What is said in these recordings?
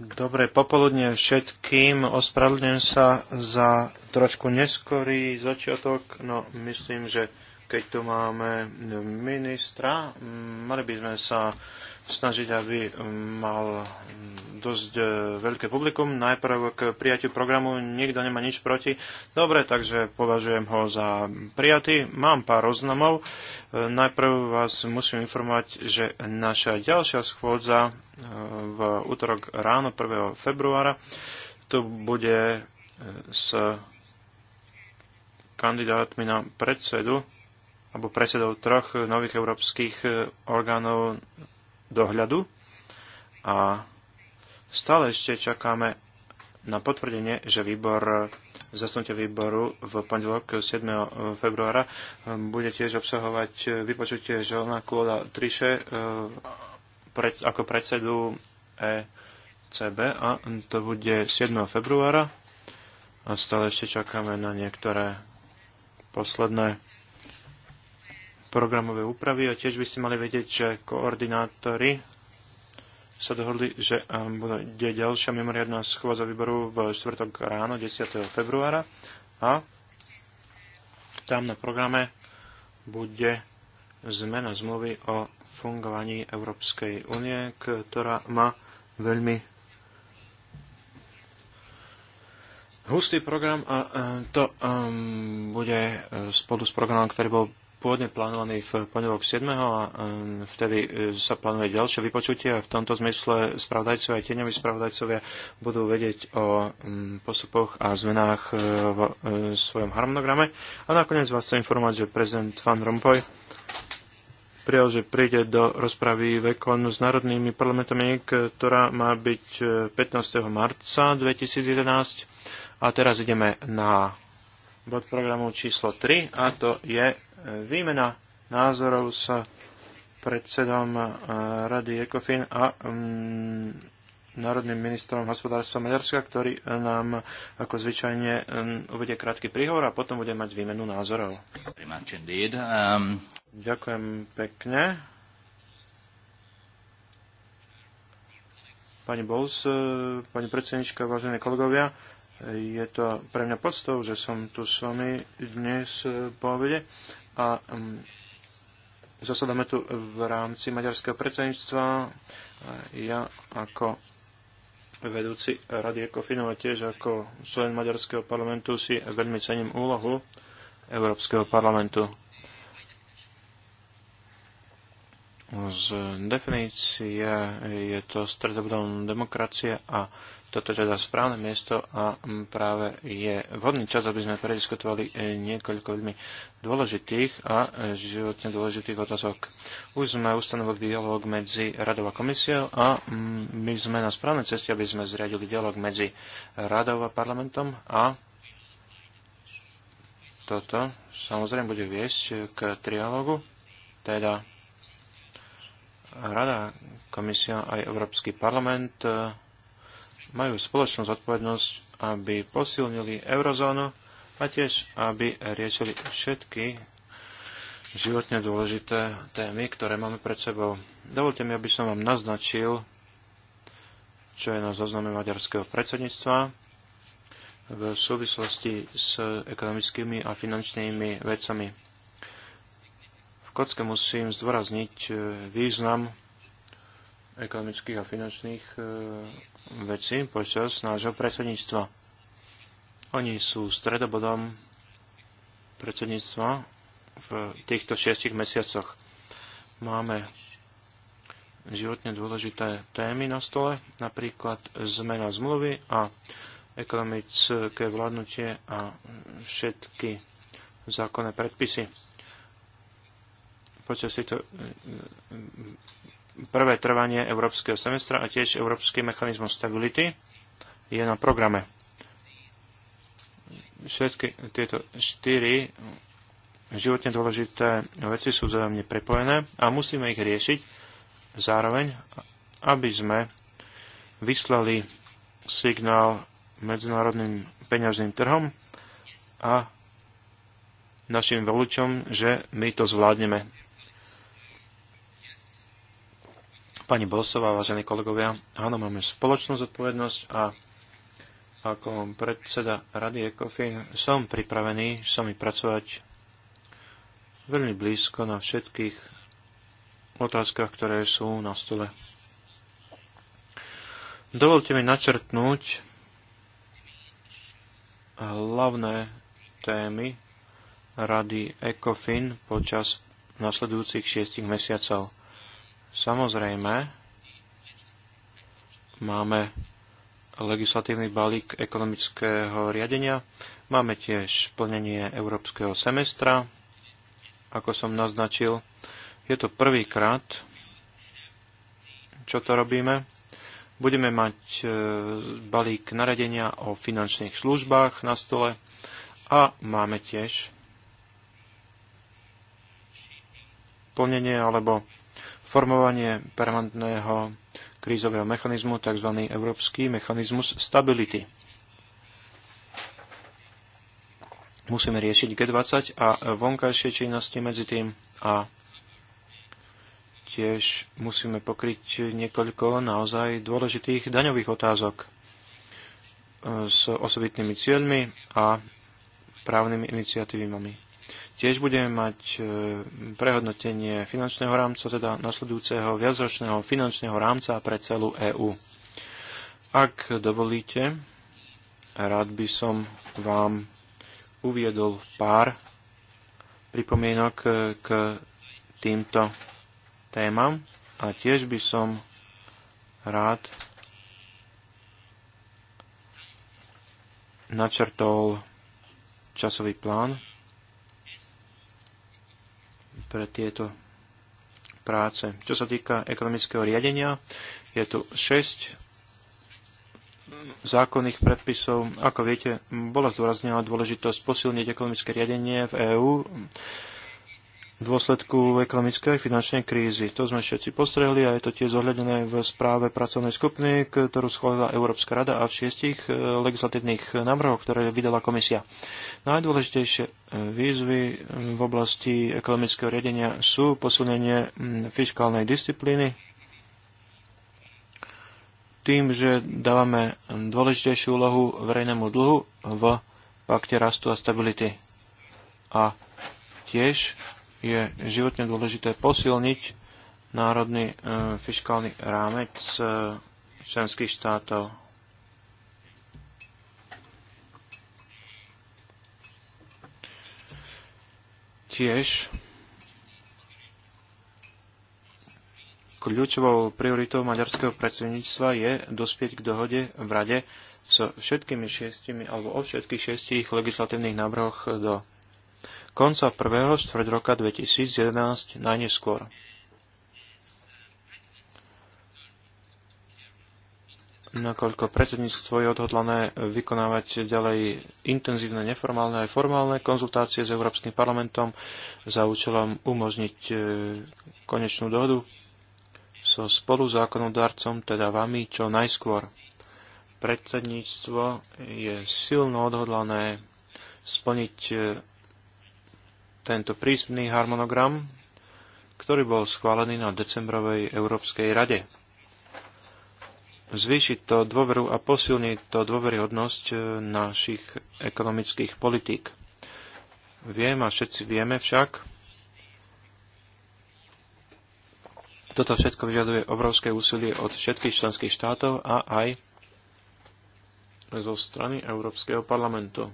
Dobre, popoludne všetkým. Ospravedlňujem sa za trošku neskorý začiatok, no myslím, že keď tu máme ministra, mm, mali by sme sa snažiť, aby mal dosť e, veľké publikum. Najprv k prijatiu programu nikto nemá nič proti. Dobre, takže považujem ho za prijatý. Mám pár oznamov. E, najprv vás musím informovať, že naša ďalšia schôdza e, v útorok ráno 1. februára tu bude s kandidátmi na predsedu alebo predsedov troch nových európskych orgánov dohľadu a Stále ešte čakáme na potvrdenie, že výbor zasnutie výboru v pondelok 7. februára um, bude tiež obsahovať uh, vypočutie Želna Kloda Triše uh, ako predsedu ECB a to bude 7. februára a stále ešte čakáme na niektoré posledné programové úpravy a tiež by ste mali vedieť, že koordinátori sa dohodli, že um, bude ďalšia mimoriadná schôdza výboru v čtvrtok ráno 10. februára a tam na programe bude zmena zmluvy o fungovaní Európskej únie, ktorá má veľmi hustý program a e, to um, bude e, spolu s programom, ktorý bol pôvodne plánovaný v pondelok 7. a e, vtedy e, sa plánuje ďalšie vypočutie a v tomto zmysle spravodajcovia a tieňoví spravodajcovia budú vedieť o postupoch a zmenách e, v svojom harmonograme. A nakoniec vás chcem informovať, že prezident Van Rompuy prijal, že príde do rozpravy Vekon s národnými parlamentami, ktorá má byť 15. marca 2011. A teraz ideme na bod programu číslo 3 a to je e, výmena názorov s predsedom e, Rady ECOFIN a um, národným ministrom hospodárstva Maďarska, ktorý e, nám ako zvyčajne uvedie krátky príhovor a potom bude mať výmenu názorov. Um, Ďakujem pekne. Pani Bols, pani predsednička, vážení kolegovia, je to pre mňa podstou, že som tu s vami dnes eh, po obede a mm, zasadáme tu v rámci maďarského predsedníctva. Eh, ja ako vedúci Rady Ekofinu a tiež ako člen Maďarského parlamentu si veľmi cením úlohu Európskeho parlamentu. Z definície je to stredobodom demokracie a toto je teda správne miesto a mm, práve je vhodný čas, aby sme prediskutovali e, niekoľko veľmi dôležitých a e, životne dôležitých otázok. Už sme ustanovili dialog medzi radou a komisiou a mm, my sme na správnej ceste, aby sme zriadili dialog medzi radou a parlamentom a toto samozrejme bude viesť k trialógu, teda Rada, Komisia aj Európsky parlament e, majú spoločnú zodpovednosť, aby posilnili eurozónu a tiež, aby riešili všetky životne dôležité témy, ktoré máme pred sebou. Dovolte mi, aby som vám naznačil, čo je na zozname maďarského predsedníctva v súvislosti s ekonomickými a finančnými vecami. V kocke musím zdôrazniť eh, význam ekonomických a finančných eh, veci počas nášho predsedníctva. Oni sú stredobodom predsedníctva v týchto šiestich mesiacoch. Máme životne dôležité témy na stole, napríklad zmena zmluvy a ekonomické vládnutie a všetky zákonné predpisy. Počas týchto prvé trvanie európskeho semestra a tiež európsky mechanizmus stability je na programe. Všetky tieto štyri životne dôležité veci sú vzájomne prepojené a musíme ich riešiť zároveň, aby sme vyslali signál medzinárodným peňažným trhom a našim voličom, že my to zvládneme. Pani Bosová, vážení kolegovia, áno, máme spoločnú zodpovednosť a ako predseda Rady ECOFIN som pripravený vami pracovať veľmi blízko na všetkých otázkach, ktoré sú na stole. Dovolte mi načrtnúť hlavné témy Rady ECOFIN počas nasledujúcich šiestich mesiacov. Samozrejme, máme legislatívny balík ekonomického riadenia, máme tiež plnenie európskeho semestra, ako som naznačil. Je to prvýkrát, čo to robíme. Budeme mať e, balík naradenia o finančných službách na stole a máme tiež plnenie alebo formovanie permanentného krízového mechanizmu, tzv. európsky mechanizmus stability. Musíme riešiť G20 a vonkajšie činnosti medzi tým a tiež musíme pokryť niekoľko naozaj dôležitých daňových otázok e, s osobitnými cieľmi a právnymi iniciatívami. Tiež budeme mať e, prehodnotenie finančného rámca, teda nasledujúceho viacročného finančného rámca pre celú EÚ. Ak dovolíte, rád by som vám uviedol pár pripomienok e, k týmto témam a tiež by som rád načrtol časový plán pre tieto práce. Čo sa týka ekonomického riadenia, je tu 6 zákonných predpisov. Ako viete, bola zdôraznená dôležitosť posilniť ekonomické riadenie v EÚ v dôsledku ekonomickej a finančnej krízy. To sme všetci postrehli a je to tiež zohľadené v správe pracovnej skupiny, ktorú schválila Európska rada a v šiestich e, legislatívnych návrhoch, ktoré vydala komisia. Najdôležitejšie e, výzvy v oblasti ekonomického riadenia sú posunenie fiskálnej disciplíny, tým, že dávame dôležitejšiu úlohu verejnému dlhu v pakte rastu a stability. A tiež je životne dôležité posilniť národný e, fiskálny rámec e, členských štátov. Tiež kľúčovou prioritou maďarského predsedníctva je dospieť k dohode v Rade so všetkými šiestimi alebo o všetkých šiestich legislatívnych návrhoch do konca prvého štvrť roka 2011 najneskôr. nakoľko predsedníctvo je odhodlané vykonávať ďalej intenzívne neformálne aj formálne konzultácie s Európskym parlamentom za účelom umožniť e, konečnú dohodu so spoluzákonodárcom, teda vami, čo najskôr. Predsedníctvo je silno odhodlané splniť e, tento prísmný harmonogram, ktorý bol schválený na decembrovej Európskej rade. Zvýšiť to dôveru a posilniť to dôveryhodnosť e, našich ekonomických politík. Viem a všetci vieme však, toto všetko vyžaduje obrovské úsilie od všetkých členských štátov a aj zo strany Európskeho parlamentu.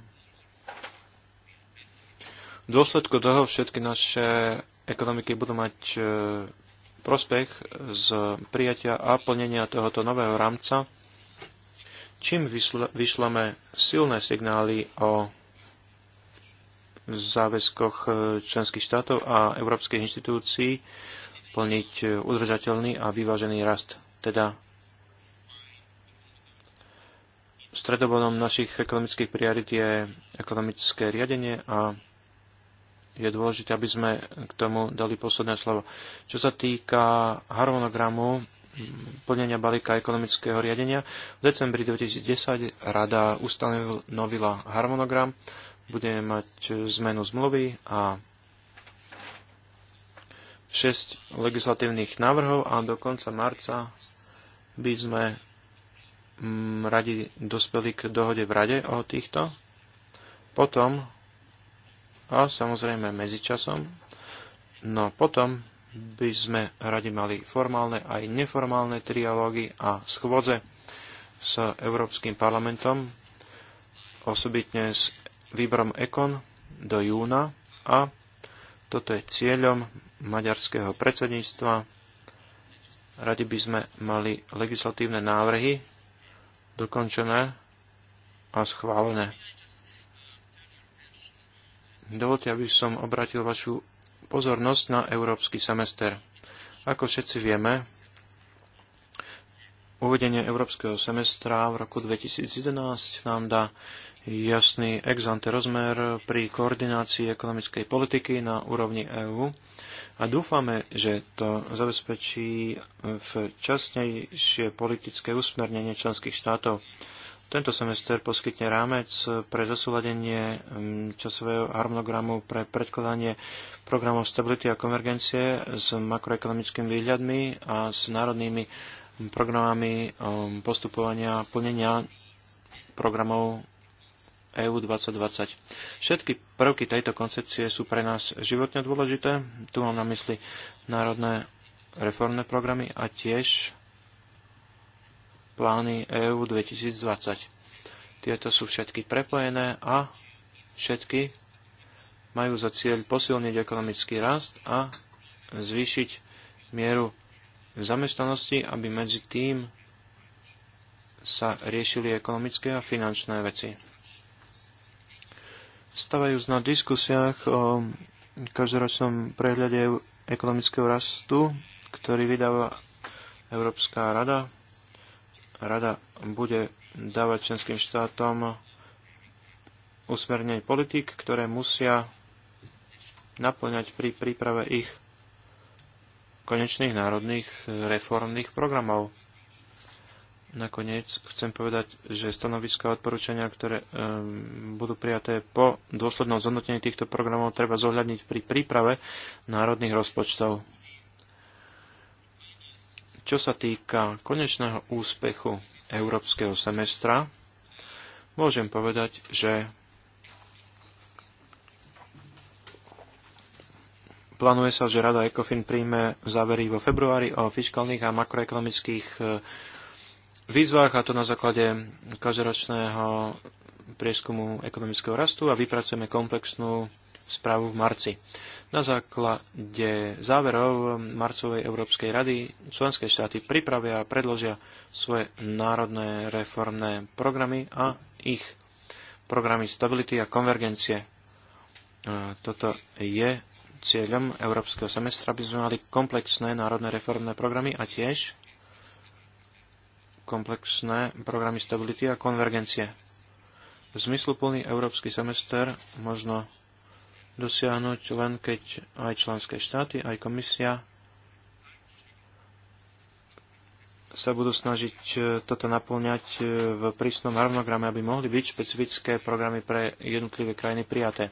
V dôsledku toho všetky naše ekonomiky budú mať e, prospech z prijatia a plnenia tohoto nového rámca, čím vyšleme silné signály o záväzkoch e, členských štátov a Európskej inštitúcií plniť e, udržateľný a vyvážený rast, teda stredobodom našich ekonomických priorit je ekonomické riadenie a je dôležité, aby sme k tomu dali posledné slovo. Čo sa týka harmonogramu plnenia balíka ekonomického riadenia, v decembri 2010 rada ustanovila harmonogram, budeme mať zmenu zmluvy a 6 legislatívnych návrhov a do konca marca by sme mm, radi dospeli k dohode v rade o týchto. Potom a samozrejme medzičasom. No potom by sme radi mali formálne aj neformálne trialógy a schôdze s Európskym parlamentom, osobitne s výborom EKON do júna a toto je cieľom maďarského predsedníctva. Radi by sme mali legislatívne návrhy dokončené a schválené Dovolte, aby som obratil vašu pozornosť na európsky semester. Ako všetci vieme, uvedenie európskeho semestra v roku 2011 nám dá jasný exante rozmer pri koordinácii ekonomickej politiky na úrovni EÚ a dúfame, že to zabezpečí časnejšie politické usmernenie členských štátov tento semester poskytne rámec pre zosúladenie mm, časového harmonogramu pre predkladanie programov stability a konvergencie s makroekonomickými výhľadmi a s národnými programami mm, postupovania a plnenia programov EU 2020. Všetky prvky tejto koncepcie sú pre nás životne dôležité. Tu mám na mysli národné reformné programy a tiež plány EU 2020. Tieto sú všetky prepojené a všetky majú za cieľ posilniť ekonomický rast a zvýšiť mieru zamestnanosti, aby medzi tým sa riešili ekonomické a finančné veci. Stavajúc na diskusiách o každoročnom prehľade ekonomického rastu, ktorý vydáva Európska rada rada bude dávať členským štátom usmernenie politik, ktoré musia naplňať pri príprave ich konečných národných reformných programov. Nakoniec chcem povedať, že stanoviska a odporúčania, ktoré um, budú prijaté po dôslednom zhodnotení týchto programov, treba zohľadniť pri príprave národných rozpočtov. Čo sa týka konečného úspechu európskeho semestra, môžem povedať, že Plánuje sa, že Rada ECOFIN príjme závery vo februári o fiskálnych a makroekonomických e, výzvach a to na základe každoročného prieskumu ekonomického rastu a vypracujeme komplexnú správu v marci. Na základe záverov marcovej Európskej rady členské štáty pripravia a predložia svoje národné reformné programy a ich programy stability a konvergencie. Toto je cieľom Európskeho semestra, aby sme mali komplexné národné reformné programy a tiež komplexné programy stability a konvergencie. Zmysluplný európsky semester možno dosiahnuť len keď aj členské štáty, aj komisia sa budú snažiť e, toto naplňať e, v prísnom harmonograme, aby mohli byť špecifické programy pre jednotlivé krajiny prijaté.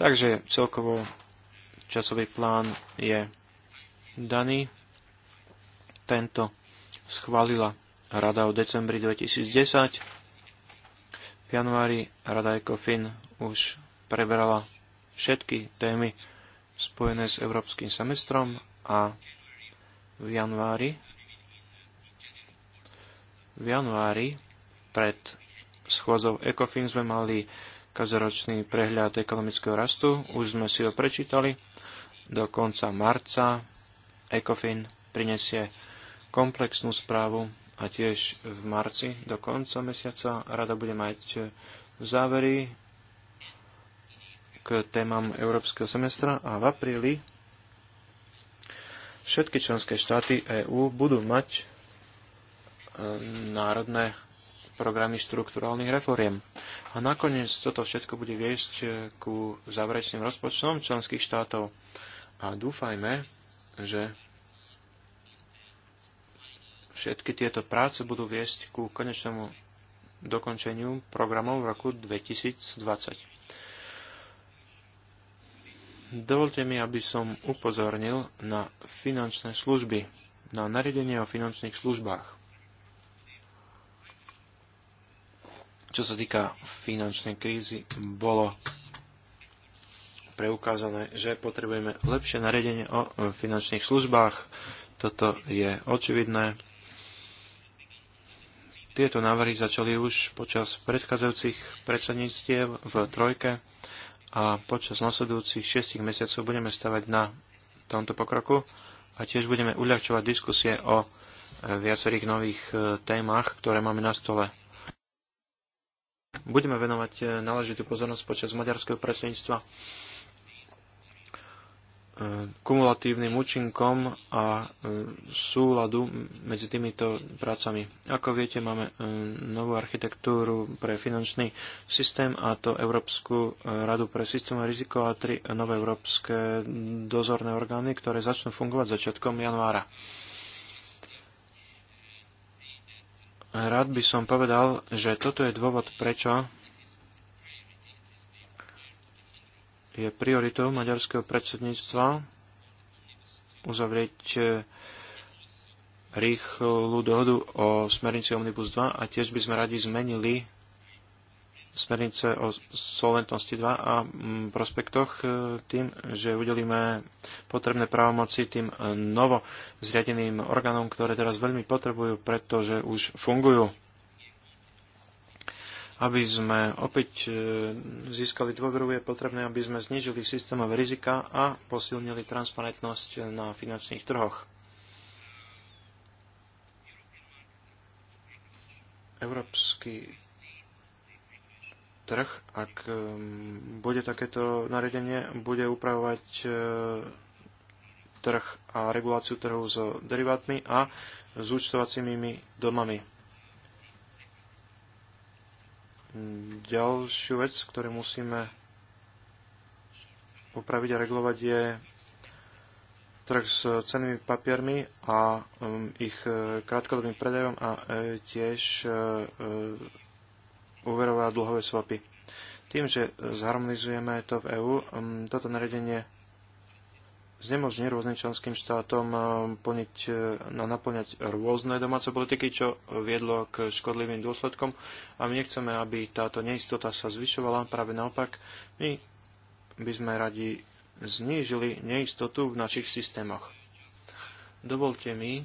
Takže celkovo časový plán je daný. Tento schválila Rada v decembri 2010. V januári Rada ECOFIN už preberala všetky témy spojené s európskym semestrom a v januári v januári pred schôdzou ECOFIN sme mali kazoročný prehľad ekonomického rastu. Už sme si ho prečítali. Do konca marca ECOFIN prinesie komplexnú správu a tiež v marci do konca mesiaca rada bude mať závery k témam Európskeho semestra a v apríli všetky členské štáty EÚ budú mať e, národné programy štrukturálnych reforiem. A nakoniec toto všetko bude viesť e, ku záverečným rozpočtom členských štátov. A dúfajme, že všetky tieto práce budú viesť ku konečnému dokončeniu programov v roku 2020. Dovolte mi, aby som upozornil na finančné služby, na nariadenie o finančných službách. Čo sa týka finančnej krízy, bolo preukázané, že potrebujeme lepšie nariadenie o finančných službách. Toto je očividné. Tieto návrhy začali už počas predchádzajúcich predsedníctiev v trojke a počas nasledujúcich 6 mesiacov budeme stavať na tomto pokroku a tiež budeme uľahčovať diskusie o e, viacerých nových e, témach, ktoré máme na stole. Budeme venovať e, náležitú pozornosť počas maďarského predsedníctva kumulatívnym účinkom a e, súladu medzi týmito prácami. Ako viete, máme e, novú architektúru pre finančný systém a to Európsku e, radu pre systém riziko a tri nové európske dozorné orgány, ktoré začnú fungovať začiatkom januára. Rád by som povedal, že toto je dôvod, prečo je prioritou maďarského predsedníctva uzavrieť e, rýchlu dohodu o smernici Omnibus 2 a tiež by sme radi zmenili smernice o solventnosti 2 a mm, prospektoch e, tým, že udelíme potrebné právomoci tým e, novo zriadeným orgánom, ktoré teraz veľmi potrebujú, pretože už fungujú. Aby sme opäť e, získali dôveru, je potrebné, aby sme znižili systémové rizika a posilnili transparentnosť na finančných trhoch. Európsky trh, ak e, bude takéto nariadenie, bude upravovať e, trh a reguláciu trhu s derivátmi a s účtovacími domami. Ďalšiu vec, ktorú musíme upraviť a regulovať, je trh s cenými papiermi a um, ich e, krátkodobým predajom a e, tiež e, úverové a dlhové swapy. Tým, že zharmonizujeme to v EÚ, um, toto naredenie znemožní rôznym členským štátom eh, plniť, eh, na naplňať rôzne domáce politiky, čo viedlo k škodlivým dôsledkom. A my nechceme, aby táto neistota sa zvyšovala, práve naopak, my by sme radi znížili neistotu v našich systémoch. Dovolte mi,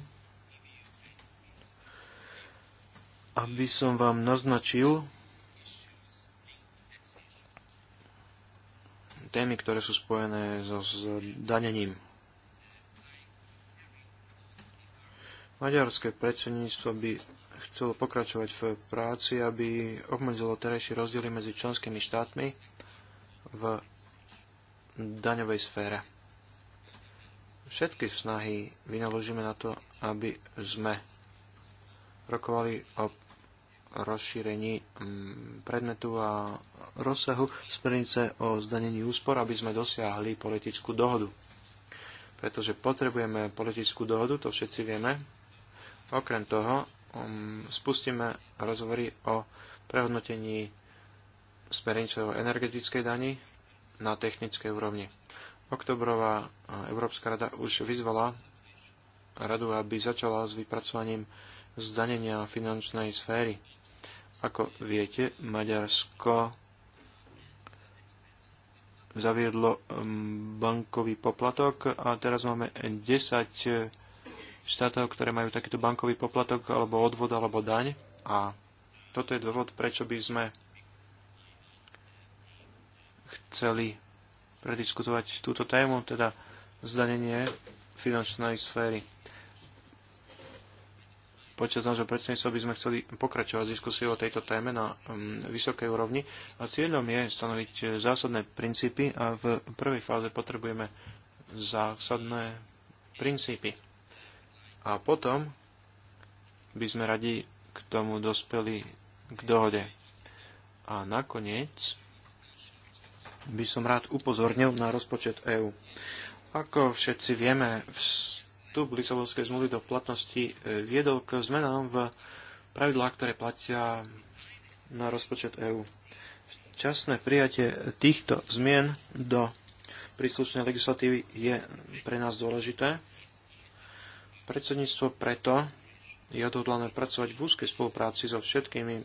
aby som vám naznačil, témy, ktoré sú spojené so zdanením. Maďarské predsedníctvo by chcelo pokračovať v práci, aby obmedzilo terajšie rozdiely medzi členskými štátmi v daňovej sfére. Všetky snahy vynaložíme na to, aby sme rokovali o rozšírení mm, predmetu a rozsahu smernice o zdanení úspor, aby sme dosiahli politickú dohodu. Pretože potrebujeme politickú dohodu, to všetci vieme. Okrem toho mm, spustíme rozhovory o prehodnotení smernice o energetickej dani na technickej úrovni. Oktobrová Európska rada už vyzvala radu, aby začala s vypracovaním zdanenia finančnej sféry. Ako viete, Maďarsko zaviedlo um, bankový poplatok a teraz máme 10 e, štátov, ktoré majú takýto bankový poplatok alebo odvod alebo daň. A toto je dôvod, prečo by sme chceli prediskutovať túto tému, teda zdanenie finančnej sféry. Počas nášho predsedníctva by sme chceli pokračovať s diskusiou o tejto téme na mm, vysokej úrovni a cieľom je stanoviť eh, zásadné princípy a v prvej fáze potrebujeme zásadné princípy. A potom by sme radi k tomu dospeli k dohode. A nakoniec by som rád upozornil na rozpočet EÚ. Ako všetci vieme, v vstup Lisabonskej zmluvy do platnosti e, viedol k zmenám v pravidlách, ktoré platia na rozpočet EÚ. Časné prijatie týchto zmien do príslušnej legislatívy je pre nás dôležité. Predsedníctvo preto je odhodlané pracovať v úzkej spolupráci so všetkými e,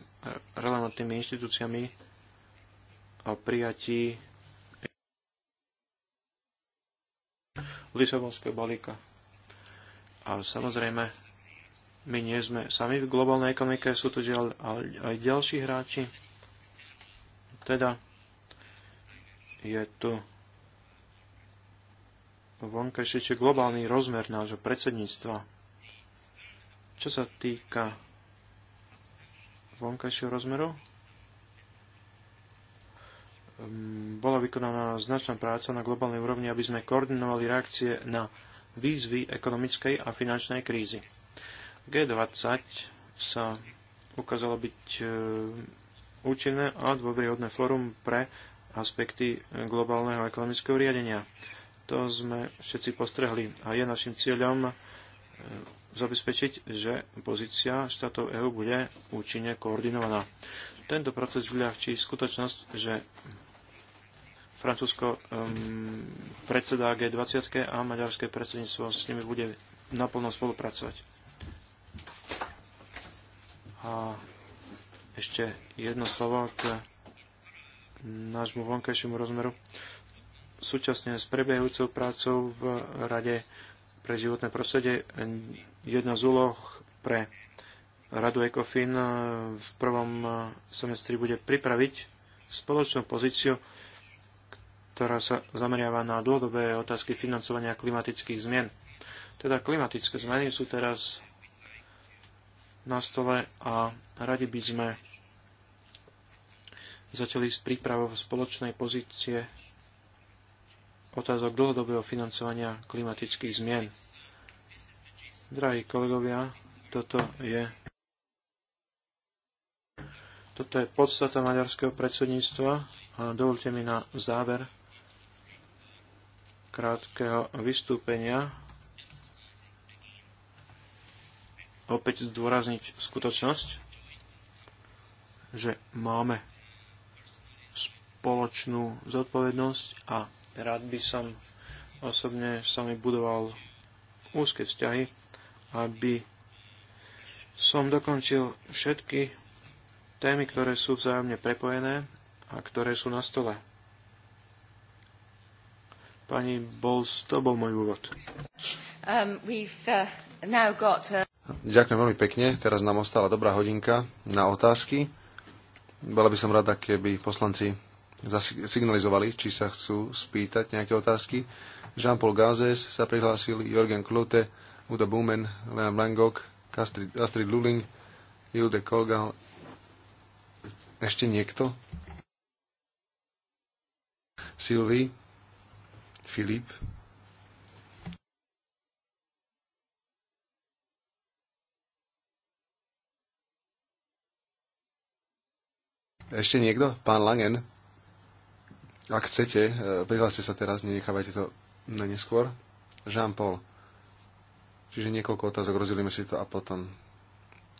relevantnými inštitúciami o prijatí Lisabonského balíka. A samozrejme, my nie sme sami v globálnej ekonomike, sú tu žiaľ aj ďalší hráči. Teda je tu vonkajší či globálny rozmer nášho predsedníctva. Čo sa týka vonkajšieho rozmeru, um, bola vykonaná značná práca na globálnej úrovni, aby sme koordinovali reakcie na výzvy ekonomickej a finančnej krízy. G20 sa ukázalo byť e, účinné a dôveryhodné fórum pre aspekty globálneho ekonomického riadenia. To sme všetci postrehli a je našim cieľom e, zabezpečiť, že pozícia štátov EÚ bude účinne koordinovaná. Tento proces vľahčí skutočnosť, že Francúzsko um, predseda G20 a maďarské predsedníctvo s nimi bude naplno spolupracovať. A ešte jedno slovo k nášmu vonkajšiemu rozmeru. Súčasne s prebiehajúcou prácou v Rade pre životné prostredie jedna z úloh pre Radu ECOFIN v prvom semestri bude pripraviť spoločnú pozíciu ktorá sa zameriava na dlhodobé otázky financovania klimatických zmien. Teda klimatické zmeny sú teraz na stole a radi by sme začali s prípravou spoločnej pozície otázok dlhodobého financovania klimatických zmien. Drahí kolegovia, toto je toto je podstata maďarského predsedníctva a dovolte mi na záver krátkeho vystúpenia opäť zdôrazniť skutočnosť, že máme spoločnú zodpovednosť a rád by som osobne sa mi budoval úzke vzťahy, aby som dokončil všetky témy, ktoré sú vzájomne prepojené a ktoré sú na stole. Pani Bowles, to bol môj úvod. Um, uh, got, uh... Ďakujem veľmi pekne. Teraz nám ostala dobrá hodinka na otázky. Bola by som rada, keby poslanci signalizovali, či sa chcú spýtať nejaké otázky. Jean-Paul Gazes sa prihlásil, Jorgen Klute, Udo Bumen, Leon Langok, Astrid, Astrid Luling, Ilde Kolgal. Ešte niekto? Sylvie. Filip. Ešte niekto? Pán Langen? Ak chcete, eh, prihláste sa teraz, nenechávajte to na neskôr. Jean-Paul. Čiže niekoľko otázok, rozdelíme si to a potom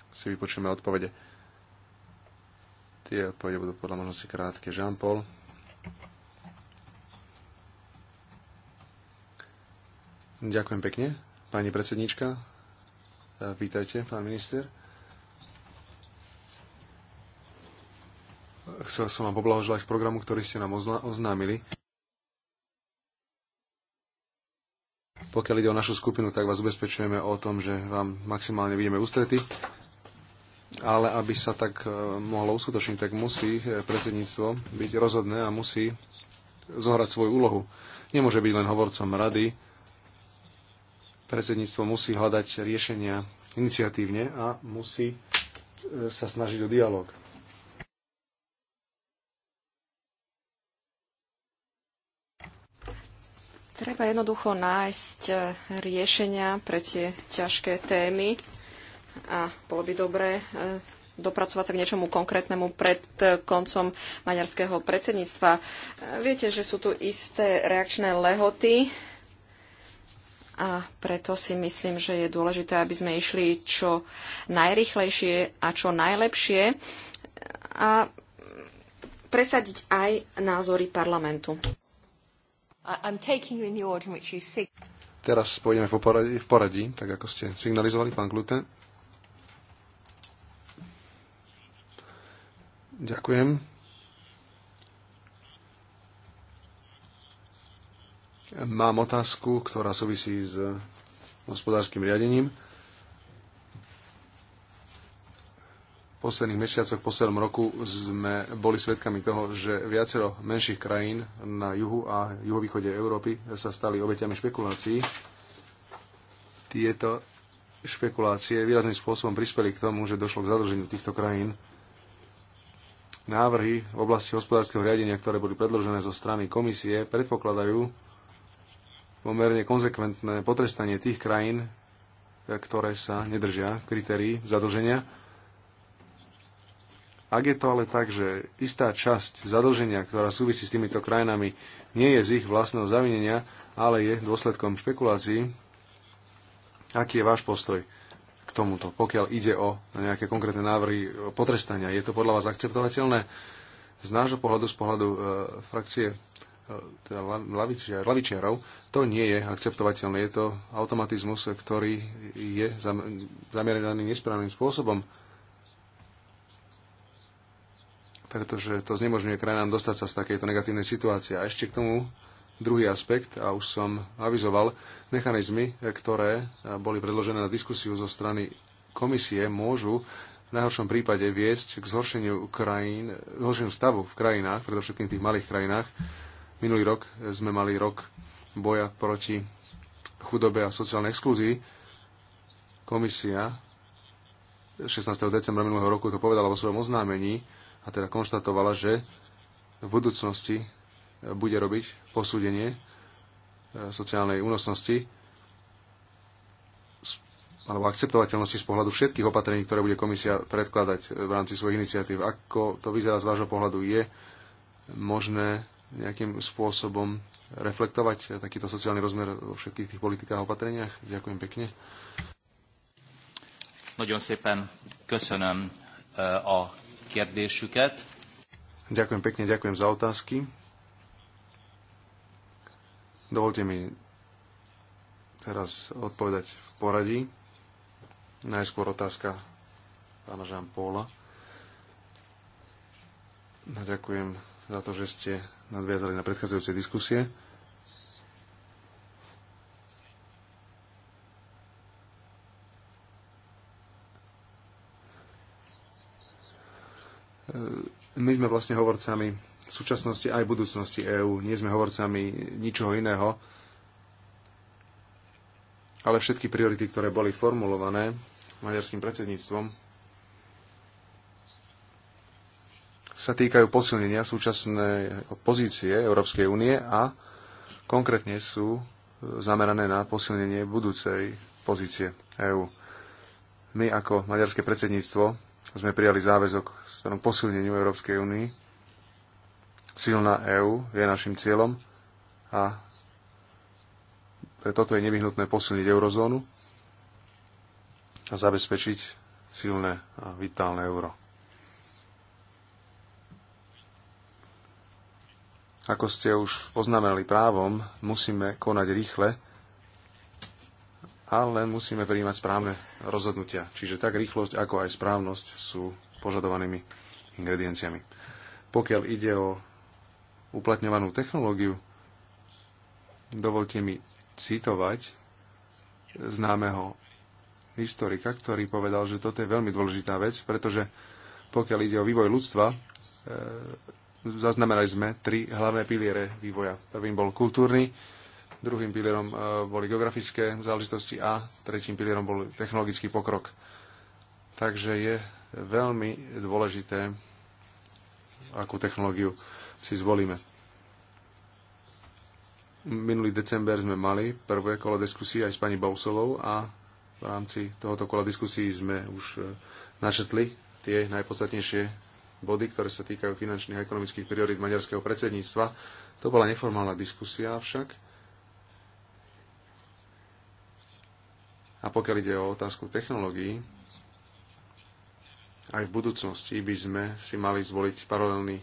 si vypočujeme odpovede. Tie odpovede budú podľa možnosti krátke. Jean-Paul. Ďakujem pekne. Pani predsednička, e, vítajte, pán minister. Chcel som vám poblahoželať k programu, ktorý ste nám oznámili. Pokiaľ ide o našu skupinu, tak vás ubezpečujeme o tom, že vám maximálne vidíme ústrety. Ale aby sa tak e, mohlo uskutočniť, tak musí e, predsedníctvo byť rozhodné a musí zohrať svoju úlohu. Nemôže byť len hovorcom rady, Predsedníctvo musí hľadať riešenia iniciatívne a musí e, sa snažiť o dialog. Treba jednoducho nájsť e, riešenia pre tie ťažké témy a bolo by dobré e, dopracovať sa k niečomu konkrétnemu pred koncom maďarského predsedníctva. Viete, že sú tu isté reakčné lehoty a preto si myslím, že je dôležité, aby sme išli čo najrychlejšie a čo najlepšie a presadiť aj názory parlamentu. Teraz pôjdeme v poradí, v poradí, tak ako ste signalizovali, pán Glute. Ďakujem. Mám otázku, ktorá súvisí s hospodárskym riadením. V posledných mesiacoch, v poslednom roku sme boli svedkami toho, že viacero menších krajín na juhu a juhovýchode Európy sa stali obeťami špekulácií. Tieto špekulácie výrazným spôsobom prispeli k tomu, že došlo k zadlženiu týchto krajín. Návrhy v oblasti hospodárskeho riadenia, ktoré boli predložené zo strany komisie, predpokladajú, pomerne konzekventné potrestanie tých krajín, e, ktoré sa nedržia kritérií zadlženia. Ak je to ale tak, že istá časť zadlženia, ktorá súvisí s týmito krajinami, nie je z ich vlastného zavinenia, ale je dôsledkom špekulácií, aký je váš postoj k tomuto, pokiaľ ide o nejaké konkrétne návrhy potrestania? Je to podľa vás akceptovateľné? Z nášho pohľadu, z pohľadu e, frakcie teda lavičiarov, to nie je akceptovateľné. Je to automatizmus, ktorý je zameraný nesprávnym spôsobom, pretože to znemožňuje krajinám dostať sa z takejto negatívnej situácie. A ešte k tomu druhý aspekt, a už som avizoval, mechanizmy, ktoré boli predložené na diskusiu zo strany komisie, môžu v najhoršom prípade viesť k zhoršeniu krajín, zhoršeniu stavu v krajinách, predovšetkým tých malých krajinách, Minulý rok sme mali rok boja proti chudobe a sociálnej exklúzii. Komisia 16. decembra minulého roku to povedala vo svojom oznámení a teda konštatovala, že v budúcnosti bude robiť posúdenie e, sociálnej únosnosti alebo akceptovateľnosti z pohľadu všetkých opatrení, ktoré bude komisia predkladať v rámci svojich iniciatív. Ako to vyzerá z vášho pohľadu? Je možné nejakým spôsobom reflektovať takýto sociálny rozmer vo všetkých tých politikách a opatreniach? Ďakujem pekne. Nagyon szépen köszönöm eh, a kérdésüket. Ďakujem pekne, ďakujem za otázky. Dovolte mi teraz odpovedať v poradí. Najskôr otázka pána Žán Póla. Ďakujem za to, že ste nadviazali na predchádzajúce diskusie. E, my sme vlastne hovorcami v súčasnosti aj v budúcnosti EÚ. Nie sme hovorcami ničoho iného, ale všetky priority, ktoré boli formulované maďarským predsedníctvom, sa týkajú posilnenia súčasnej pozície Európskej únie a konkrétne sú e, zamerané na posilnenie budúcej pozície EÚ. My ako maďarské predsedníctvo sme prijali záväzok k posilneniu Európskej únie. Silná EÚ je našim cieľom a preto je nevyhnutné posilniť eurozónu a zabezpečiť silné a vitálne euro. Ako ste už poznamenali právom, musíme konať rýchle, ale musíme prijímať správne rozhodnutia. Čiže tak rýchlosť, ako aj správnosť sú požadovanými ingredienciami. Pokiaľ ide o uplatňovanú technológiu, dovolte mi citovať známeho historika, ktorý povedal, že toto je veľmi dôležitá vec, pretože pokiaľ ide o vývoj ľudstva, e, zaznamenali sme tri hlavné piliere vývoja. Prvým bol kultúrny, druhým pilierom e, boli geografické záležitosti a tretím pilierom bol technologický pokrok. Takže je veľmi dôležité, akú technológiu si zvolíme. Minulý december sme mali prvé kolo diskusí aj s pani Bousovou a v rámci tohoto kola diskusí sme už e, načetli tie najpodstatnejšie body, ktoré sa týkajú finančných a ekonomických priorít maďarského predsedníctva. To bola neformálna diskusia však. A pokiaľ ide o otázku technológií, aj v budúcnosti by sme si mali zvoliť paralelný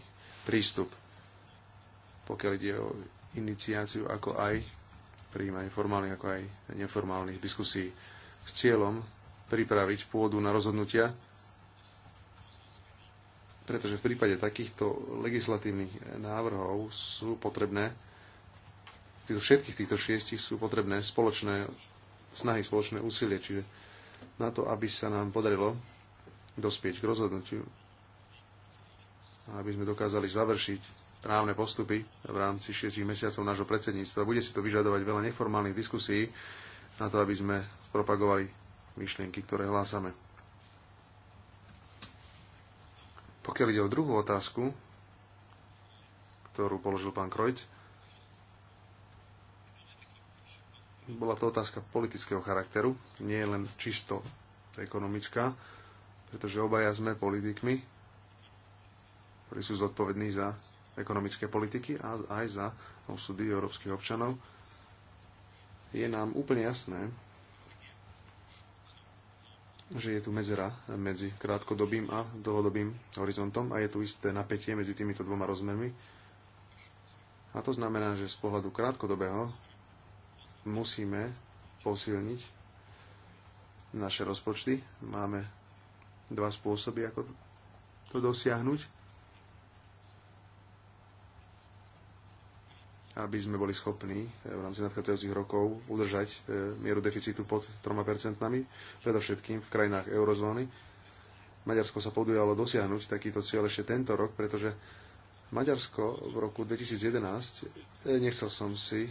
prístup, pokiaľ ide o iniciáciu, ako aj príjmanie formálnych, ako aj neformálnych diskusí s cieľom pripraviť pôdu na rozhodnutia, pretože v prípade takýchto legislatívnych návrhov sú potrebné, týchto všetkých týchto šiestich sú potrebné spoločné snahy, spoločné úsilie, čiže na to, aby sa nám podarilo dospieť k rozhodnutiu, aby sme dokázali završiť právne postupy v rámci 6 mesiacov nášho predsedníctva. Bude si to vyžadovať veľa neformálnych diskusí na to, aby sme propagovali myšlienky, ktoré hlásame. Pokiaľ ide o druhú otázku, ktorú položil pán Krojc, bola to otázka politického charakteru, nie len čisto ekonomická, pretože obaja sme politikmi, ktorí sú zodpovední za ekonomické politiky a aj za osudy európskych občanov. Je nám úplne jasné, že je tu medzera medzi krátkodobým a dlhodobým horizontom a je tu isté napätie medzi týmito dvoma rozmermi. A to znamená, že z pohľadu krátkodobého musíme posilniť naše rozpočty. Máme dva spôsoby, ako to dosiahnuť. aby sme boli schopní eh, v rámci nadchádzajúcich rokov udržať eh, mieru deficitu pod 3%, predovšetkým v krajinách eurozóny. Maďarsko sa podujalo dosiahnuť takýto cieľ ešte tento rok, pretože Maďarsko v roku 2011, eh, nechcel som si,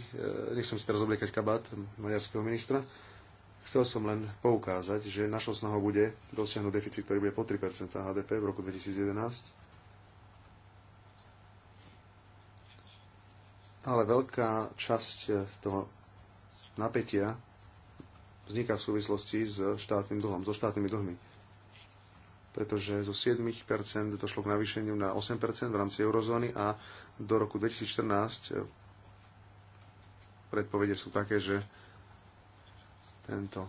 nechcem si teraz obliekať kabát maďarského ministra, chcel som len poukázať, že našou snahou bude dosiahnuť deficit, ktorý bude po 3% HDP v roku 2011 ale veľká časť eh, toho napätia vzniká v súvislosti s štátnym dlhom, so štátnymi dlhmi. Pretože zo 7% došlo k navýšeniu na 8% v rámci eurozóny a do roku 2014 eh, predpovede sú také, že tento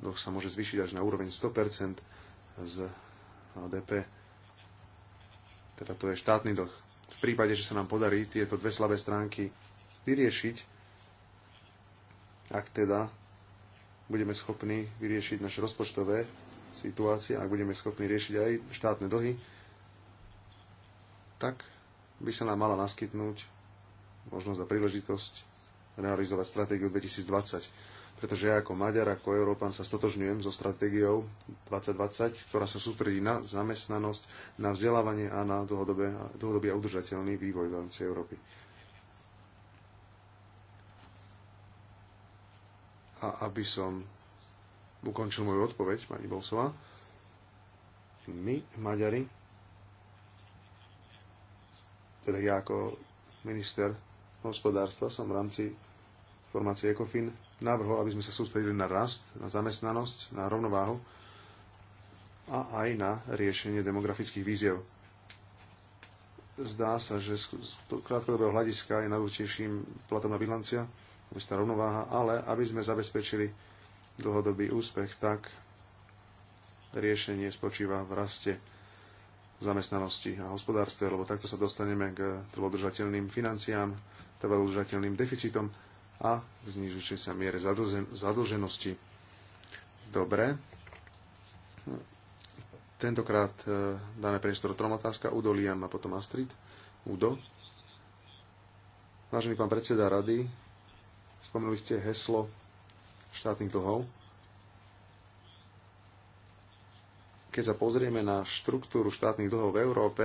dlh sa môže zvýšiť až na úroveň 100% z HDP. Teda to je štátny dlh v prípade, že sa nám podarí tieto dve slabé stránky vyriešiť, ak teda budeme schopní vyriešiť naše rozpočtové situácie, ak budeme schopní riešiť aj štátne dlhy, tak by sa nám mala naskytnúť možnosť a príležitosť realizovať stratégiu 2020 pretože ja ako Maďar, ako Európan sa stotožňujem so stratégiou 2020, ktorá sa sústredí na zamestnanosť, na vzdelávanie a na dlhodobé, dlhodobý a udržateľný vývoj v rámci Európy. A aby som ukončil moju odpoveď, pani Bolsová, my, Maďari, teda ja ako minister hospodárstva som v rámci formácie ECOFIN navrhol, aby sme sa sústredili na rast, na zamestnanosť, na rovnováhu a aj na riešenie demografických víziev. Zdá sa, že z krátkodobého hľadiska je najúčejším platobná bilancia, tá rovnováha, ale aby sme zabezpečili dlhodobý úspech, tak riešenie spočíva v raste zamestnanosti a hospodárstve, lebo takto sa dostaneme k trvodržateľným financiám, trvodržateľným deficitom a v znižujúcej sa miere zadlženosti. Dobre. Tentokrát e, dáme priestor troma otázka. Udo Liam a potom Astrid. Udo. Vážený pán predseda rady, spomenuli ste heslo štátnych dlhov. Keď sa pozrieme na štruktúru štátnych dlhov v Európe,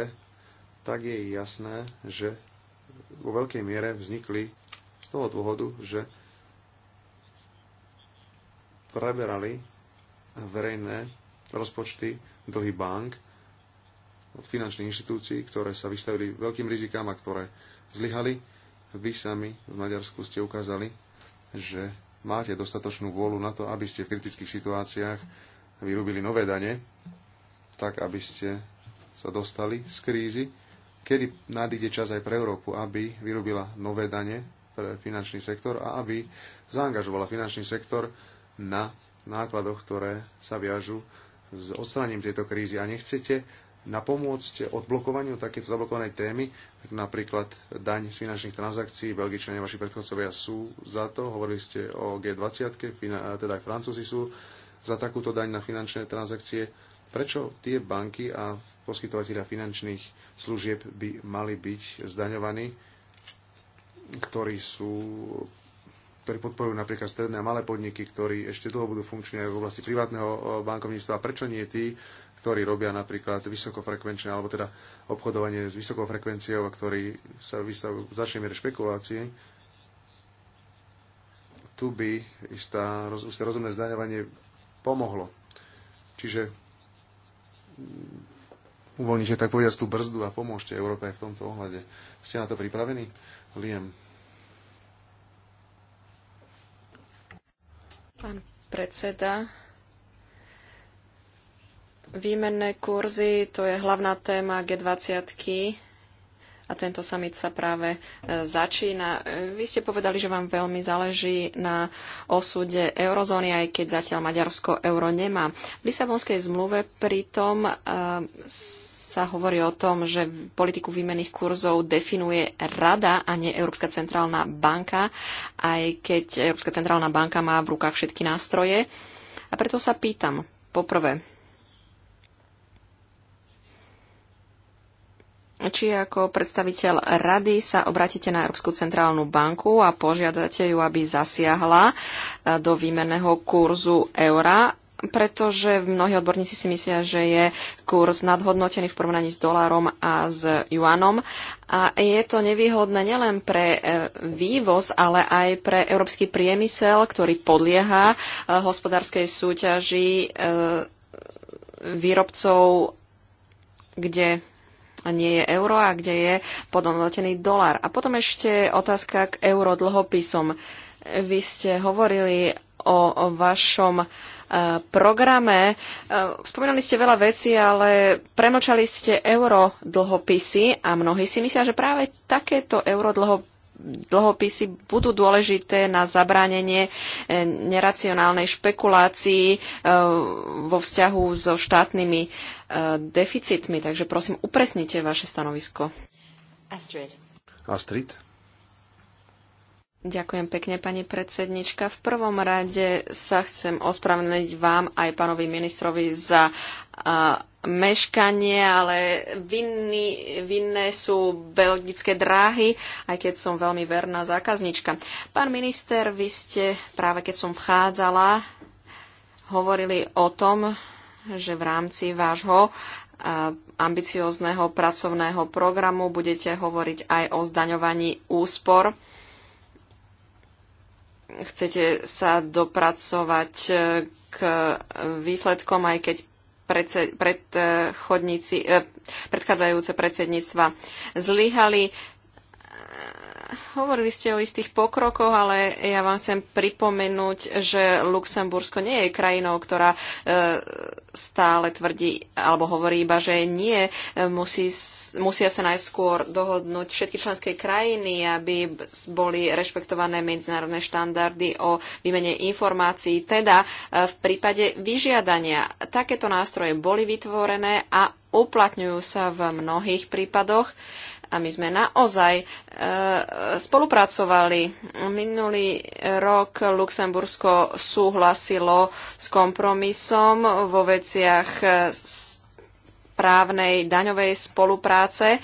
tak je jasné, že vo veľkej miere vznikli z toho dôvodu, že preberali verejné rozpočty dlhy bank od finančných inštitúcií, ktoré sa vystavili veľkým rizikám a ktoré zlyhali. Vy sami v Maďarsku ste ukázali, že máte dostatočnú vôľu na to, aby ste v kritických situáciách vyrobili nové dane, tak aby ste sa dostali z krízy, kedy nadíde čas aj pre Európu, aby vyrobila nové dane pre finančný sektor a aby zaangažovala finančný sektor na nákladoch, ktoré sa viažu s odstraním tejto krízy. A nechcete na pomôcť odblokovaniu takéto zablokovanej témy, tak napríklad daň z finančných transakcií, Belgičania, vaši predchodcovia sú za to, hovorili ste o G20, teda aj Francúzi sú za takúto daň na finančné transakcie. Prečo tie banky a poskytovateľia finančných služieb by mali byť zdaňovaní? ktorí sú ktorí podporujú napríklad stredné a malé podniky, ktorí ešte dlho budú funkční aj v oblasti privátneho eh, bankovníctva. Prečo nie tí, ktorí robia napríklad vysokofrekvenčné, alebo teda obchodovanie s vysokou frekvenciou a ktorí sa vystavujú v značnej miere špekulácie, tu by istá, isté rozumné zdaňovanie pomohlo. Čiže mm, uvoľnite, tak povedať tú brzdu a pomôžte Európe v tomto ohľade. Ste na to pripravení? Liam. Pán predseda, výmenné kurzy, to je hlavná téma G20 a tento summit sa práve e, začína. E, vy ste povedali, že vám veľmi záleží na osude eurozóny, aj keď zatiaľ Maďarsko euro nemá. V Lisabonskej zmluve pritom uh, sa hovorí o tom, že politiku výmených kurzov definuje Rada a nie Európska centrálna banka, aj keď Európska centrálna banka má v rukách všetky nástroje. A preto sa pýtam, poprvé, či ako predstaviteľ rady sa obratíte na Európsku centrálnu banku a požiadate ju, aby zasiahla eh, do výmenného kurzu eura pretože mnohí odborníci si myslia, že je kurz nadhodnotený v porovnaní s dolárom a s juanom. A je to nevýhodné nielen pre e, vývoz, ale aj pre európsky priemysel, ktorý podlieha e, hospodárskej súťaži e, výrobcov, kde nie je euro a kde je podhodnotený dolár. A potom ešte otázka k eurodlhopisom. Vy ste hovorili o, o vašom uh, Eh, programe. Eh, spomínali ste veľa vecí, ale premočali ste euro dlhopisy a mnohí si myslia, že práve takéto euro dlhopisy dlhopisy budú dôležité na zabránenie eh, neracionálnej špekulácii vo vzťahu so štátnymi deficitmi. Takže prosím, upresnite vaše stanovisko. Astrid. Astrid. Ďakujem pekne, pani predsednička. V prvom rade sa chcem ospravedlniť vám aj pánovi ministrovi za a, meškanie, ale vinný, vinné sú belgické dráhy, aj keď som veľmi verná zákaznička. Pán minister, vy ste práve keď som vchádzala, hovorili o tom, že v rámci vášho ambiciozného pracovného programu budete hovoriť aj o zdaňovaní úspor chcete sa dopracovať e, k výsledkom, aj keď e, predchádzajúce predsedníctva zlyhali. Hovorili ste o istých pokrokoch, ale ja vám chcem pripomenúť, že Luxembursko nie je krajinou, ktorá e, stále tvrdí alebo hovorí iba, že nie. E, musí, musia sa najskôr dohodnúť všetky členské krajiny, aby boli rešpektované medzinárodné štandardy o výmene informácií. Teda e, v prípade vyžiadania takéto nástroje boli vytvorené a uplatňujú sa v mnohých prípadoch a my sme naozaj e, spolupracovali. Minulý rok Luxembursko súhlasilo s kompromisom vo veciach e, právnej daňovej spolupráce.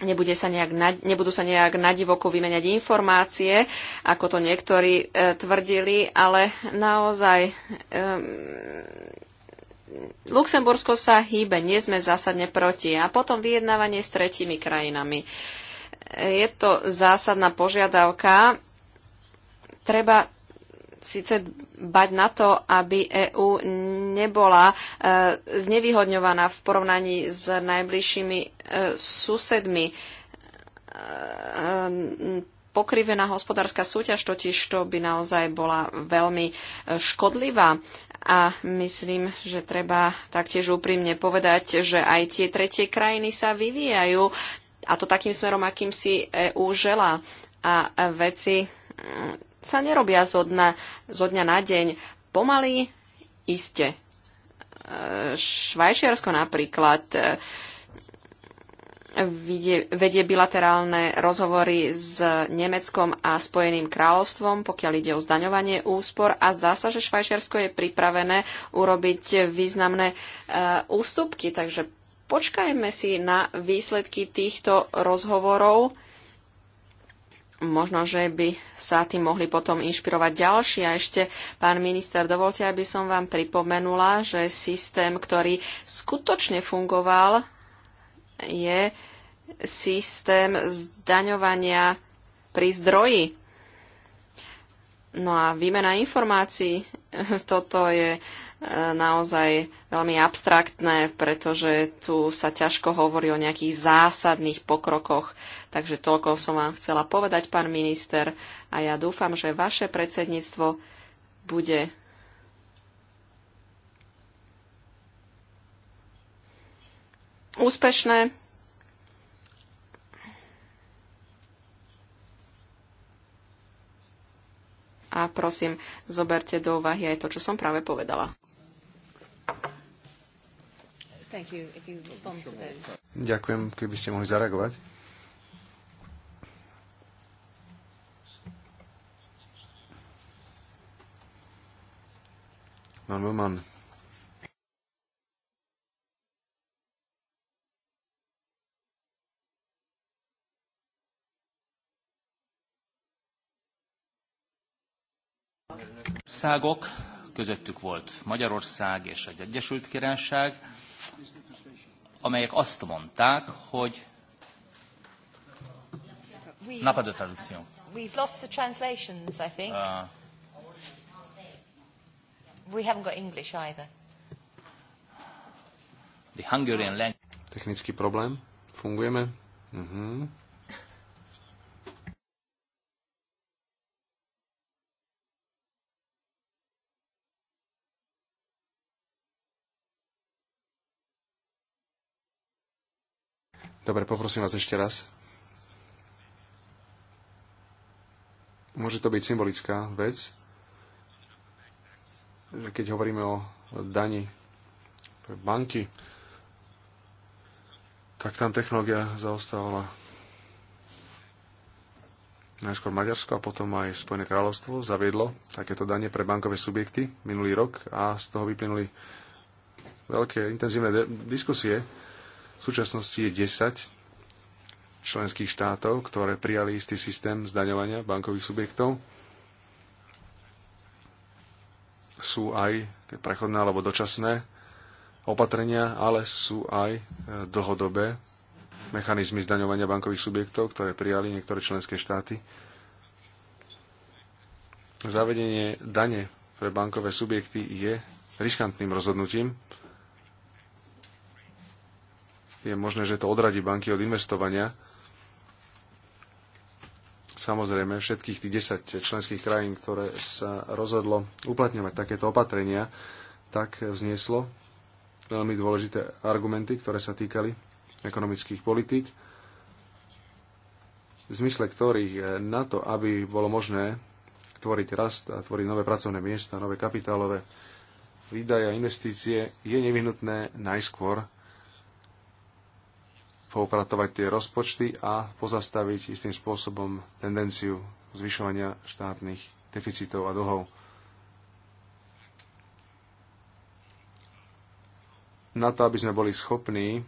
Nebude sa nejak na, nebudú sa nejak nadivoko vymeniať informácie, ako to niektorí e, tvrdili, ale naozaj e, Luxembursko sa hýbe, nie sme zásadne proti. A potom vyjednávanie s tretími krajinami. Je to zásadná požiadavka. Treba síce bať na to, aby EÚ nebola e, znevýhodňovaná v porovnaní s najbližšími e, susedmi. E, e pokrivená hospodárska súťaž totiž to by naozaj bola veľmi e, škodlivá a myslím, že treba taktiež úprimne povedať, že aj tie tretie krajiny sa vyvíjajú a to takým smerom, akým si EU želá. A veci mm, sa nerobia zo dňa, zo dňa na deň. Pomaly, iste. E, Švajčiarsko napríklad e, vedie, vedie bilaterálne rozhovory s Nemeckom a Spojeným kráľovstvom, pokiaľ ide o zdaňovanie úspor a zdá sa, že Švajčiarsko je pripravené urobiť významné e, ústupky, takže počkajme si na výsledky týchto rozhovorov. Možno, že by sa tým mohli potom inšpirovať ďalší. A ešte, pán minister, dovolte, aby som vám pripomenula, že systém, ktorý skutočne fungoval je systém zdaňovania pri zdroji. No a výmena informácií, toto je e, naozaj veľmi abstraktné, pretože tu sa ťažko hovorí o nejakých zásadných pokrokoch. Takže toľko som vám chcela povedať, pán minister, a ja dúfam, že vaše predsedníctvo bude úspešné. A prosím, zoberte do úvahy aj to, čo som práve povedala. Ďakujem, keby ste mohli zareagovať. Pán Wilman, Országok, közöttük volt Magyarország és az Egyesült Királyság, amelyek azt mondták, hogy N'a de traduction. We've lost the translations, I think. Uh, we haven't got English either. The Hungarian language. Technický problém. Fungujeme? Mhm. Uh-huh. Dobre, poprosím vás ešte raz. Môže to byť symbolická vec, že keď hovoríme o dani pre banky, tak tam technológia zaostávala najskôr Maďarsko a potom aj Spojené kráľovstvo zaviedlo takéto dane pre bankové subjekty minulý rok a z toho vyplynuli veľké intenzívne diskusie v súčasnosti je 10 členských štátov, ktoré prijali istý systém zdaňovania bankových subjektov. Sú aj prechodné alebo dočasné opatrenia, ale sú aj e, dlhodobé mechanizmy zdaňovania bankových subjektov, ktoré prijali niektoré členské štáty. Zavedenie dane pre bankové subjekty je riskantným rozhodnutím, je možné, že to odradí banky od investovania. Samozrejme, všetkých tých 10 členských krajín, ktoré sa rozhodlo uplatňovať takéto opatrenia, tak vznieslo veľmi dôležité argumenty, ktoré sa týkali ekonomických politík, v zmysle ktorých na to, aby bolo možné tvoriť rast a tvoriť nové pracovné miesta, nové kapitálové výdaje a investície, je nevyhnutné najskôr poupratovať tie rozpočty a pozastaviť istým spôsobom tendenciu zvyšovania štátnych deficitov a dlhov. Na to, aby sme boli schopní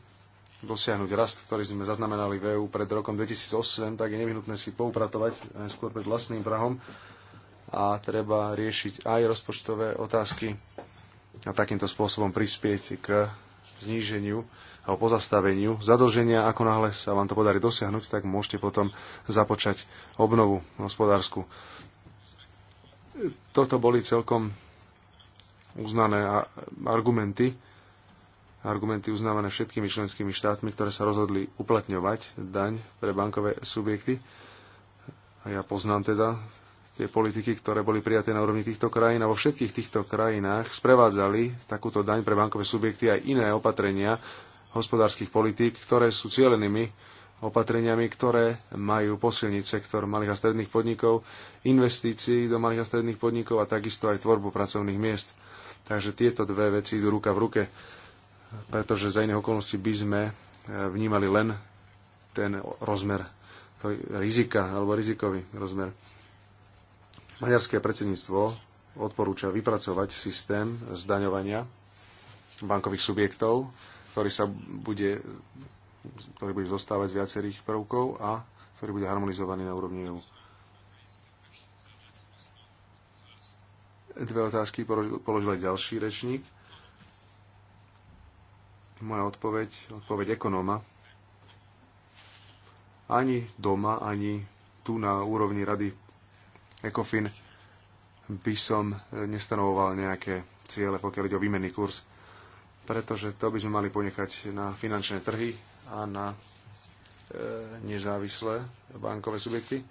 dosiahnuť rast, ktorý sme zaznamenali v EÚ pred rokom 2008, tak je nevyhnutné si poupratovať skôr pred vlastným prahom a treba riešiť aj rozpočtové otázky a takýmto spôsobom prispieť k zníženiu alebo pozastaveniu zadlženia. Ako náhle sa vám to podarí dosiahnuť, tak môžete potom započať obnovu hospodársku. Toto boli celkom uznané argumenty, argumenty uznávané všetkými členskými štátmi, ktoré sa rozhodli uplatňovať daň pre bankové subjekty. A ja poznám teda tie politiky, ktoré boli prijaté na úrovni týchto krajín a vo všetkých týchto krajinách sprevádzali takúto daň pre bankové subjekty aj iné opatrenia hospodárskych politík, ktoré sú cielenými opatreniami, ktoré majú posilniť sektor malých a stredných podnikov, investícií do malých a stredných podnikov a takisto aj tvorbu pracovných miest. Takže tieto dve veci idú ruka v ruke, pretože za iné okolnosti by sme e, vnímali len ten rozmer ktorý, rizika alebo rizikový rozmer. Maďarské predsedníctvo odporúča vypracovať systém zdaňovania bankových subjektov ktorý sa bude, ktorý bude zostávať z viacerých prvkov a ktorý bude harmonizovaný na úrovni EU. Dve otázky položil aj ďalší rečník. Moja odpoveď, odpoveď ekonóma. Ani doma, ani tu na úrovni rady ECOFIN by som nestanovoval nejaké ciele, pokiaľ ide o výmenný kurz pretože to by sme mali ponechať na finančné trhy a na e, nezávislé bankové subjekty.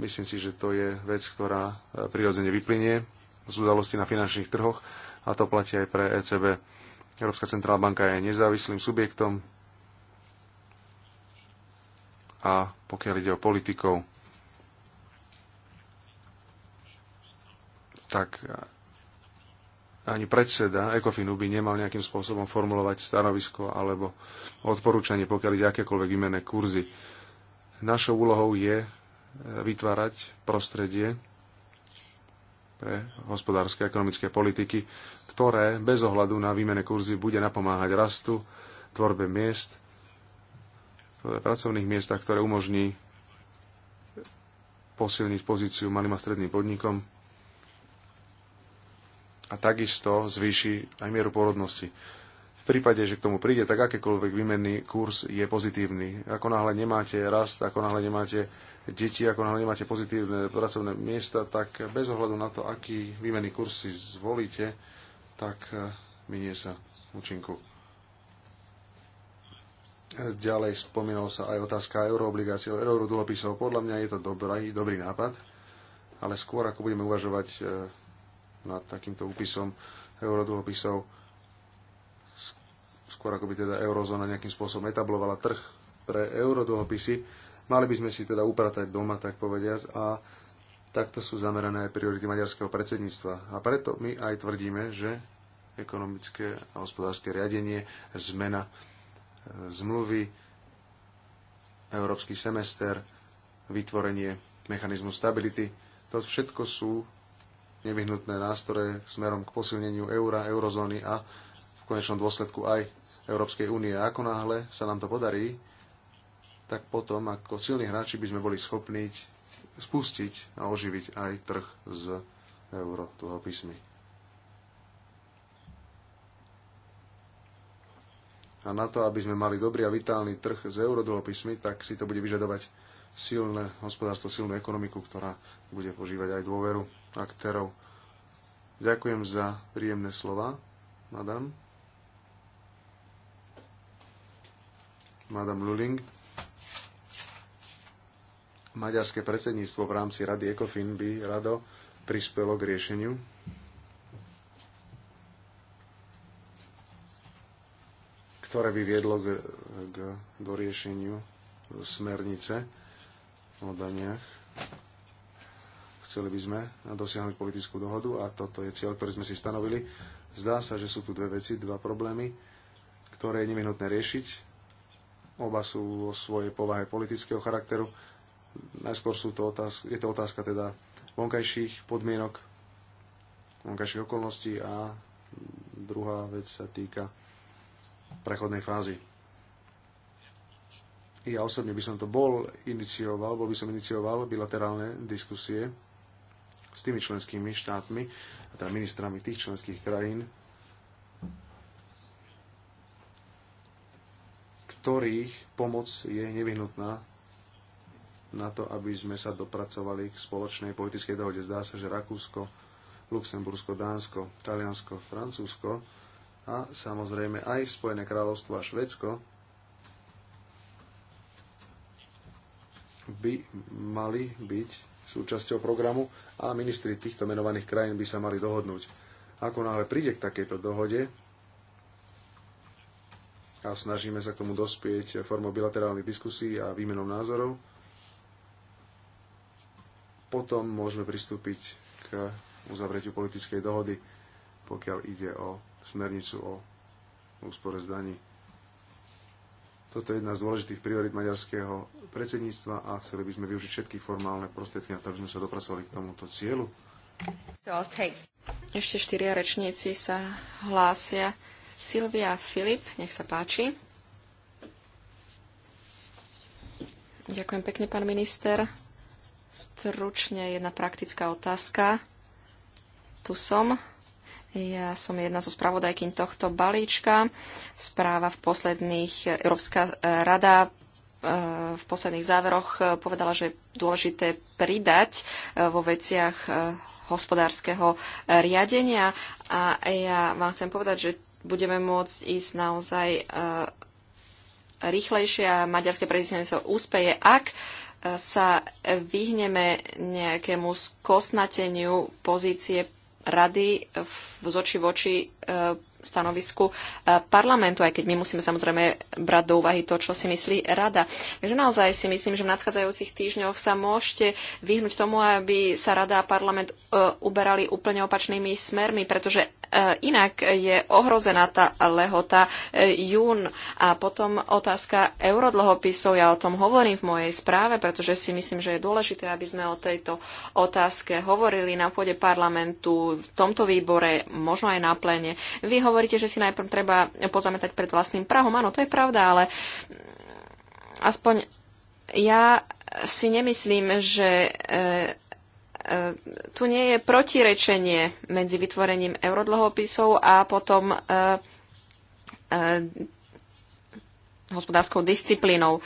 Myslím si, že to je vec, ktorá e, prirodzene vyplynie z udalosti na finančných trhoch a to platí aj pre ECB. Európska centrálna banka je nezávislým subjektom a pokiaľ ide o politikov, tak ani predseda Ekofinu by nemal nejakým spôsobom formulovať stanovisko alebo odporúčanie, pokiaľ ide akékoľvek imené kurzy. Našou úlohou je e, vytvárať prostredie pre hospodárske a ekonomické politiky, ktoré bez ohľadu na výmene kurzy bude napomáhať rastu, tvorbe miest, tvorbe pracovných miest, ktoré umožní posilniť pozíciu malým a stredným podnikom a takisto zvýši aj mieru porodnosti. V prípade, že k tomu príde, tak akýkoľvek výmenný kurz je pozitívny. Ako náhle nemáte rast, ako náhle nemáte deti, ako náhle nemáte pozitívne pracovné miesta, tak bez ohľadu na to, aký výmenný kurz si zvolíte, tak e, minie sa účinku. Ďalej spomínal sa aj otázka euroobligácií, dlhopisov. Podľa mňa je to dobrý, dobrý nápad, ale skôr ako budeme uvažovať e, nad takýmto úpisom eurodlhopisov, skôr ako by teda eurozóna nejakým spôsobom etablovala trh pre eurodlhopisy. Mali by sme si teda upratať doma, tak povediať, a takto sú zamerané aj priority maďarského predsedníctva. A preto my aj tvrdíme, že ekonomické a hospodárske riadenie, zmena e, zmluvy, európsky semester, vytvorenie mechanizmu stability, to všetko sú nevyhnutné nástroje smerom k posilneniu eura, eurozóny a v konečnom dôsledku aj Európskej únie. Ako náhle sa nám to podarí, tak potom ako silní hráči by sme boli schopní spustiť a oživiť aj trh s euro dlhopismi. A na to, aby sme mali dobrý a vitálny trh s eurodlhopismi, tak si to bude vyžadovať silné hospodárstvo, silnú ekonomiku, ktorá bude požívať aj dôveru aktérov. Ďakujem za príjemné slova, madam. Madam Luling. Maďarské predsedníctvo v rámci Rady ECOFIN by rado prispelo k riešeniu ktoré by viedlo k, k doriešeniu smernice o daniach Chceli by sme dosiahnuť politickú dohodu a toto je cieľ, ktorý sme si stanovili. Zdá sa, že sú tu dve veci, dva problémy, ktoré je nevyhnutné riešiť. Oba sú vo svojej povahe politického charakteru. Najskôr sú to otázka, je to otázka teda vonkajších podmienok, vonkajších okolností a druhá vec sa týka prechodnej fázy. Ja osobne by som to bol inicioval, bol by som inicioval bilaterálne diskusie s tými členskými štátmi, a teda ministrami tých členských krajín, ktorých pomoc je nevyhnutná na to, aby sme sa dopracovali k spoločnej politickej dohode. Zdá sa, že Rakúsko, Luxembursko, Dánsko, Taliansko, Francúzsko a samozrejme aj Spojené kráľovstvo a Švedsko by mali byť súčasťou programu a ministri týchto menovaných krajín by sa mali dohodnúť. Ako náhle príde k takejto dohode a snažíme sa k tomu dospieť formou bilaterálnych diskusí a výmenou názorov, potom môžeme pristúpiť k uzavretiu politickej dohody, pokiaľ ide o smernicu o úspore zdaní. Toto je jedna z dôležitých priorit maďarského predsedníctva a chceli by sme využiť všetky formálne prostriedky na to, aby sme sa dopracovali k tomuto cieľu. Ešte štyria rečníci sa hlásia. Silvia Filip, nech sa páči. Ďakujem pekne, pán minister. Stručne jedna praktická otázka. Tu som. Ja som jedna zo spravodajkyn tohto balíčka. Správa v posledných, Európska eh, rada eh, v posledných záveroch eh, povedala, že je dôležité pridať vo veciach hospodárskeho riadenia a ja vám chcem povedať, že budeme môcť ísť naozaj rýchlejšie a maďarské predsedníctvo úspeje, ak sa vyhneme nejakému skosnateniu pozície rady v zoči voči e, stanovisku e, parlamentu, aj keď my musíme samozrejme brať do úvahy to, čo si myslí rada. Takže naozaj si myslím, že v nadchádzajúcich týždňoch sa môžete vyhnúť tomu, aby sa rada a parlament e, uberali úplne opačnými smermi, pretože Eh, inak je ohrozená tá lehota eh, jún. A potom otázka eurodlhopisov. Ja o tom hovorím v mojej správe, pretože si myslím, že je dôležité, aby sme o tejto otázke hovorili na pôde parlamentu, v tomto výbore, možno aj na plene. Vy hovoríte, že si najprv treba pozametať pred vlastným prahom. Áno, to je pravda, ale aspoň ja si nemyslím, že eh, tu nie je protirečenie medzi vytvorením eurodlhopisov a potom e, e, hospodárskou disciplínou.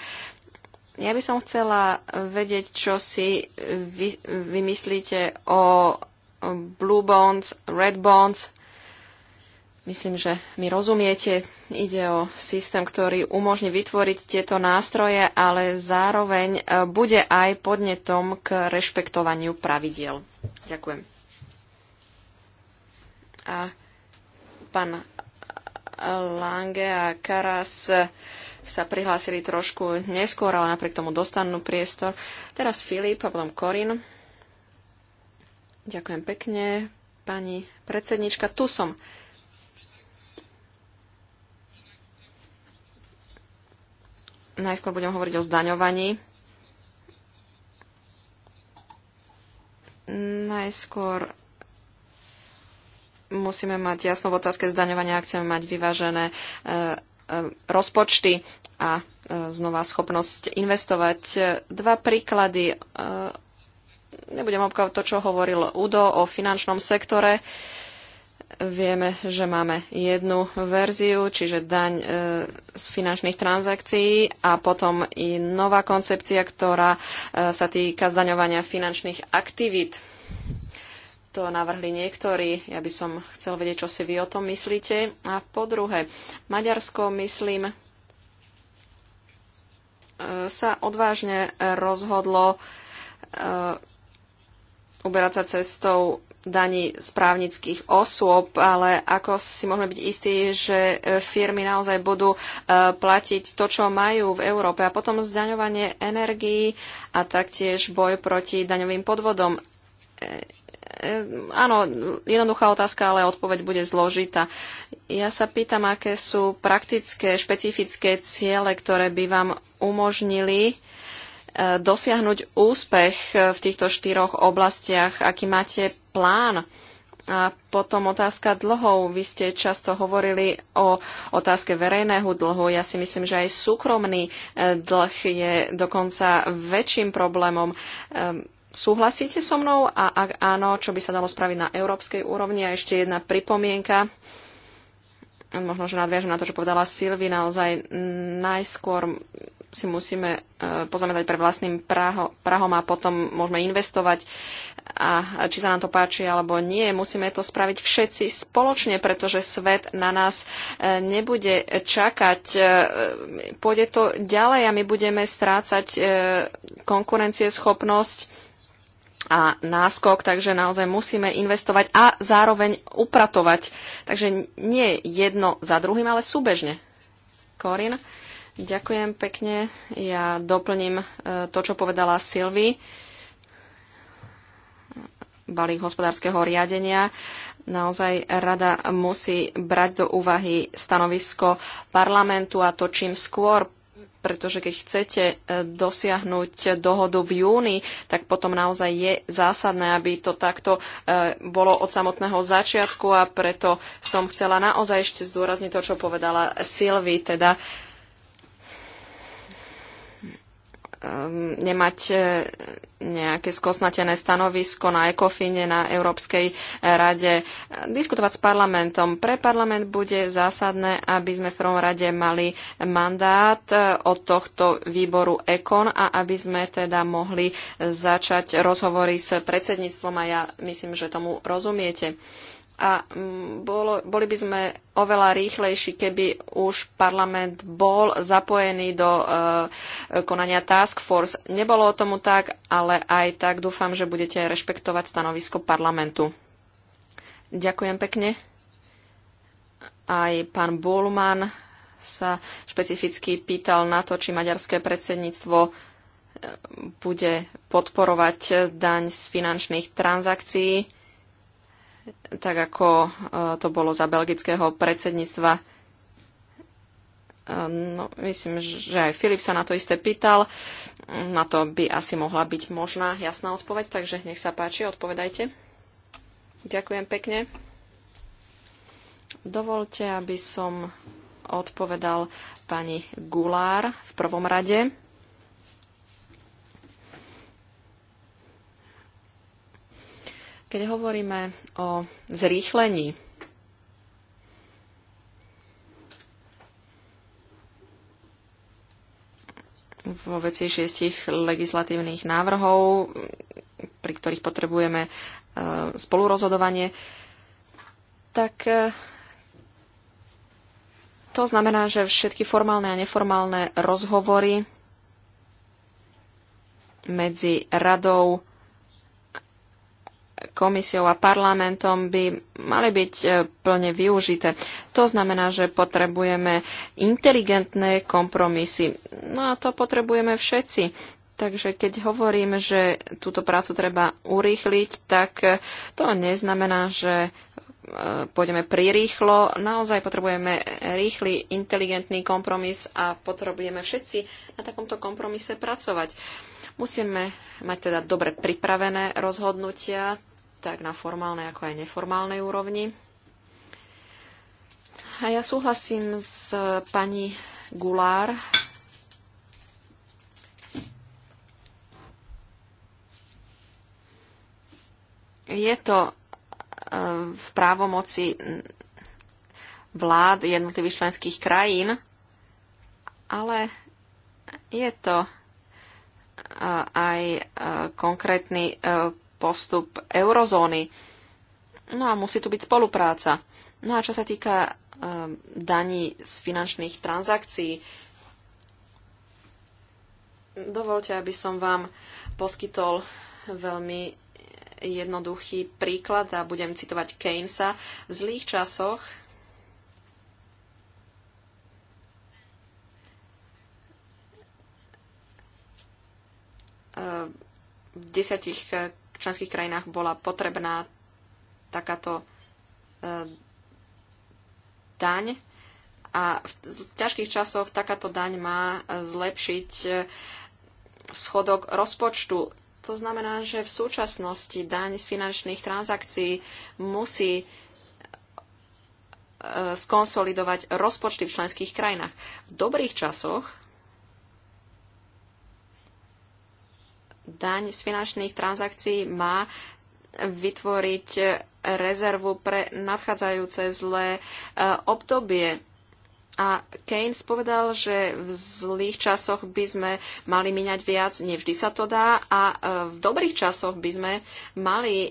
Ja by som chcela vedieť, čo si vy, vymyslíte o blue bonds, red bonds, Myslím, že mi rozumiete. Ide o systém, ktorý umožní vytvoriť tieto nástroje, ale zároveň e, bude aj podnetom k rešpektovaniu pravidiel. Ďakujem. A pán e, Lange a Karas e, sa prihlásili trošku neskôr, ale napriek tomu dostanú priestor. Teraz Filip a potom Korin. Ďakujem pekne, pani predsednička. Tu som. Najskôr budem hovoriť o zdaňovaní. Najskôr musíme mať jasno v otázke zdaňovania, ak chceme mať vyvážené e, e, rozpočty a e, znova schopnosť investovať. Dva príklady. nebudem obkávať to, čo hovoril Udo o finančnom sektore. Vieme, že máme jednu verziu, čiže daň e, z finančných transakcií a potom i nová koncepcia, ktorá e, sa týka zdaňovania finančných aktivít. To navrhli niektorí. Ja by som chcel vedieť, čo si vy o tom myslíte. A po druhé, Maďarsko, myslím, e, sa odvážne rozhodlo e, uberať sa cestou daní z právnických osôb, ale ako si môžeme byť istí, že firmy naozaj budú e, platiť to, čo majú v Európe a potom zdaňovanie energií a taktiež boj proti daňovým podvodom. E, e, áno, jednoduchá otázka, ale odpoveď bude zložitá. Ja sa pýtam, aké sú praktické, špecifické ciele, ktoré by vám umožnili uh, dosiahnuť úspech v týchto štyroch oblastiach? Aký máte plán? A potom otázka dlhov. Vy ste často hovorili o otázke verejného dlhu. Ja si myslím, že aj súkromný e, dlh je dokonca väčším problémom. E, súhlasíte so mnou? A ak áno, čo by sa dalo spraviť na európskej úrovni? A ešte jedna pripomienka. Možno, že nadviažem na to, čo povedala Silvi. Naozaj najskôr si musíme eh, pozamätať pre vlastným praho, prahom a potom môžeme investovať. A či sa nám to páči alebo nie, musíme to spraviť všetci spoločne, pretože svet na nás eh, nebude čakať. Eh, pôjde to ďalej a my budeme strácať konkurencieschopnosť a náskok, takže naozaj musíme investovať a zároveň upratovať. Takže nie jedno za druhým, ale súbežne. Korin? Ďakujem pekne. Ja doplním e, to, čo povedala Silvi. Balík hospodárskeho riadenia. Naozaj rada musí brať do úvahy stanovisko parlamentu a to čím skôr, pretože keď chcete e, dosiahnuť dohodu v júni, tak potom naozaj je zásadné, aby to takto e, bolo od samotného začiatku a preto som chcela naozaj ešte zdôrazniť to, čo povedala Silvi, teda uh, Um, nemať e, nejaké skosnatené stanovisko na ECOFINE, na Európskej rade, diskutovať s parlamentom. Pre parlament bude zásadné, aby sme v prvom rade mali mandát e, od tohto výboru ECON a aby sme teda mohli začať rozhovory s predsedníctvom a ja myslím, že tomu rozumiete a mm, bolo, boli by sme oveľa rýchlejší, keby už parlament bol zapojený do e, konania Task Force. Nebolo tomu tak, ale aj tak dúfam, že budete rešpektovať stanovisko parlamentu. Ďakujem pekne. Aj pán Bulman sa špecificky pýtal na to, či maďarské predsedníctvo e, bude podporovať daň z finančných transakcií tak ako eh, to bolo za belgického predsedníctva. Eh, no, myslím, že aj Filip sa na to isté pýtal. Na to by asi mohla byť možná jasná odpoveď, takže nech sa páči, odpovedajte. Ďakujem pekne. Dovolte, aby som odpovedal pani Gulár v prvom rade. Keď hovoríme o zrýchlení, vo veci šiestich legislatívnych návrhov, pri ktorých potrebujeme e, spolurozhodovanie, tak e, to znamená, že všetky formálne a neformálne rozhovory medzi radou, komisiou a parlamentom by mali byť e, plne využité. To znamená, že potrebujeme inteligentné kompromisy. No a to potrebujeme všetci. Takže keď hovorím, že túto prácu treba urýchliť, tak e, to neznamená, že e, pôjdeme prirýchlo. Naozaj potrebujeme rýchly, inteligentný kompromis a potrebujeme všetci na takomto kompromise pracovať. Musíme mať teda dobre pripravené rozhodnutia, tak na formálnej, ako aj neformálnej úrovni. A ja súhlasím s pani Gulár. Je to e, v právomoci vlád jednotlivých členských krajín, ale je to e, aj e, konkrétny postup eurozóny. No a musí tu byť spolupráca. No a čo sa týka eh, daní z finančných transakcií, dovolte, aby som vám poskytol veľmi jednoduchý príklad a budem citovať Keynesa. V zlých časoch v desiatich v členských krajinách bola potrebná takáto e, daň. A v ťažkých časoch takáto daň má e, zlepšiť e, schodok rozpočtu. To znamená, že v súčasnosti daň z finančných transakcií musí skonsolidovať rozpočty v členských krajinách. V dobrých časoch daň z finančných transakcií má vytvoriť rezervu pre nadchádzajúce zlé e, obdobie. A Keynes povedal, že v zlých časoch by sme mali miňať viac, nevždy sa to dá, a e, v dobrých časoch by sme mali e,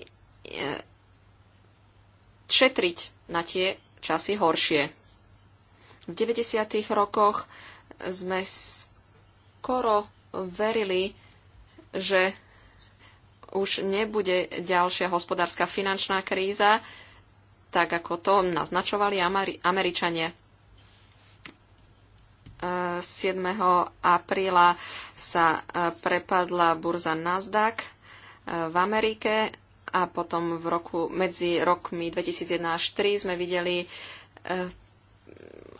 šetriť na tie časy horšie. V 90. rokoch sme skoro verili, že už nebude ďalšia hospodárska finančná kríza, tak ako to naznačovali Ameri- Američania. 7. E, apríla sa e, prepadla burza Nasdaq e, v Amerike a potom v roku, medzi rokmi 2001 až 2003 sme videli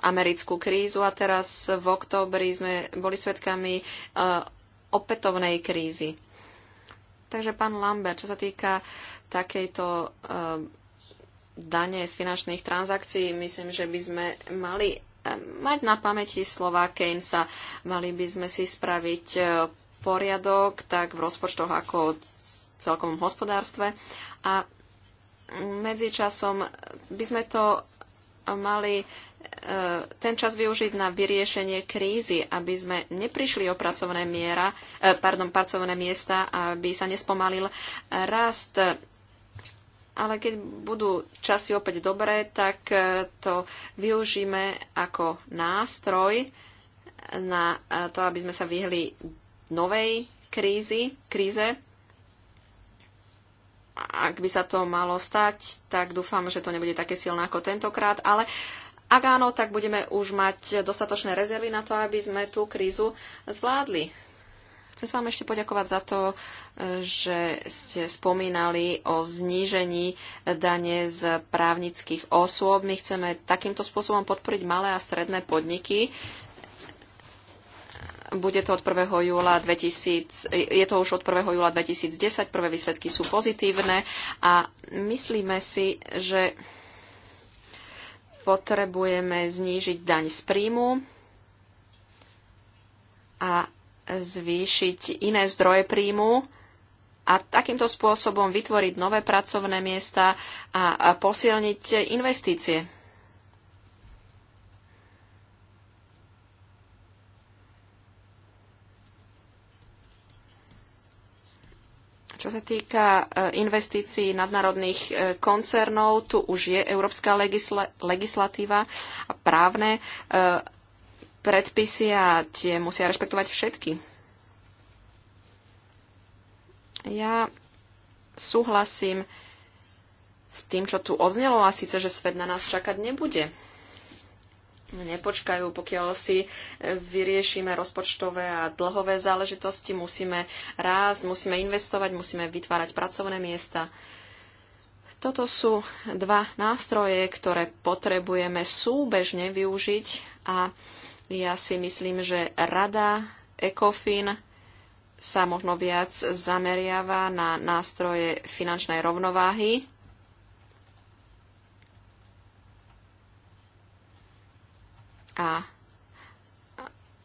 americkú krízu a teraz v oktobri sme boli svedkami opätovnej krízy. Takže pán Lambert, čo sa týka takejto uh, dane z finančných transakcií, myslím, že by sme mali uh, mať na pamäti slova Keynesa. Mali by sme si spraviť uh, poriadok tak v rozpočtoch ako v celkom hospodárstve. A medzičasom by sme to mali e, ten čas využiť na vyriešenie krízy, aby sme neprišli o pracovné, miera, e, pardon, pracovné miesta, aby sa nespomalil rast. Ale keď budú časy opäť dobré, tak e, to využíme ako nástroj na to, aby sme sa vyhli novej krízy, kríze ak by sa to malo stať, tak dúfam, že to nebude také silné ako tentokrát, ale ak áno, tak budeme už mať dostatočné rezervy na to, aby sme tú krízu zvládli. Chcem sa vám ešte poďakovať za to, e, že ste spomínali o znížení dane z právnických osôb. My chceme takýmto spôsobom podporiť malé a stredné podniky, bude to od 1. júla 2000, je to už od 1. júla 2010, prvé výsledky sú pozitívne a myslíme si, že potrebujeme znížiť daň z príjmu a zvýšiť iné zdroje príjmu a takýmto spôsobom vytvoriť nové pracovné miesta a posilniť investície. Čo sa týka e, investícií nadnárodných e, koncernov, tu už je európska legisla- legislatíva a právne e, predpisy a tie musia rešpektovať všetky. Ja súhlasím s tým, čo tu odznelo a síce, že svet na nás čakať nebude nepočkajú, pokiaľ si e, vyriešime rozpočtové a dlhové záležitosti. Musíme rásť, musíme investovať, musíme vytvárať pracovné miesta. Toto sú dva nástroje, ktoré potrebujeme súbežne využiť a ja si myslím, že Rada ECOFIN sa možno viac zameriava na nástroje finančnej rovnováhy a,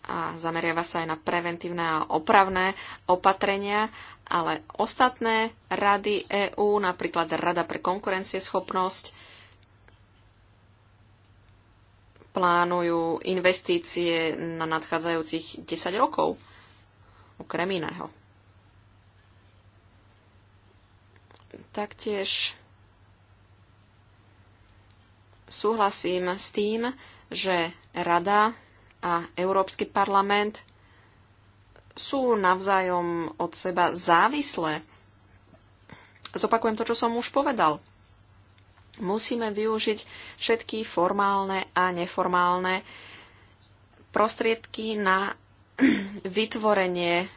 a zameriava sa aj na preventívne a opravné opatrenia, ale ostatné rady EÚ, napríklad Rada pre konkurencieschopnosť, plánujú investície na nadchádzajúcich 10 rokov, okrem iného. Taktiež súhlasím s tým, že Rada a Európsky parlament sú navzájom od seba závislé. Zopakujem to, čo som už povedal. Musíme využiť všetky formálne a neformálne prostriedky na vytvorenie e,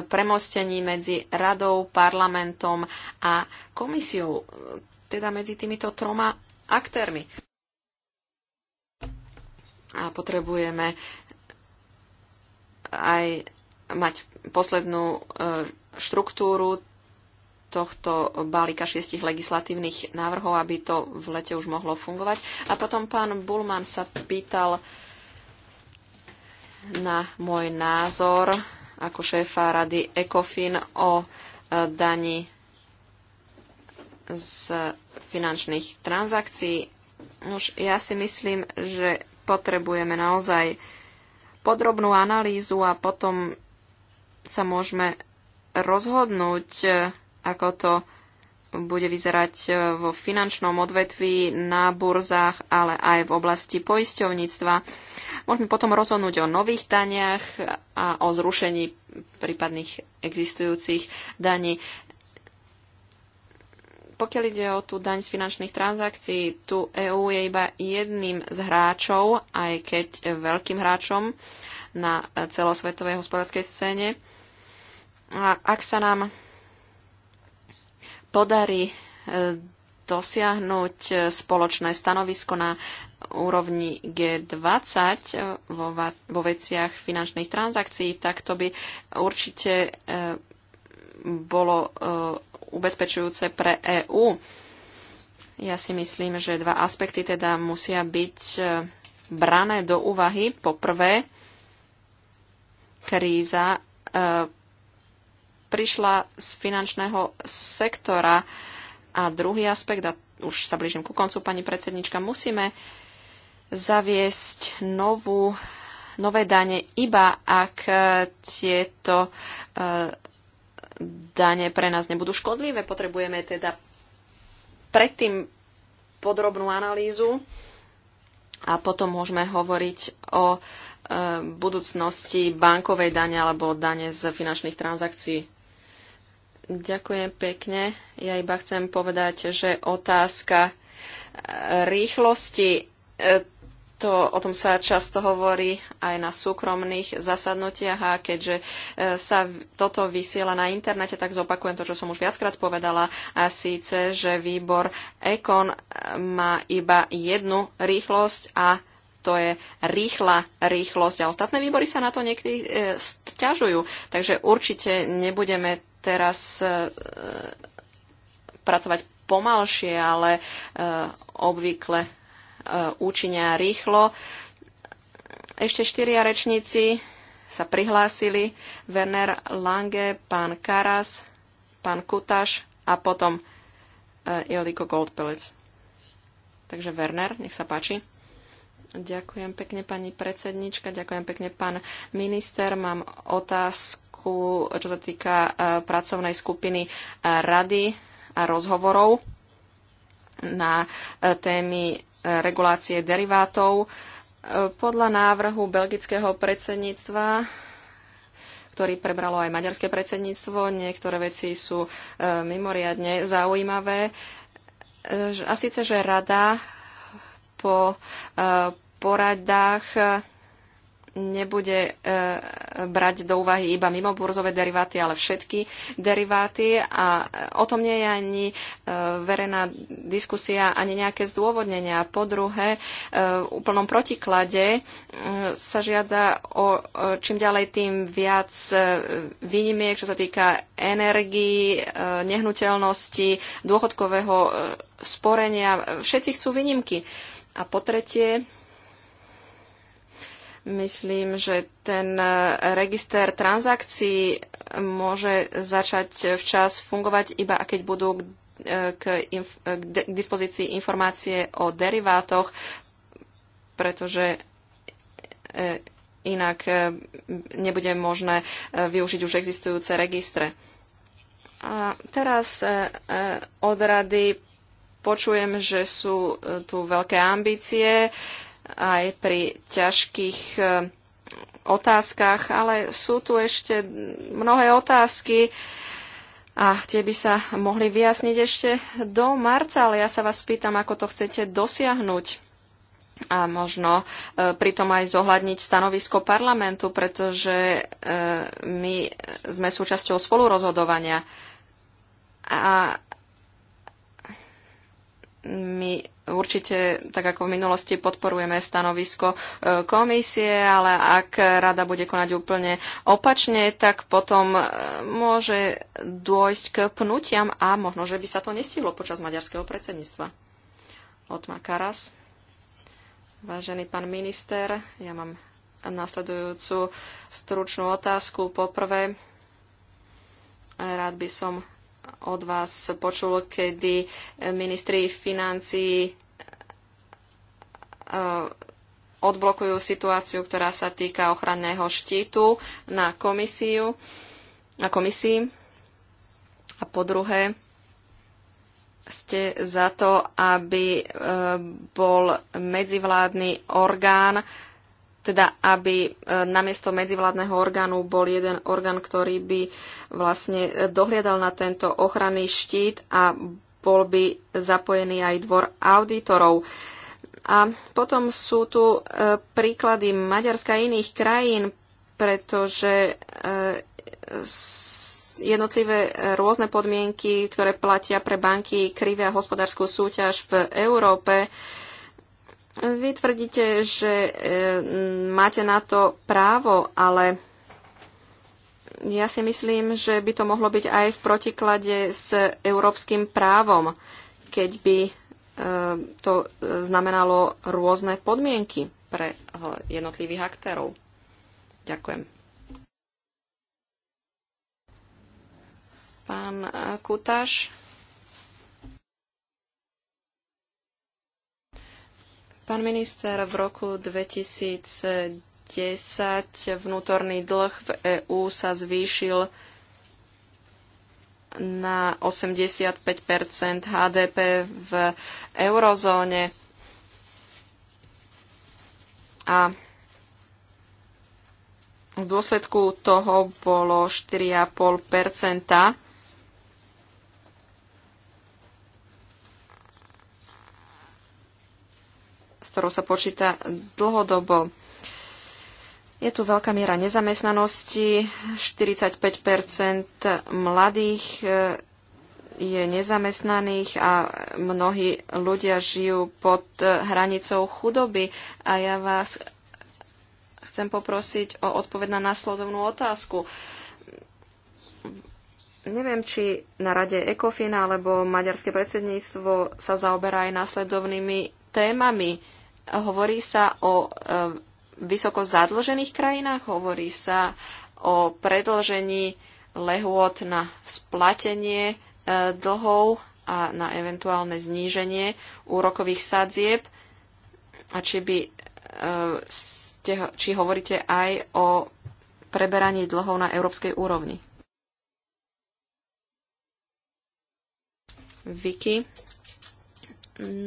premostení medzi radou, parlamentom a komisiou, e, teda medzi týmito troma aktérmi a potrebujeme aj mať poslednú e, štruktúru tohto balíka šiestich legislatívnych návrhov, aby to v lete už mohlo fungovať. A potom pán Bulman sa pýtal na môj názor ako šéfa rady ECOFIN o e, dani z finančných transakcií. Už ja si myslím, že Potrebujeme naozaj podrobnú analýzu a potom sa môžeme rozhodnúť, e, ako to bude vyzerať e, vo finančnom odvetví, na burzách, ale aj v oblasti poisťovníctva. Môžeme potom rozhodnúť o nových daniach a o zrušení prípadných existujúcich daní. Pokiaľ ide o tú daň z finančných transakcií, tu EÚ je iba jedným z hráčov, aj keď veľkým hráčom na celosvetovej hospodárskej scéne. A ak sa nám podarí e, dosiahnuť e, spoločné stanovisko na úrovni G20 e, vo, vo veciach finančných transakcií, tak to by určite bolo ubezpečujúce pre EÚ. Ja si myslím, že dva aspekty teda musia byť e, brané do úvahy. Po prvé, kríza e, prišla z finančného sektora a druhý aspekt, a už sa blížim ku koncu, pani predsednička, musíme zaviesť novú, nové dane, iba ak e, tieto e, dane pre nás nebudú škodlivé. Potrebujeme teda predtým podrobnú analýzu a potom môžeme hovoriť o e, budúcnosti bankovej dane alebo dane z finančných transakcií. Ďakujem pekne. Ja iba chcem povedať, že otázka e, rýchlosti e, to, o tom sa často hovorí aj na súkromných zasadnutiach a keďže e, sa toto vysiela na internete, tak zopakujem to, čo som už viackrát povedala a síce, že výbor Ekon e, má iba jednu rýchlosť a to je rýchla rýchlosť a ostatné výbory sa na to niekedy e, sťažujú. Takže určite nebudeme teraz e, pracovať pomalšie, ale e, obvykle E, účinne a rýchlo. Ešte štyria rečníci sa prihlásili. Werner Lange, pán Karas, pán Kutaš a potom e, Ildiko Goldpelec. Takže Werner, nech sa páči. Ďakujem pekne, pani predsednička, ďakujem pekne, pán minister. Mám otázku, čo sa týka e, pracovnej skupiny rady a rozhovorov na témy regulácie derivátov. E, podľa návrhu belgického predsedníctva ktorý prebralo aj maďarské predsedníctvo. Niektoré veci sú e, mimoriadne zaujímavé. E, a síce, že rada po poradách nebude e, brať do úvahy iba mimoburzové deriváty, ale všetky deriváty a e, o tom nie je ani e, verejná diskusia, ani nejaké zdôvodnenia. Po druhé, v úplnom protiklade sa žiada o čím ďalej tým viac výnimiek, čo sa týka energii, nehnuteľnosti, dôchodkového sporenia. Všetci chcú výnimky. A po tretie, Myslím, že ten e, register transakcií môže začať včas fungovať iba keď budú k, e, inf- k dispozícii informácie o derivátoch, pretože e, inak nebude možné využiť už existujúce registre. A teraz od rady počujem, že sú tu veľké ambície aj pri ťažkých e, otázkach, ale sú tu ešte mnohé otázky a tie by sa mohli vyjasniť ešte do marca, ale ja sa vás pýtam, ako to chcete dosiahnuť a možno e, pritom aj zohľadniť stanovisko parlamentu, pretože e, my sme súčasťou spolurozhodovania. A my určite, tak ako v minulosti, podporujeme stanovisko e, komisie, ale ak rada bude konať úplne opačne, tak potom e, môže dôjsť k pnutiam a možno, že by sa to nestihlo počas maďarského predsedníctva. Otma Karas. Vážený pán minister, ja mám nasledujúcu stručnú otázku. Poprvé, rád by som od vás počul, kedy ministri financií eh, odblokujú situáciu, ktorá sa týka ochranného štítu na komisiu, na komisii. A po druhé, ste za to, aby eh, bol medzivládny orgán, teda aby e, namiesto medzivládneho orgánu bol jeden orgán, ktorý by vlastne dohliadal na tento ochranný štít a bol by zapojený aj dvor auditorov. A potom sú tu e, príklady Maďarska a iných krajín, pretože e, jednotlivé rôzne podmienky, ktoré platia pre banky, krivia hospodárskú súťaž v Európe. Vy tvrdíte, že e, máte na to právo, ale ja si myslím, že by to mohlo byť aj v protiklade s európskym právom, keď by e, to znamenalo rôzne podmienky pre e, jednotlivých aktérov. Ďakujem. Pán Kutáš. Pán minister, v roku 2010 vnútorný dlh v EÚ sa zvýšil na 85 HDP v eurozóne. A v dôsledku toho bolo 4,5 s ktorou sa počíta dlhodobo. Je tu veľká miera nezamestnanosti, 45 mladých e, je nezamestnaných a mnohí ľudia žijú pod e, hranicou chudoby. A ja vás chcem poprosiť o odpoveď na následovnú otázku. Neviem, či na rade ECOFIN alebo maďarské predsedníctvo sa zaoberá aj následovnými témami. Hovorí sa o e, vysoko zadlžených krajinách, hovorí sa o predlžení lehôd na splatenie e, dlhov a na eventuálne zníženie úrokových sadzieb a či by e, ste, či hovoríte aj o preberaní dlhov na európskej úrovni. Vicky,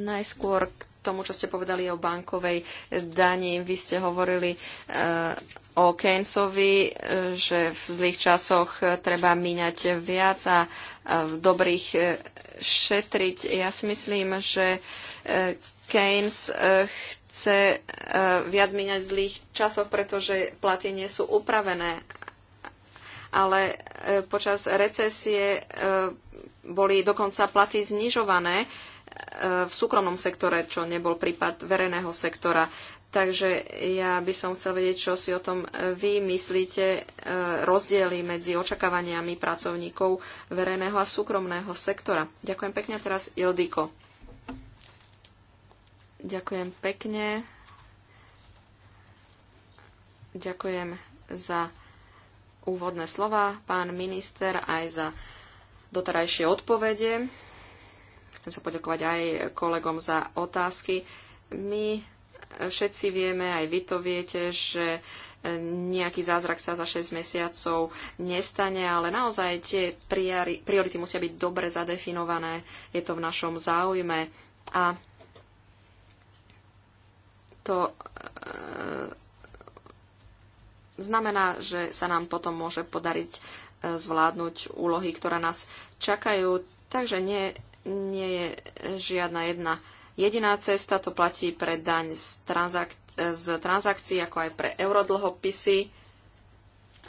najskôr k tomu, čo ste povedali o bankovej dani. Vy ste hovorili eh, o Keynesovi, eh, že v zlých časoch eh, treba míňať viac a v dobrých šetriť. Ja si myslím, že Keynes chce viac míňať v zlých časoch, pretože platy nie sú upravené. Ale počas recesie boli dokonca platy znižované Eh, v súkromnom sektore, čo nebol prípad verejného sektora. Takže ja by som chcel vedieť, čo si o tom vy myslíte, eh, rozdiely medzi očakávaniami pracovníkov verejného a súkromného sektora. Ďakujem pekne teraz Ildiko. Ďakujem pekne. Ďakujem za úvodné slova, pán minister, aj za doterajšie odpovede chcem sa poďakovať aj kolegom za otázky. My všetci vieme, aj vy to viete, že nejaký zázrak sa za 6 mesiacov nestane, ale naozaj tie priority musia byť dobre zadefinované. Je to v našom záujme a to e, znamená, že sa nám potom môže podariť e, zvládnuť úlohy, ktoré nás čakajú. Takže nie nie je žiadna jedna jediná cesta. To platí pre daň z, transak- z transakcií, ako aj pre eurodlhopisy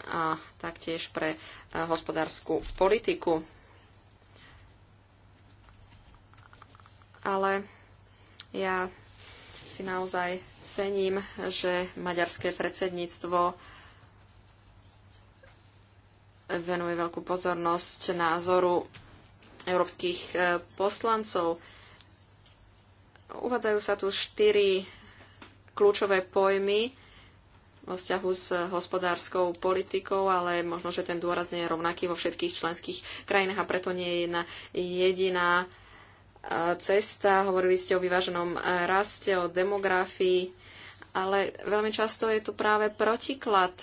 a taktiež pre e, hospodárskú politiku. Ale ja si naozaj cením, že maďarské predsedníctvo venuje veľkú pozornosť názoru európskych e, poslancov. Uvádzajú sa tu štyri kľúčové pojmy vo vzťahu s hospodárskou politikou, ale možno, že ten dôraz nie je rovnaký vo všetkých členských krajinách a preto nie je jedna jediná e, cesta. Hovorili ste o vyváženom e, raste, o demografii, ale veľmi často je tu práve protiklad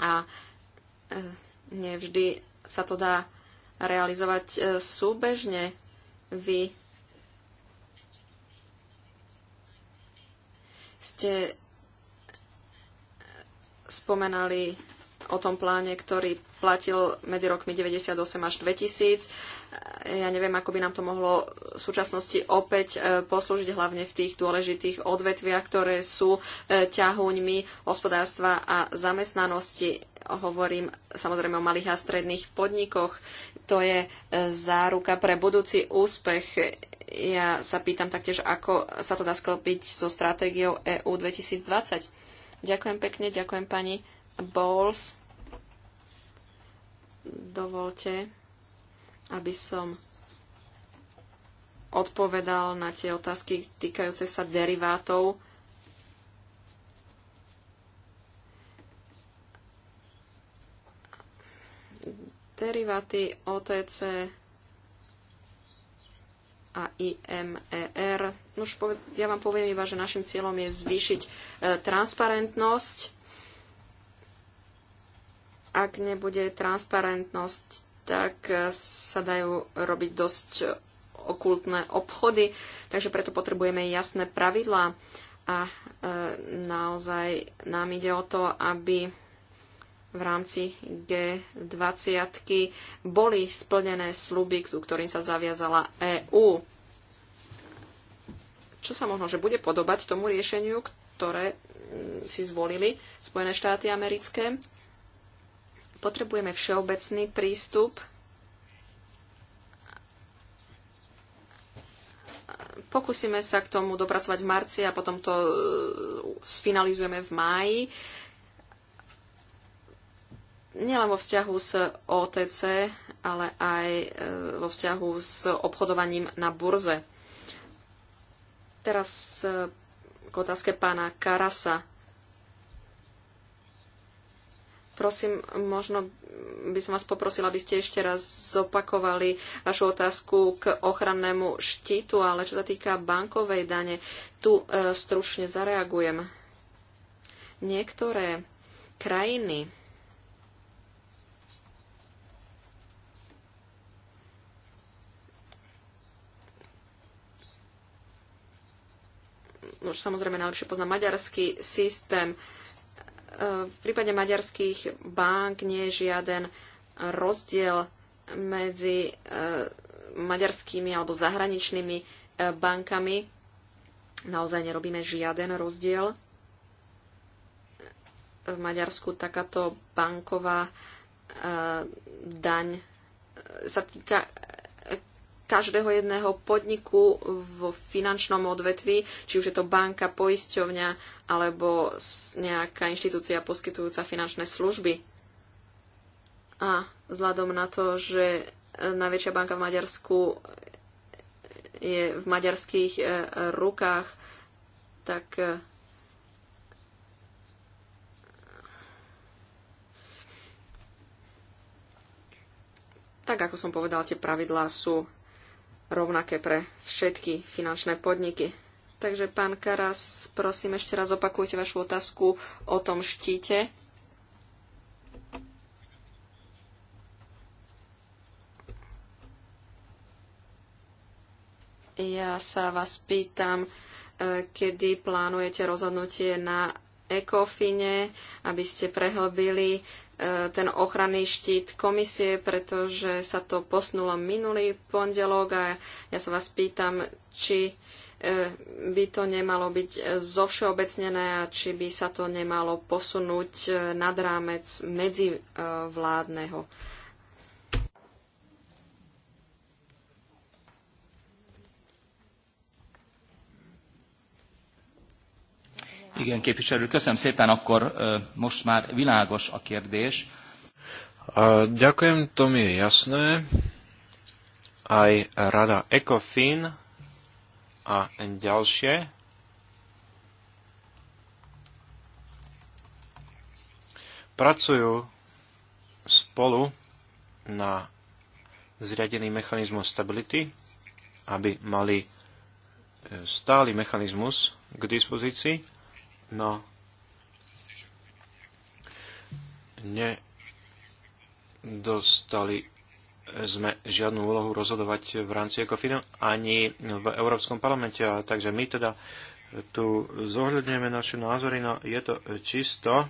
a nevždy sa to dá realizovať e, súbežne. Vy ste spomenali o tom pláne, ktorý platil medzi rokmi 98 až 2000. Ja neviem, ako by nám to mohlo v súčasnosti opäť e, poslúžiť, hlavne v tých dôležitých odvetviach, ktoré sú e, ťahuňmi hospodárstva a zamestnanosti. Hovorím samozrejme o malých a stredných podnikoch to je e, záruka pre budúci úspech. Ja sa pýtam taktiež, ako sa to dá sklopiť so stratégiou EU 2020. Ďakujem pekne, ďakujem pani Bowles. Dovolte, aby som odpovedal na tie otázky týkajúce sa derivátov deriváty OTC a IMER. Už ja vám poviem iba, že našim cieľom je zvýšiť e, transparentnosť. Ak nebude transparentnosť, tak e, sa dajú robiť dosť okultné obchody, takže preto potrebujeme jasné pravidlá a e, naozaj nám ide o to, aby v rámci G20 boli splnené sluby, ktorým sa zaviazala EÚ. Čo sa možno, že bude podobať tomu riešeniu, ktoré mm, si zvolili Spojené štáty americké. Potrebujeme všeobecný prístup. Pokúsime sa k tomu dopracovať v marci a potom to e, sfinalizujeme v máji nielen vo vzťahu s OTC, ale aj e, vo vzťahu s obchodovaním na burze. Teraz e, k otázke pána Karasa. Prosím, možno by som vás poprosila, aby ste ešte raz zopakovali vašu otázku k ochrannému štítu, ale čo sa týka bankovej dane, tu e, stručne zareagujem. Niektoré krajiny už samozrejme najlepšie poznám maďarský systém. E, v prípade maďarských bank nie je žiaden rozdiel medzi e, maďarskými alebo zahraničnými e, bankami. Naozaj nerobíme žiaden rozdiel. V Maďarsku takáto banková daň sa týka každého jedného podniku v finančnom odvetvi, či už je to banka, poisťovňa alebo nejaká inštitúcia poskytujúca finančné služby. A vzhľadom na to, že e, najväčšia banka v Maďarsku je v maďarských e, rukách, tak e, tak ako som povedal, tie pravidlá sú rovnaké pre všetky finančné podniky. Takže, pán Karas, prosím, ešte raz opakujte vašu otázku o tom štíte. Ja sa vás pýtam, e, kedy plánujete rozhodnutie na ECOFINE, aby ste prehlbili E, ten ochranný štít komisie, pretože sa to posnulo minulý pondelok a ja sa vás pýtam, či e, by to nemalo byť zovšeobecnené a či by sa to nemalo posunúť e, nad rámec medzivládneho Igen, képviselő, köszönöm szépen, akkor most már világos a kérdés. A, ďakujem, to mi je jasné. Aj rada ECOFIN a ďalšie pracujú spolu na zriadený mechanizmus stability, aby mali e, stály mechanizmus k dispozícii No, dostali sme žiadnu úlohu rozhodovať v rámci ECOFIN ani v Európskom parlamente, takže my teda tu zohľadňujeme naše názory, no je to čisto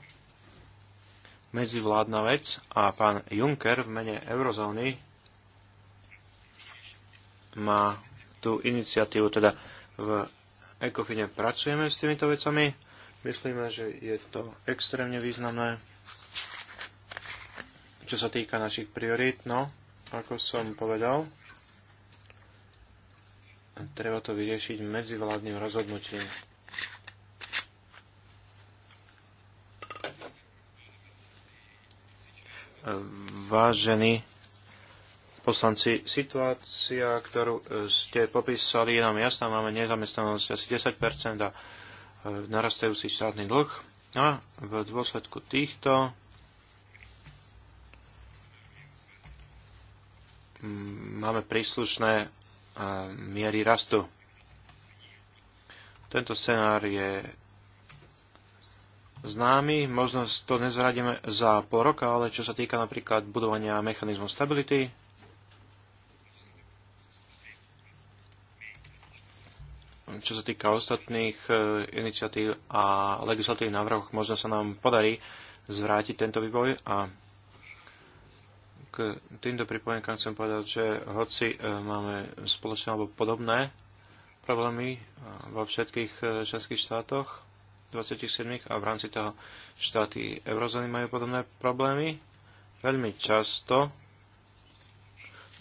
medzivládna vec a pán Juncker v mene eurozóny má tú iniciatívu, teda v ECOFINe pracujeme s týmito vecami Myslíme, že je to extrémne významné, čo sa týka našich priorít. No, ako som povedal, treba to vyriešiť medzivládnym rozhodnutím. Vážení poslanci, situácia, ktorú ste popísali, je nám jasná, máme nezamestnanosť asi 10% a narastajúci štátny dlh a v dôsledku týchto mm, máme príslušné miery rastu. Tento scenár je známy, možno to nezradíme za pol roka, ale čo sa týka napríklad budovania mechanizmu stability, čo sa týka ostatných e, iniciatív a legislatívnych návrhov, možno sa nám podarí zvrátiť tento vývoj a k týmto pripomienkám chcem povedať, že hoci e, máme spoločné alebo podobné problémy e, vo všetkých členských štátoch, 27 a v rámci toho štáty eurozóny majú podobné problémy, veľmi často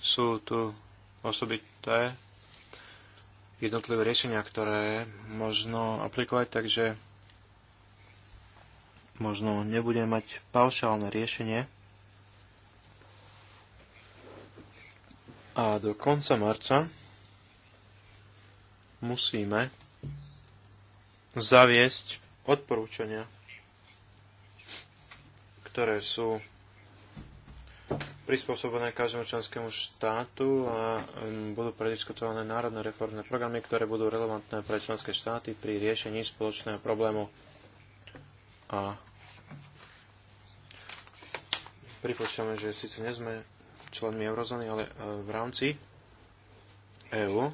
sú tu osobité jednotlivé riešenia, ktoré možno aplikovať, takže možno nebudem mať paušálne riešenie. A do konca marca musíme zaviesť odporúčania, ktoré sú prispôsobené každému členskému štátu a um, budú prediskutované národné reformné programy, ktoré budú relevantné pre členské štáty pri riešení spoločného problému a pripúšťame, že síce nie sme členmi eurozóny, ale e, v rámci EÚ,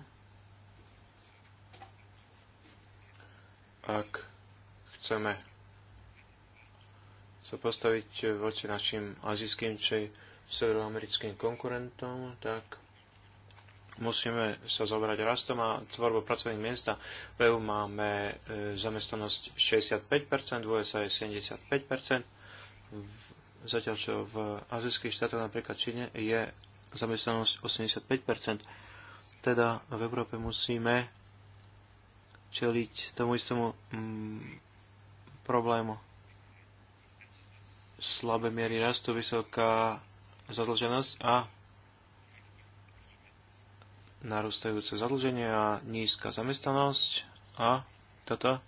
ak chceme sa postaviť voči našim azijským či severoamerickým konkurentom, tak musíme sa zobrať rastom a tvorbou pracovných miest. V EU máme e, zamestnanosť 65%, v USA je 75%, zatiaľ čo v azijských štátoch, napríklad Číne, je zamestnanosť 85%. Teda v Európe musíme čeliť tomu istému mm, problému. Slabé miery rastu, vysoká zadlženosť a narústajúce zadlženie a nízka zamestnanosť a toto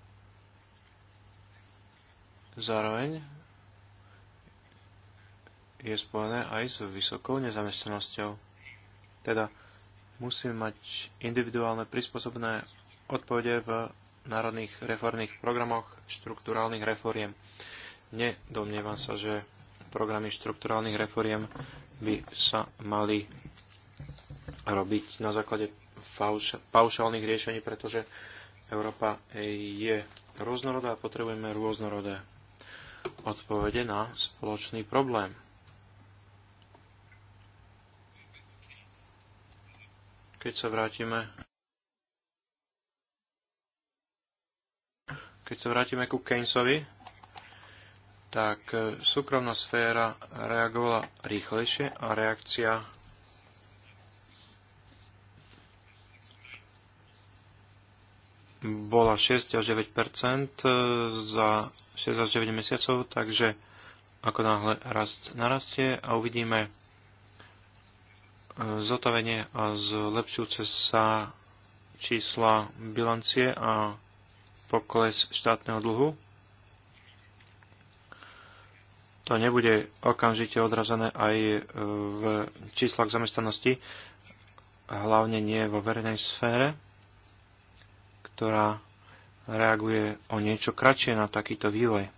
zároveň je spojené aj s vysokou nezamestnanosťou. Teda musíme mať individuálne prispôsobné odpovede v národných reformných programoch štruktúrálnych reforiem. Nedomnievam sa, že programy štrukturálnych reforiem by sa mali robiť na základe paušálnych riešení, pretože Európa je rôznorodá a potrebujeme rôznorodé odpovede na spoločný problém. Keď sa vrátime keď sa vrátime ku Keynesovi, tak e, súkromná sféra reagovala rýchlejšie a reakcia bola 6 až 9 e, za 6 až 9 mesiacov, takže ako náhle rast narastie a uvidíme e, zotavenie a zlepšujúce sa čísla bilancie a pokles štátneho dlhu to nebude okamžite odrazené aj e, v číslach zamestnanosti, hlavne nie vo verejnej sfére, ktorá reaguje o niečo kratšie na takýto vývoj.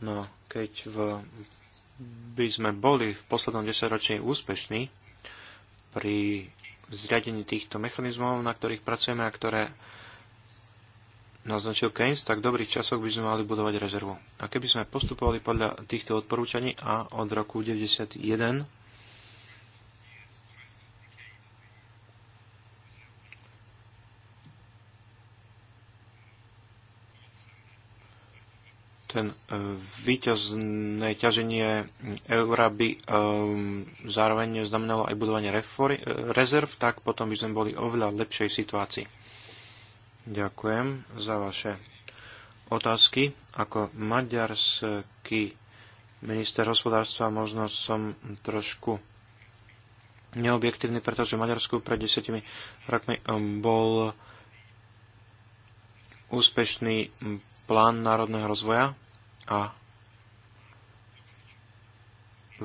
No, keď v, by sme boli v poslednom desaťročí úspešní pri zriadení týchto mechanizmov, na ktorých pracujeme a ktoré naznačil Keynes, tak dobrých časoch by sme mali budovať rezervu. A keby sme postupovali podľa týchto odporúčaní a od roku 1991 ten e, výťazné ťaženie eura by um, zároveň znamenalo aj budovanie reform, e, rezerv, tak potom by sme boli oveľa lepšej situácii. Ďakujem za vaše otázky. Ako maďarský minister hospodárstva možno som trošku neobjektívny, pretože v Maďarsku pred desiatimi rokmi um, bol úspešný plán národného rozvoja a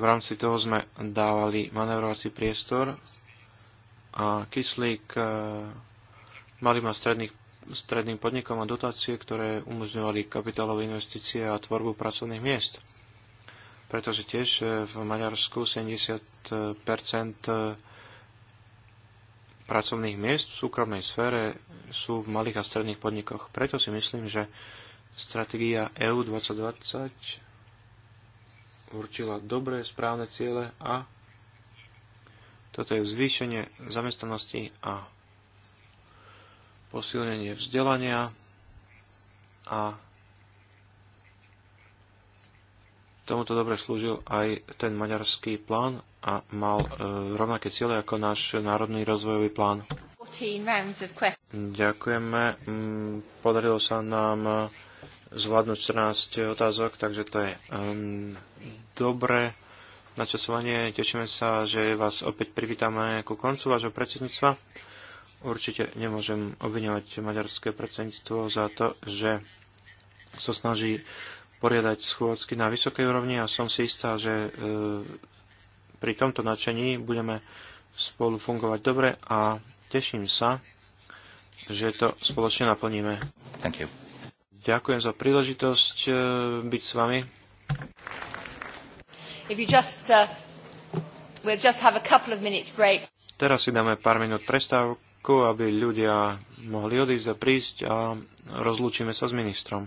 v rámci toho sme dávali manevrovací priestor a kyslík uh, malým a stredných stredným podnikom a dotácie, ktoré umožňovali kapitálové investície a tvorbu pracovných miest. Pretože tiež e, v Maďarsku 70 e, pracovných miest v súkromnej sfére sú v malých a stredných podnikoch. Preto si myslím, že stratégia EU 2020 určila dobré, správne ciele a toto je zvýšenie zamestnanosti a posilnenie vzdelania a tomuto dobre slúžil aj ten maďarský plán a mal e, rovnaké ciele ako náš národný rozvojový plán. Ďakujeme. Mm, podarilo sa nám e, zvládnuť 14 otázok, takže to je um, dobré načasovanie. Tešíme sa, že vás opäť privítame ku koncu vášho predsedníctva určite nemôžem obviňovať maďarské predsedníctvo za to, že sa snaží poriadať schôdzky na vysokej úrovni a som si istá, že e, pri tomto nadšení budeme spolu fungovať dobre a teším sa, že to spoločne naplníme. Thank you. Ďakujem za príležitosť e, byť s vami. If you just, uh, we'll just have a of break. Teraz si dáme pár minút prestávku aby ľudia mohli odísť a prísť a rozlúčime sa s ministrom.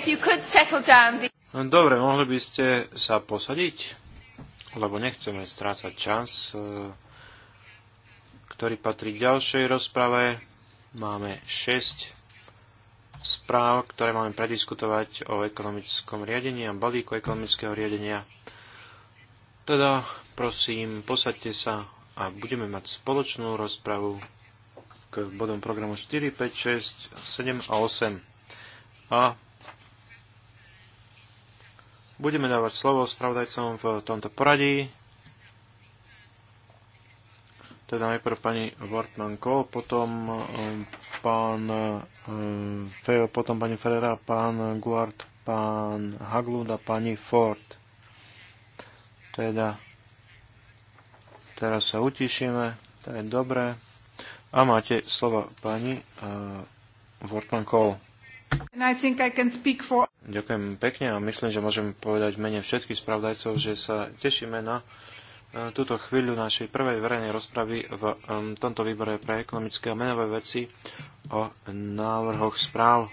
if you could settle down. Hm, dobre, mohli by ste sa posadiť? Lebo nechceme strácať čas, eh, ktorý patrí k ďalšej rozprave. Máme 6 správ, ktoré máme prediskutovať o ekonomickom riadení a balíku ekonomického riadenia. Teda prosím, posaďte sa a budeme mať spoločnú rozpravu k bodom programu 4, 5, 6, 7 a 8. A Budeme dávať slovo spravodajcom v tomto poradí. Teda najprv pani Wortmanko, potom eh, pán eh, Feo, potom pani Ferrera, pán Guard, pán Haglund a pani Ford. Teda teraz sa utišíme, to je dobré. A máte slovo pani uh, can speak For... Ďakujem pekne a myslím, že môžem povedať mene všetkých spravdajcov, že sa tešíme na e, túto chvíľu našej prvej verejnej rozpravy v tomto výbore pre ekonomické a menové veci o návrhoch správ.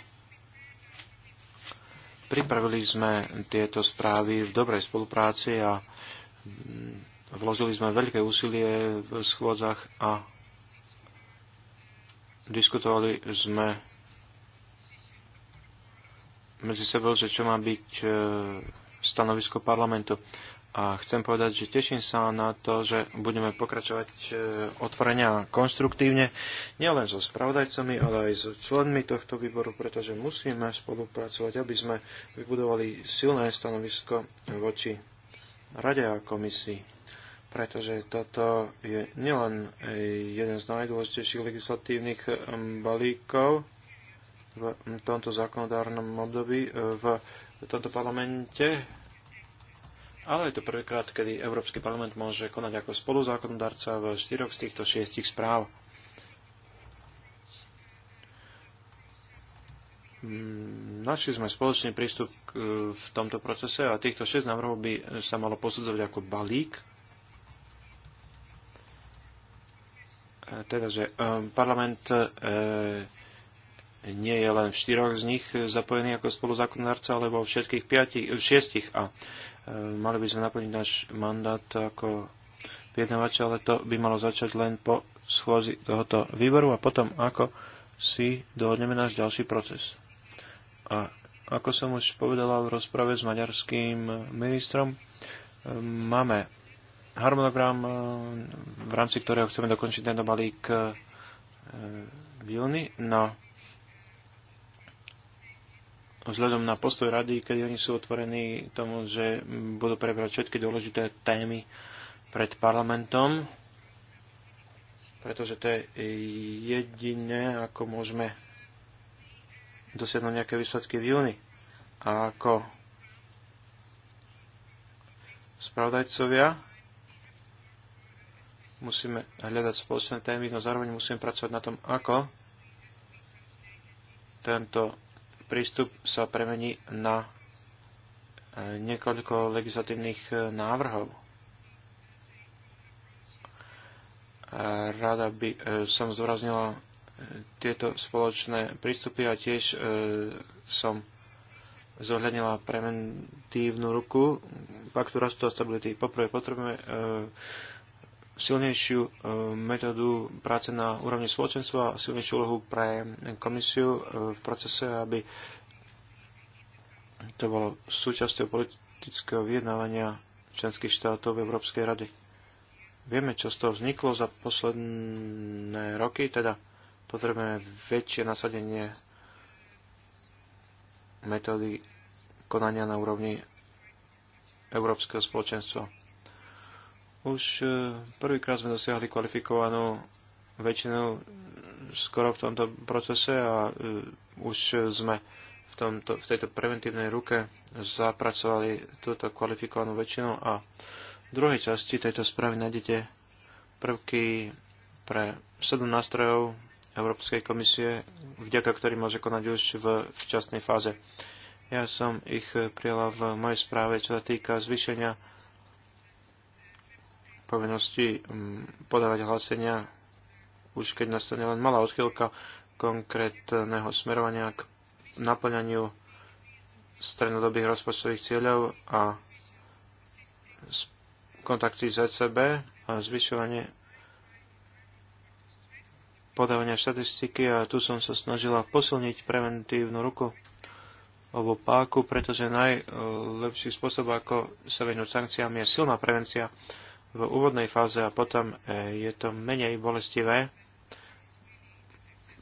Pripravili sme tieto správy v dobrej spolupráci a mm, vložili sme veľké úsilie v schôdzach a diskutovali sme medzi sebou, že čo má byť e, stanovisko parlamentu. A chcem povedať, že teším sa na to, že budeme pokračovať e, otvorenia a konstruktívne, nielen so spravodajcami, ale aj so členmi tohto výboru, pretože musíme spolupracovať, aby sme vybudovali silné stanovisko voči Rade a komisii. Pretože toto je nielen e, jeden z najdôležitejších legislatívnych balíkov, v tomto zákonodárnom období e, v tomto parlamente. Ale je to prvýkrát, kedy Európsky parlament môže konať ako spoluzákonodárca v štyroch z týchto šiestich správ. Mm, našli sme spoločný prístup e, v tomto procese a týchto šest návrhov by sa malo posudzovať ako balík, e, teda, že parlament nie je len v štyroch z nich zapojený ako spoluzákonodárca, ale vo všetkých piatich, šiestich. A e, mali by sme naplniť náš mandát ako vyjednávača, ale to by malo začať len po schôzi tohoto výboru a potom ako si dohodneme náš ďalší proces. A ako som už povedala v rozprave s maďarským ministrom, e, máme harmonogram, e, v rámci ktorého chceme dokončiť tento balík v júni, no vzhľadom na postoj rady, keď oni sú otvorení tomu, že budú prebrať všetky dôležité témy pred parlamentom, pretože to je jediné, ako môžeme dosiahnuť nejaké výsledky v júni. A ako spravodajcovia musíme hľadať spoločné témy, no zároveň musíme pracovať na tom, ako tento prístup sa premení na e, niekoľko legislatívnych e, návrhov. Rada by e, som zdôraznila tieto spoločné prístupy a tiež som zohľadnila preventívnu ruku paktu rastu a stability. Poprvé potrebujeme silnejšiu e, metódu práce na úrovni spoločenstva a silnejšiu úlohu pre komisiu e, v procese, aby to bolo súčasťou politického vyjednávania členských štátov v Európskej rady. Vieme, čo z toho vzniklo za posledné roky, teda potrebujeme väčšie nasadenie metódy konania na úrovni Európskeho spoločenstva už e, prvýkrát sme dosiahli kvalifikovanú väčšinu skoro v tomto procese a e, už sme v, tomto, v tejto preventívnej ruke zapracovali túto kvalifikovanú väčšinu a v druhej časti tejto správy nájdete prvky pre 7 nástrojov Európskej komisie, vďaka ktorým môže konať už v včasnej fáze. Ja som ich prijala v mojej správe, čo sa týka zvýšenia povinnosti mm, podávať hlásenia, už keď nastane len malá odchýlka konkrétneho smerovania k naplňaniu strednodobých rozpočtových cieľov a kontakty z ECB a zvyšovanie podávania štatistiky a tu som sa snažila posilniť preventívnu ruku alebo páku, pretože najlepší spôsob, ako sa vyhnúť sankciám, je silná prevencia v úvodnej fáze a potom e, je to menej bolestivé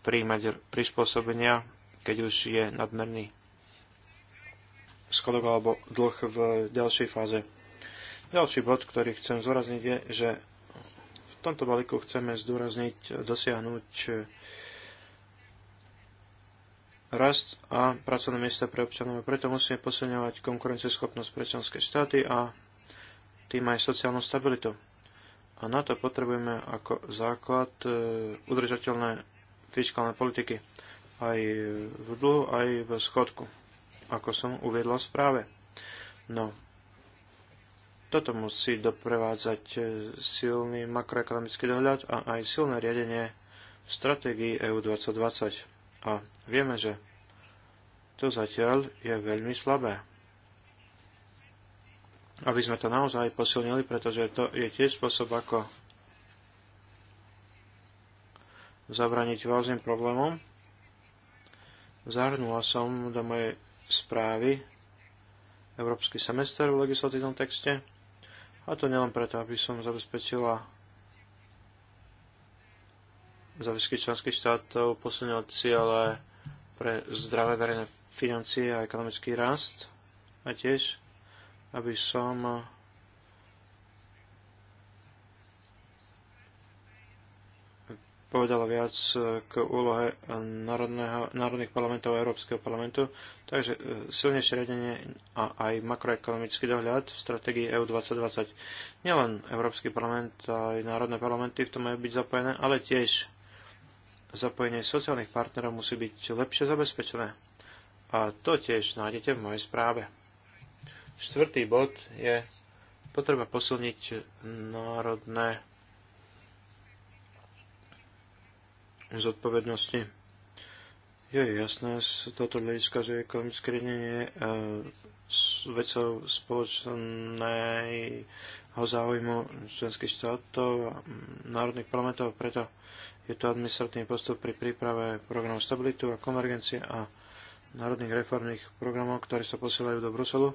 príjmať prispôsobenia, keď už je nadmerný skodok alebo dlh v ďalšej fáze. Ďalší bod, ktorý chcem zúrazniť, je, že v tomto balíku chceme zdôrazniť dosiahnuť e, rast a pracovné miesta pre občanov. Preto musíme posilňovať konkurencieschopnosť pre členské štáty a tým aj sociálnu stabilitu. A na to potrebujeme ako základ e, udržateľné fiskálne politiky aj v dlhu, aj v schodku, ako som uviedla v správe. No, toto musí doprevádzať e, silný makroekonomický dohľad a aj silné riadenie v stratégii EU 2020. A vieme, že to zatiaľ je veľmi slabé aby sme to naozaj posilnili, pretože to je tiež spôsob, ako zabraniť vážnym problémom. Zahrnula som do mojej správy Európsky semester v legislatívnom texte. A to nielen preto, aby som zabezpečila závisky členských štátov, posilnila ciele pre zdravé verejné financie a ekonomický rast a tiež aby som eh, povedal viac eh, k úlohe eh, národného, národných parlamentov a Európskeho parlamentu. Takže silnejšie riadenie a aj makroekonomický dohľad v stratégii EU 2020. Nielen Európsky parlament, aj národné parlamenty v tom majú byť zapojené, ale tiež zapojenie sociálnych partnerov musí byť lepšie zabezpečené. A to tiež nájdete v mojej správe. Štvrtý bod je potreba posilniť národné zodpovednosti. Je jasné z tohto hľadiska, že ekonomické riadenie e, vecou spoločného záujmu členských štátov a národných parlamentov, preto je to administratívny postup pri príprave programov stabilitu a konvergencie a národných reformných programov, ktoré sa posielajú do Bruselu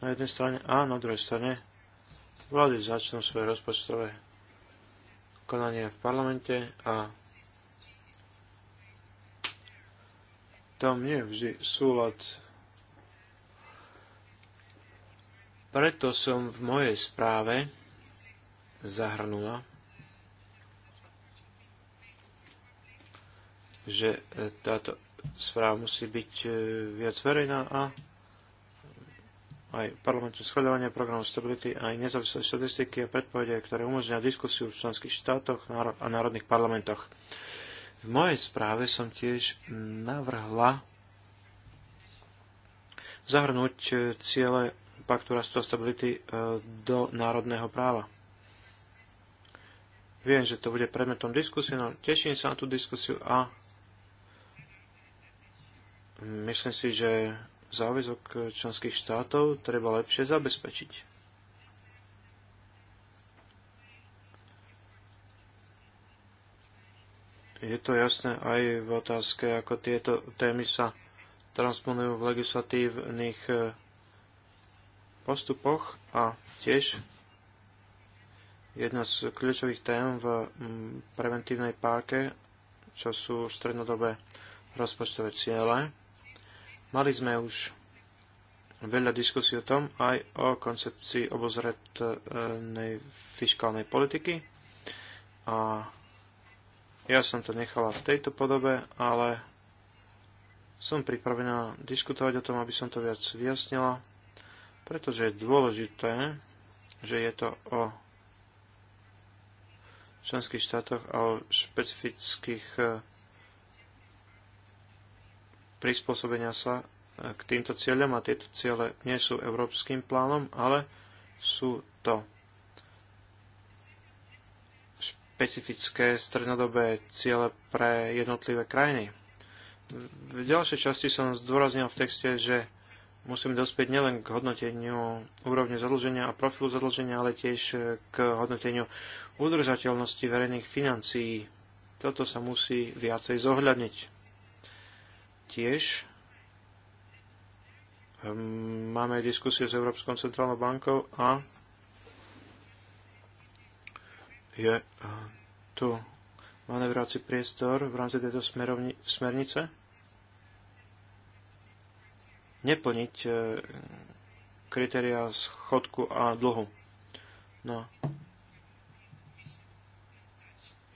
na jednej strane a na druhej strane vlády začnú svoje rozpočtové konanie v parlamente a tam nie je vždy súlad. Preto som v mojej správe zahrnula, že táto správa musí byť e, viac verejná a aj parlamentu schváľovania programu stability, aj nezávislé štatistiky a predpovede, ktoré umožňujú diskusiu v členských štátoch a národných parlamentoch. V mojej správe som tiež navrhla zahrnúť e, ciele paktu rastu a stability e, do národného práva. Viem, že to bude predmetom diskusie, no teším sa na tú diskusiu a myslím si, že záväzok eh, členských štátov treba lepšie zabezpečiť. je to jasné aj v otázke, ako tieto témy sa transponujú v legislatívnych eh, postupoch a tiež jedna z kľúčových tém v mm, preventívnej páke, čo sú strednodobé rozpočtové ciele, Mali sme už veľa diskusí o tom, aj o koncepcii obozretnej fiskálnej politiky. A ja som to nechala v tejto podobe, ale som pripravená diskutovať o tom, aby som to viac vyjasnila, pretože je dôležité, že je to o členských štátoch a o špecifických prispôsobenia sa e, k týmto cieľom a tieto ciele nie sú európskym plánom, ale sú to špecifické strednodobé ciele pre jednotlivé krajiny. V ďalšej časti som zdôraznil v texte, že musíme dospieť nielen k hodnoteniu úrovne zadlženia a profilu zadlženia, ale tiež e, k hodnoteniu udržateľnosti verejných financií. Toto sa musí viacej zohľadniť. Tiež hm, máme diskusie s Európskou centrálnou bankou a je eh, tu manevrovací priestor v rámci tejto smernice neplniť eh, kritéria schodku a dlhu. No,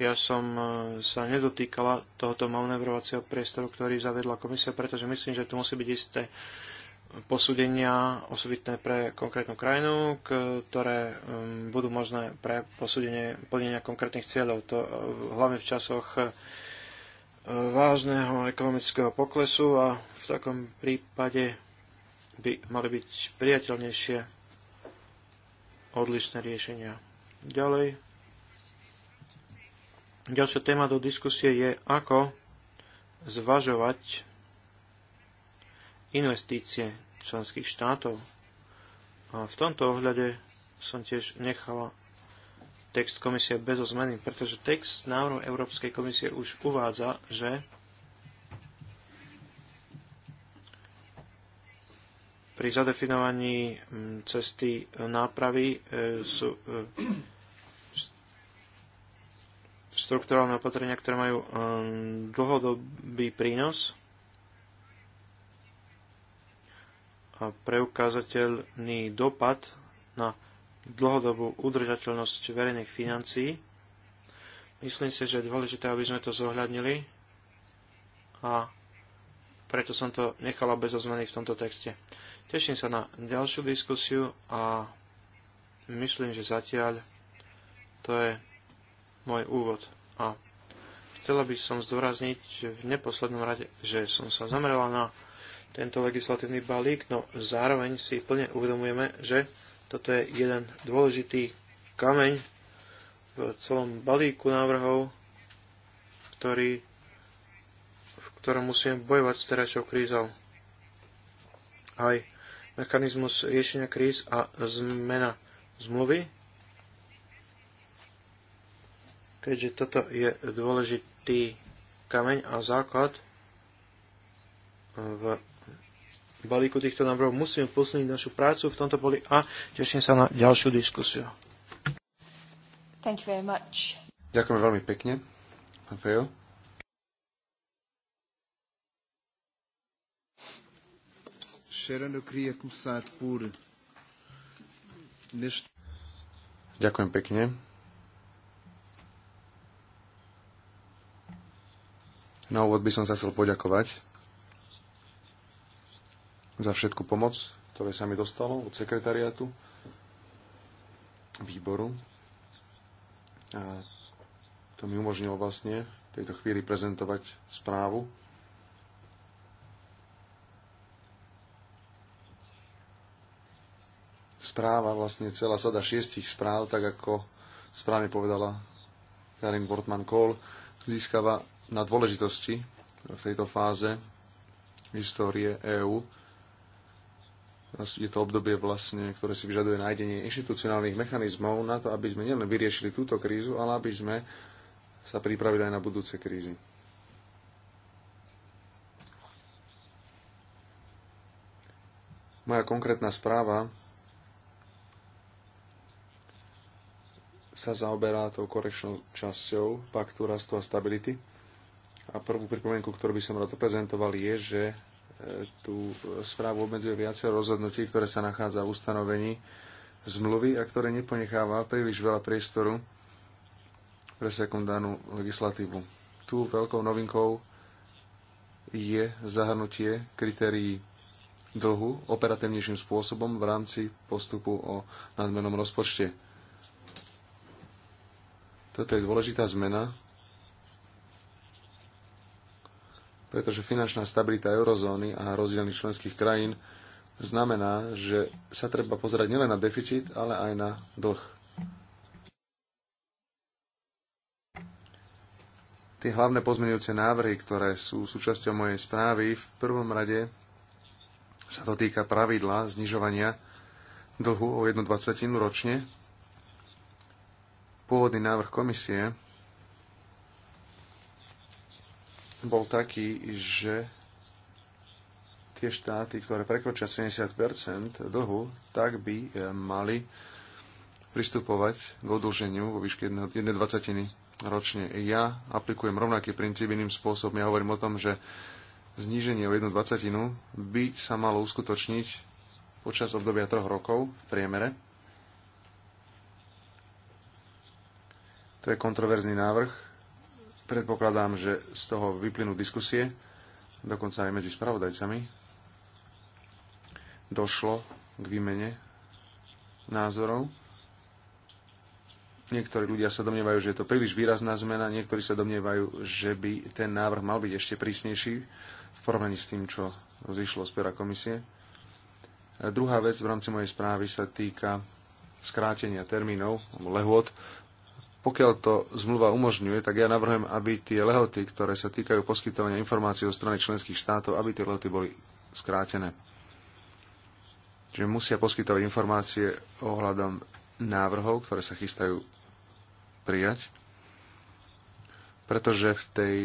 ja som e, sa nedotýkala tohoto manevrovacieho priestoru, ktorý zavedla komisia, pretože myslím, že tu musí byť isté posúdenia osobitné pre konkrétnu krajinu, ktoré mm, budú možné pre posúdenie plnenia konkrétnych cieľov. To e, hlavne v časoch e, vážneho ekonomického poklesu a v takom prípade by mali byť priateľnejšie odlišné riešenia. Ďalej Ďalšia téma do diskusie je, ako zvažovať investície členských štátov. A v tomto ohľade som tiež nechala text komisie bez zmeny, pretože text návrhu Európskej komisie už uvádza, že pri zadefinovaní mm, cesty e, nápravy e, sú e, štrukturálne opatrenia, ktoré majú um, dlhodobý prínos a preukázateľný dopad na dlhodobú udržateľnosť verejných financií. Myslím si, že je dôležité, aby sme to zohľadnili a preto som to nechala bez ozmeny v tomto texte. Teším sa na ďalšiu diskusiu a myslím, že zatiaľ to je môj úvod. A chcela by som zdôrazniť v neposlednom rade, že som sa zamerala na tento legislatívny balík, no zároveň si plne uvedomujeme, že toto je jeden dôležitý kameň v celom balíku návrhov, ktorý, v ktorom musíme bojovať s terajšou krízou. Aj mechanizmus riešenia kríz a zmena zmluvy keďže toto je dôležitý kameň a základ e, v balíku týchto návrhov. Musíme posunúť našu prácu v tomto boli a teším sa na ďalšiu diskusiu. Thank you very much. Ďakujem veľmi pekne. Pán Fejo. Ďakujem pekne. Na úvod by som sa chcel poďakovať za všetku pomoc, ktoré sa mi dostalo od sekretariátu, výboru. A to mi umožnilo vlastne v tejto chvíli prezentovať správu. Správa, vlastne celá sada šiestich správ, tak ako správne povedala Karin Wortmann-Kohl, získava na dôležitosti v tejto fáze histórie EÚ. Je to obdobie, vlastne, ktoré si vyžaduje nájdenie inštitucionálnych mechanizmov na to, aby sme nielen vyriešili túto krízu, ale aby sme sa pripravili aj na budúce krízy. Moja konkrétna správa sa zaoberá tou korekčnou časťou Paktu rastu a stability a prvú pripomienku, ktorú by som rád prezentoval, je, že e, tú správu obmedzuje viacero rozhodnutí, ktoré sa nachádza v ustanovení zmluvy a ktoré neponecháva príliš veľa priestoru pre sekundárnu legislatívu. Tu veľkou novinkou je zahrnutie kritérií dlhu operatívnejším spôsobom v rámci postupu o nadmenom rozpočte. Toto je dôležitá zmena, pretože finančná stabilita eurozóny a rozdielných členských krajín znamená, že sa treba pozerať nielen na deficit, ale aj na dlh. Tie hlavné pozmeňujúce návrhy, ktoré sú súčasťou mojej správy, v prvom rade sa to týka pravidla znižovania dlhu o 1,20 ročne. Pôvodný návrh komisie bol taký, že tie štáty, ktoré prekročia 70 dlhu, tak by e, mali pristupovať k odlženiu vo výške 1,20 ročne. Ja aplikujem rovnaký princíp iným spôsobom. Ja hovorím o tom, že zníženie o 1,20 by sa malo uskutočniť počas obdobia troch rokov v priemere. To je kontroverzný návrh, Predpokladám, že z toho vyplynú diskusie, dokonca aj medzi spravodajcami. Došlo k výmene názorov. Niektorí ľudia sa domnievajú, že je to príliš výrazná zmena, niektorí sa domnievajú, že by ten návrh mal byť ešte prísnejší v porovnaní s tým, čo zišlo z pera komisie. A druhá vec v rámci mojej správy sa týka skrátenia termínov, lehôd. Pokiaľ to zmluva umožňuje, tak ja navrhujem, aby tie lehoty, ktoré sa týkajú poskytovania informácií zo strany členských štátov, aby tie lehoty boli skrátené. Čiže musia poskytovať informácie ohľadom návrhov, ktoré sa chystajú prijať, pretože v tej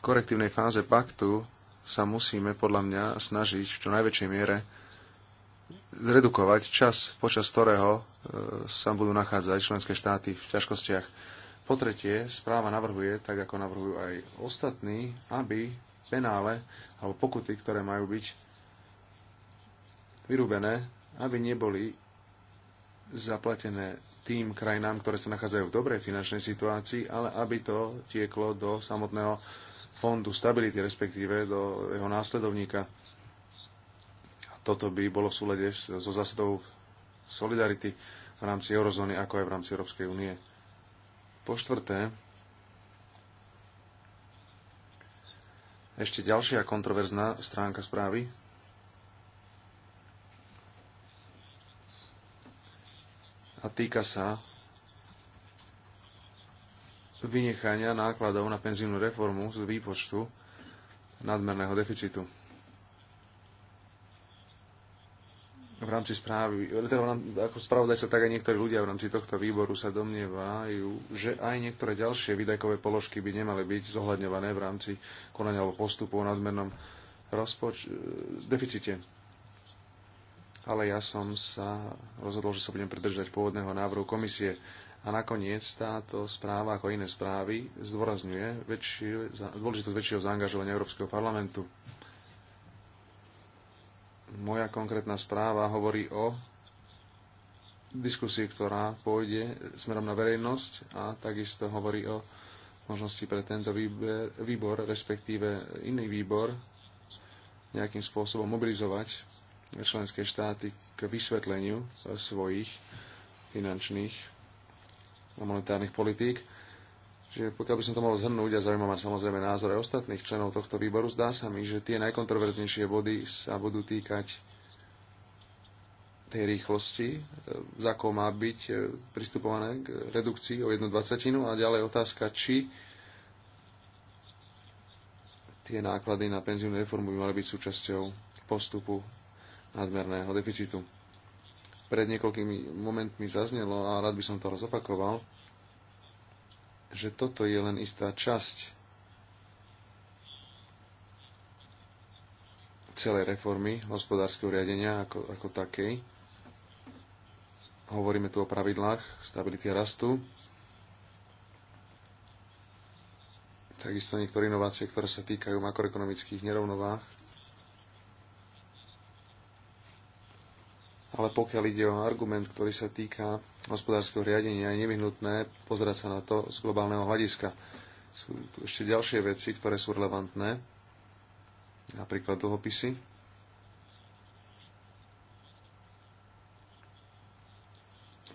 korektívnej fáze paktu sa musíme podľa mňa snažiť v čo najväčšej miere zredukovať čas, počas ktorého e, sa budú nachádzať členské štáty v ťažkostiach. Po tretie, správa navrhuje, tak ako navrhujú aj ostatní, aby penále alebo pokuty, ktoré majú byť vyrúbené, aby neboli zaplatené tým krajinám, ktoré sa nachádzajú v dobrej finančnej situácii, ale aby to tieklo do samotného fondu stability, respektíve do jeho následovníka toto by bolo v súlede so zásadou solidarity v rámci eurozóny, ako aj v rámci Európskej únie. Po štvrté, ešte ďalšia kontroverzná stránka správy. A týka sa vynechania nákladov na penzívnu reformu z výpočtu nadmerného deficitu. v rámci správy, teda ako sa tak aj niektorí ľudia v rámci tohto výboru sa domnievajú, že aj niektoré ďalšie výdajkové položky by nemali byť zohľadňované v rámci konania alebo postupu o nadmernom rozpoč- e, deficite. Ale ja som sa rozhodol, že sa budem pridržať pôvodného návrhu komisie. A nakoniec táto správa, ako iné správy, zdôrazňuje väčšiu, dôležitosť väčšieho zaangažovania Európskeho parlamentu moja konkrétna správa hovorí o diskusii, ktorá pôjde smerom na verejnosť a takisto hovorí o možnosti pre tento výber, výbor, respektíve iný výbor, nejakým spôsobom mobilizovať členské štáty k vysvetleniu svojich finančných a monetárnych politík. Čiže pokiaľ by som to mal zhrnúť a zaujímavá samozrejme názor aj ostatných členov tohto výboru, zdá sa mi, že tie najkontroverznejšie body sa budú týkať tej rýchlosti, e, za akou má byť e, pristupované k redukcii o jednu dvacatinu a ďalej otázka, či tie náklady na penzívnu reformu by mali byť súčasťou postupu nadmerného deficitu. Pred niekoľkými momentmi zaznelo a rád by som to rozopakoval, že toto je len istá časť celej reformy hospodárskeho riadenia ako, ako takej. Hovoríme tu o pravidlách stability a rastu. Takisto niektoré inovácie, ktoré sa týkajú makroekonomických nerovnovách ale pokiaľ ide o argument, ktorý sa týka hospodárskeho riadenia, je nevyhnutné pozerať sa na to z globálneho hľadiska. Sú tu ešte ďalšie veci, ktoré sú relevantné, napríklad dlhopisy.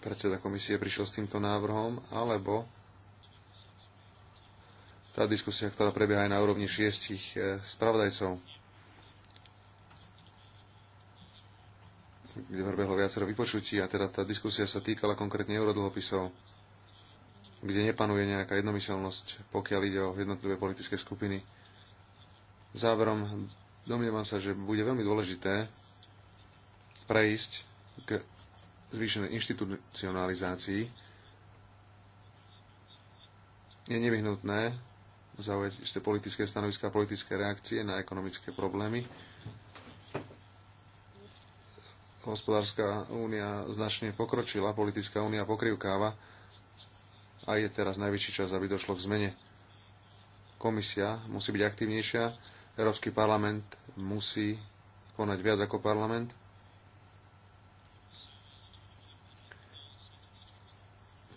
Predseda komisie prišiel s týmto návrhom, alebo tá diskusia, ktorá prebieha aj na úrovni šiestich eh, spravodajcov kde prebehlo viacero vypočutí a teda tá diskusia sa týkala konkrétne eurodlhopisov, kde nepanuje nejaká jednomyselnosť, pokiaľ ide o jednotlivé politické skupiny. Záverom domnievam sa, že bude veľmi dôležité prejsť k zvýšenej inštitucionalizácii. Je nevyhnutné zaujať isté politické stanoviská a politické reakcie na ekonomické problémy, hospodárska únia značne pokročila, politická únia pokrivkáva a je teraz najvyšší čas, aby došlo k zmene. Komisia musí byť aktívnejšia, Európsky parlament musí konať viac ako parlament.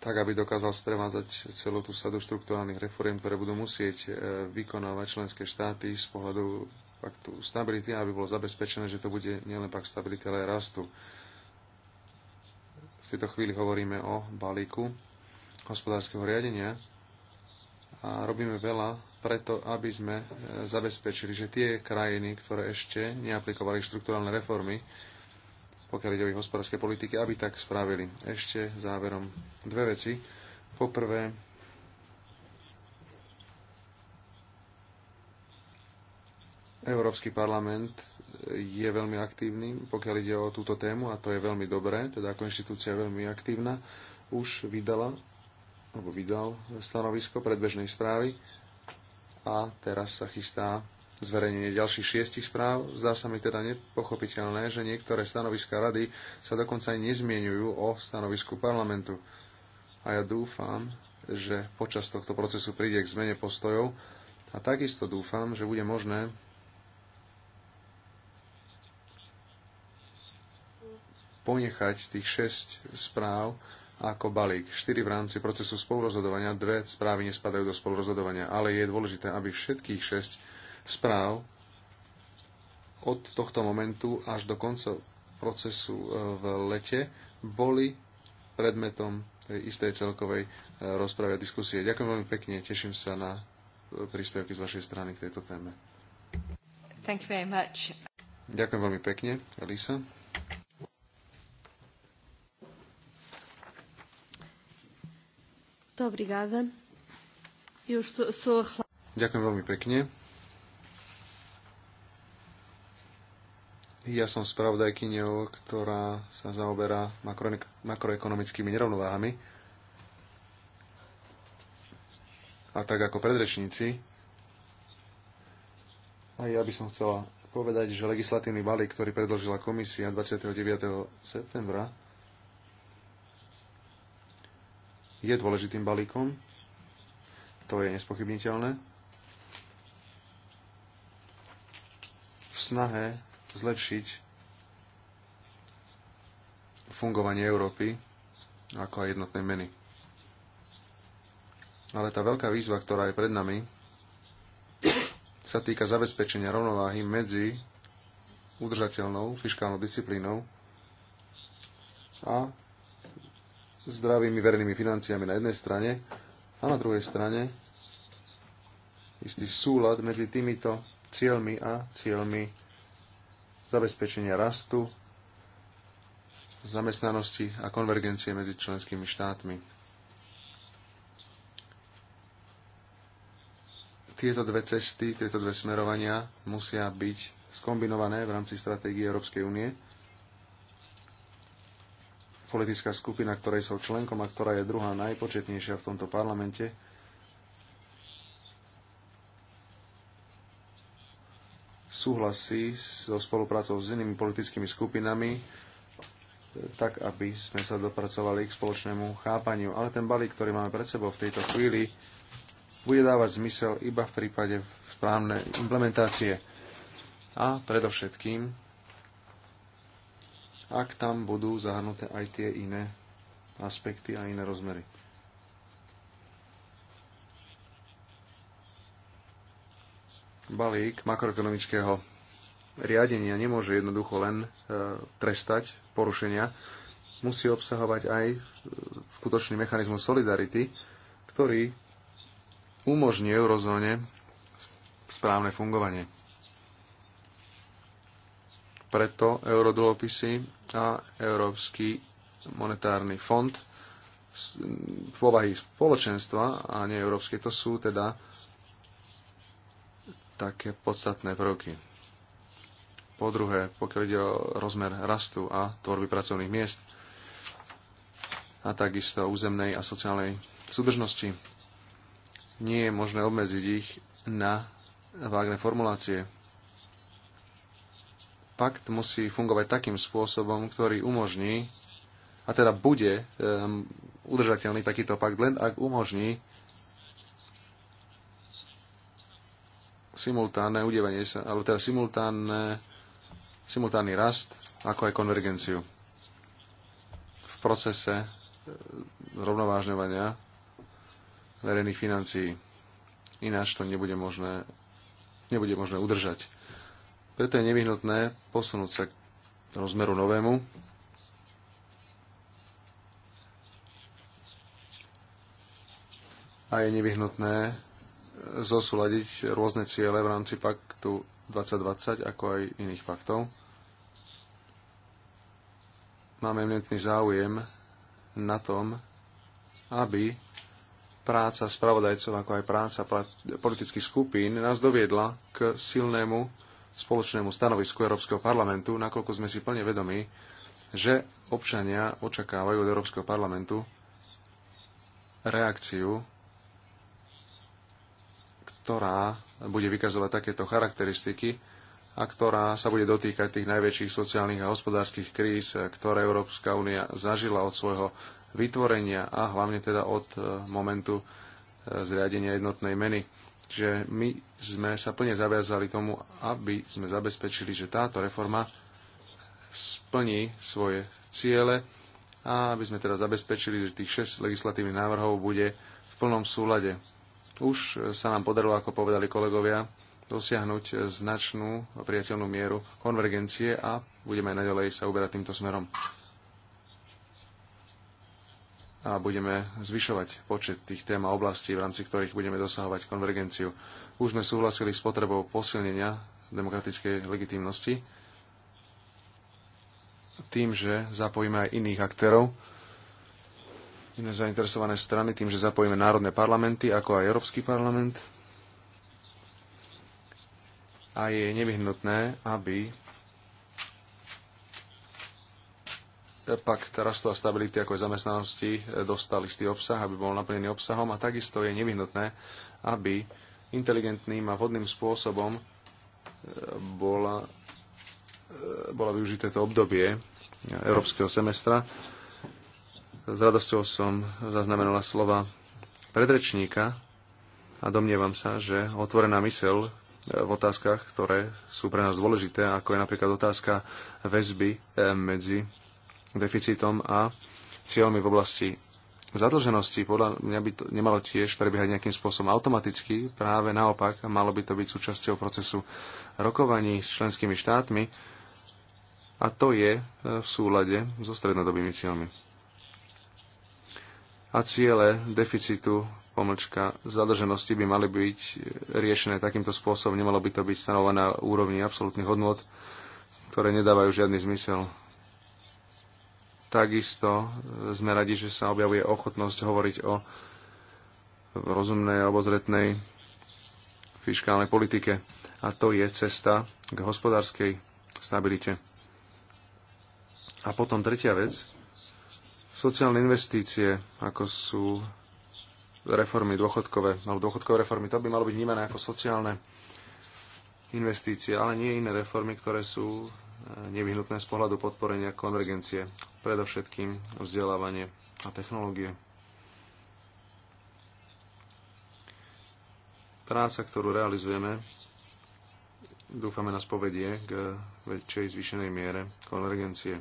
tak, aby dokázal sprevádzať celú tú sadu štruktúrálnych reforiem, ktoré budú musieť e, vykonávať členské štáty z pohľadu paktu stability, aby bolo zabezpečené, že to bude nielen pak stability, ale aj rastu. V tejto chvíli hovoríme o balíku hospodárskeho riadenia a robíme veľa preto, aby sme e, zabezpečili, že tie krajiny, ktoré ešte neaplikovali štruktúralne reformy, pokiaľ ide o ich hospodárske politiky, aby tak spravili. Ešte záverom dve veci. Poprvé, Európsky parlament e, je veľmi aktívny, pokiaľ ide o túto tému a to je veľmi dobré, teda ako inštitúcia je veľmi aktívna, už vydala alebo vydal stanovisko predbežnej správy a teraz sa chystá zverejnenie ďalších šiestich správ. Zdá sa mi teda nepochopiteľné, že niektoré stanoviska rady sa dokonca aj nezmienujú o stanovisku parlamentu. A ja dúfam, že počas tohto procesu príde k zmene postojov a takisto dúfam, že bude možné ponechať tých 6 správ ako balík. 4 v rámci procesu spolurozhodovania, dve správy nespadajú do spolurozhodovania, ale je dôležité, aby všetkých 6 správ od tohto momentu až do konca procesu e, v lete boli predmetom tej istej celkovej e, rozpravy a diskusie. Ďakujem veľmi pekne, teším sa na e, príspevky z vašej strany k tejto téme. Thank you very much. Ďakujem veľmi pekne, Elisa. Ďakujem veľmi pekne. Ja som spravodajkyňou, ktorá sa zaoberá makro, makroekonomickými nerovnováhami. A tak ako predrečníci, aj ja by som chcela povedať, že legislatívny balík, ktorý predložila komisia 29. septembra je dôležitým balíkom. To je nespochybniteľné. V snahe zlepšiť fungovanie Európy ako aj jednotnej meny. Ale tá veľká výzva, ktorá je pred nami, sa týka zabezpečenia rovnováhy medzi udržateľnou fiskálnou disciplínou a zdravými vernými financiami na jednej strane a na druhej strane istý súlad medzi týmito cieľmi a cieľmi zabezpečenia rastu, zamestnanosti a konvergencie medzi členskými štátmi. Tieto dve cesty, tieto dve smerovania musia byť skombinované v rámci stratégie Európskej únie politická skupina, ktorej som členkom a ktorá je druhá najpočetnejšia v tomto parlamente, súhlasí so spoluprácou s inými politickými skupinami, tak aby sme sa dopracovali k spoločnému chápaniu. Ale ten balík, ktorý máme pred sebou v tejto chvíli, bude dávať zmysel iba v prípade správnej implementácie. A predovšetkým ak tam budú zahrnuté aj tie iné aspekty a iné rozmery. Balík makroekonomického riadenia nemôže jednoducho len e, trestať porušenia, musí obsahovať aj e, skutočný mechanizmus solidarity, ktorý umožní eurozóne správne fungovanie preto eurodlopisy a Európsky monetárny fond v povahy spoločenstva a nie európske, to sú teda také podstatné prvky. Po druhé, pokiaľ ide o rozmer rastu a tvorby pracovných miest a takisto územnej a sociálnej súdržnosti, nie je možné obmedziť ich na vágne formulácie pakt musí fungovať takým spôsobom, ktorý umožní, a teda bude um, udržateľný takýto pakt, len ak umožní simultánne udevenie sa, alebo teda simultánne, simultánny rast, ako aj konvergenciu v procese e, rovnovážňovania verejných financií. Ináč to nebude možné, nebude možné udržať. Preto je nevyhnutné posunúť sa k rozmeru novému. A je nevyhnutné e, zosúľadiť rôzne ciele v rámci paktu 2020, ako aj iných paktov. Máme eminentný záujem na tom, aby práca spravodajcov, ako aj práca politických skupín nás doviedla k silnému spoločnému stanovisku Európskeho parlamentu, nakoľko sme si plne vedomí, že občania očakávajú od Európskeho parlamentu reakciu, ktorá bude vykazovať takéto charakteristiky a ktorá sa bude dotýkať tých najväčších sociálnych a hospodárskych kríz, ktoré Európska únia zažila od svojho vytvorenia a hlavne teda od eh, momentu eh, zriadenia jednotnej meny. Čiže my sme sa plne zaviazali tomu, aby sme zabezpečili, že táto reforma splní svoje ciele a aby sme teda zabezpečili, že tých 6 legislatívnych návrhov bude v plnom súlade. Už sa nám podarilo, ako povedali kolegovia, dosiahnuť značnú priateľnú mieru konvergencie a budeme aj naďalej sa uberať týmto smerom a budeme zvyšovať počet tých tém a oblastí, v rámci ktorých budeme dosahovať konvergenciu. Už sme súhlasili s potrebou posilnenia demokratickej legitimnosti tým, že zapojíme aj iných aktérov, iné zainteresované strany, tým, že zapojíme národné parlamenty, ako aj Európsky parlament. A je nevyhnutné, aby pak rastu a stability ako aj zamestnanosti e, dostal istý obsah, aby bol naplnený obsahom a takisto je nevyhnutné, aby inteligentným a vhodným spôsobom e, bola, e, bola využité to obdobie európskeho semestra. S radosťou som zaznamenala slova predrečníka a domnievam sa, že otvorená mysel v otázkach, ktoré sú pre nás dôležité, ako je napríklad otázka väzby medzi deficitom a cieľmi v oblasti zadlženosti. Podľa mňa by to nemalo tiež prebiehať nejakým spôsobom automaticky, práve naopak, malo by to byť súčasťou procesu rokovaní s členskými štátmi a to je e, v súlade so strednodobými cieľmi. A ciele deficitu pomlčka zadrženosti by mali byť e, riešené takýmto spôsobom. Nemalo by to byť stanovené úrovni absolútnych hodnot, ktoré nedávajú žiadny zmysel. Takisto e, sme radi, že sa objavuje ochotnosť hovoriť o rozumnej a obozretnej fiskálnej politike. A to je cesta k hospodárskej stabilite. A potom tretia vec. Sociálne investície, ako sú reformy dôchodkové, alebo dôchodkové reformy, to by malo byť vnímané ako sociálne investície, ale nie iné reformy, ktoré sú nevyhnutné z pohľadu podporenia konvergencie, predovšetkým vzdelávanie a technológie. Práca, ktorú realizujeme, dúfame nás povedie k väčšej zvýšenej miere konvergencie.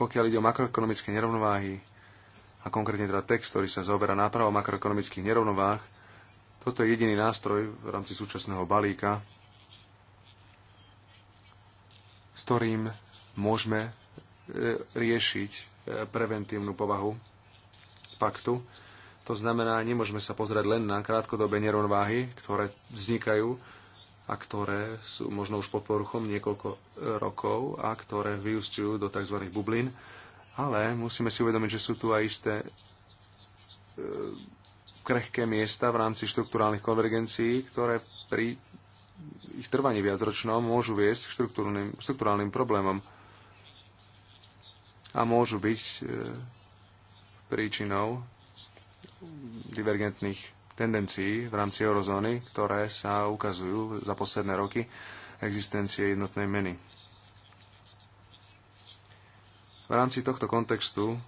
Pokiaľ ide o makroekonomické nerovnováhy, a konkrétne teda text, ktorý sa zaoberá nápravou makroekonomických nerovnováh, toto je jediný nástroj v rámci súčasného balíka, s ktorým môžeme e, riešiť e, preventívnu povahu paktu. To znamená, nemôžeme sa pozrieť len na krátkodobé nerovnováhy, ktoré vznikajú a ktoré sú možno už pod poruchom niekoľko rokov a ktoré vyústiujú do tzv. bublín. Ale musíme si uvedomiť, že sú tu aj isté e, krehké miesta v rámci štruktúrálnych konvergencií, ktoré pri ich trvaní viacročnom môžu viesť k štruktúrálnym problémom a môžu byť e, príčinou divergentných tendencií v rámci eurozóny, ktoré sa ukazujú za posledné roky existencie jednotnej meny. V rámci tohto kontextu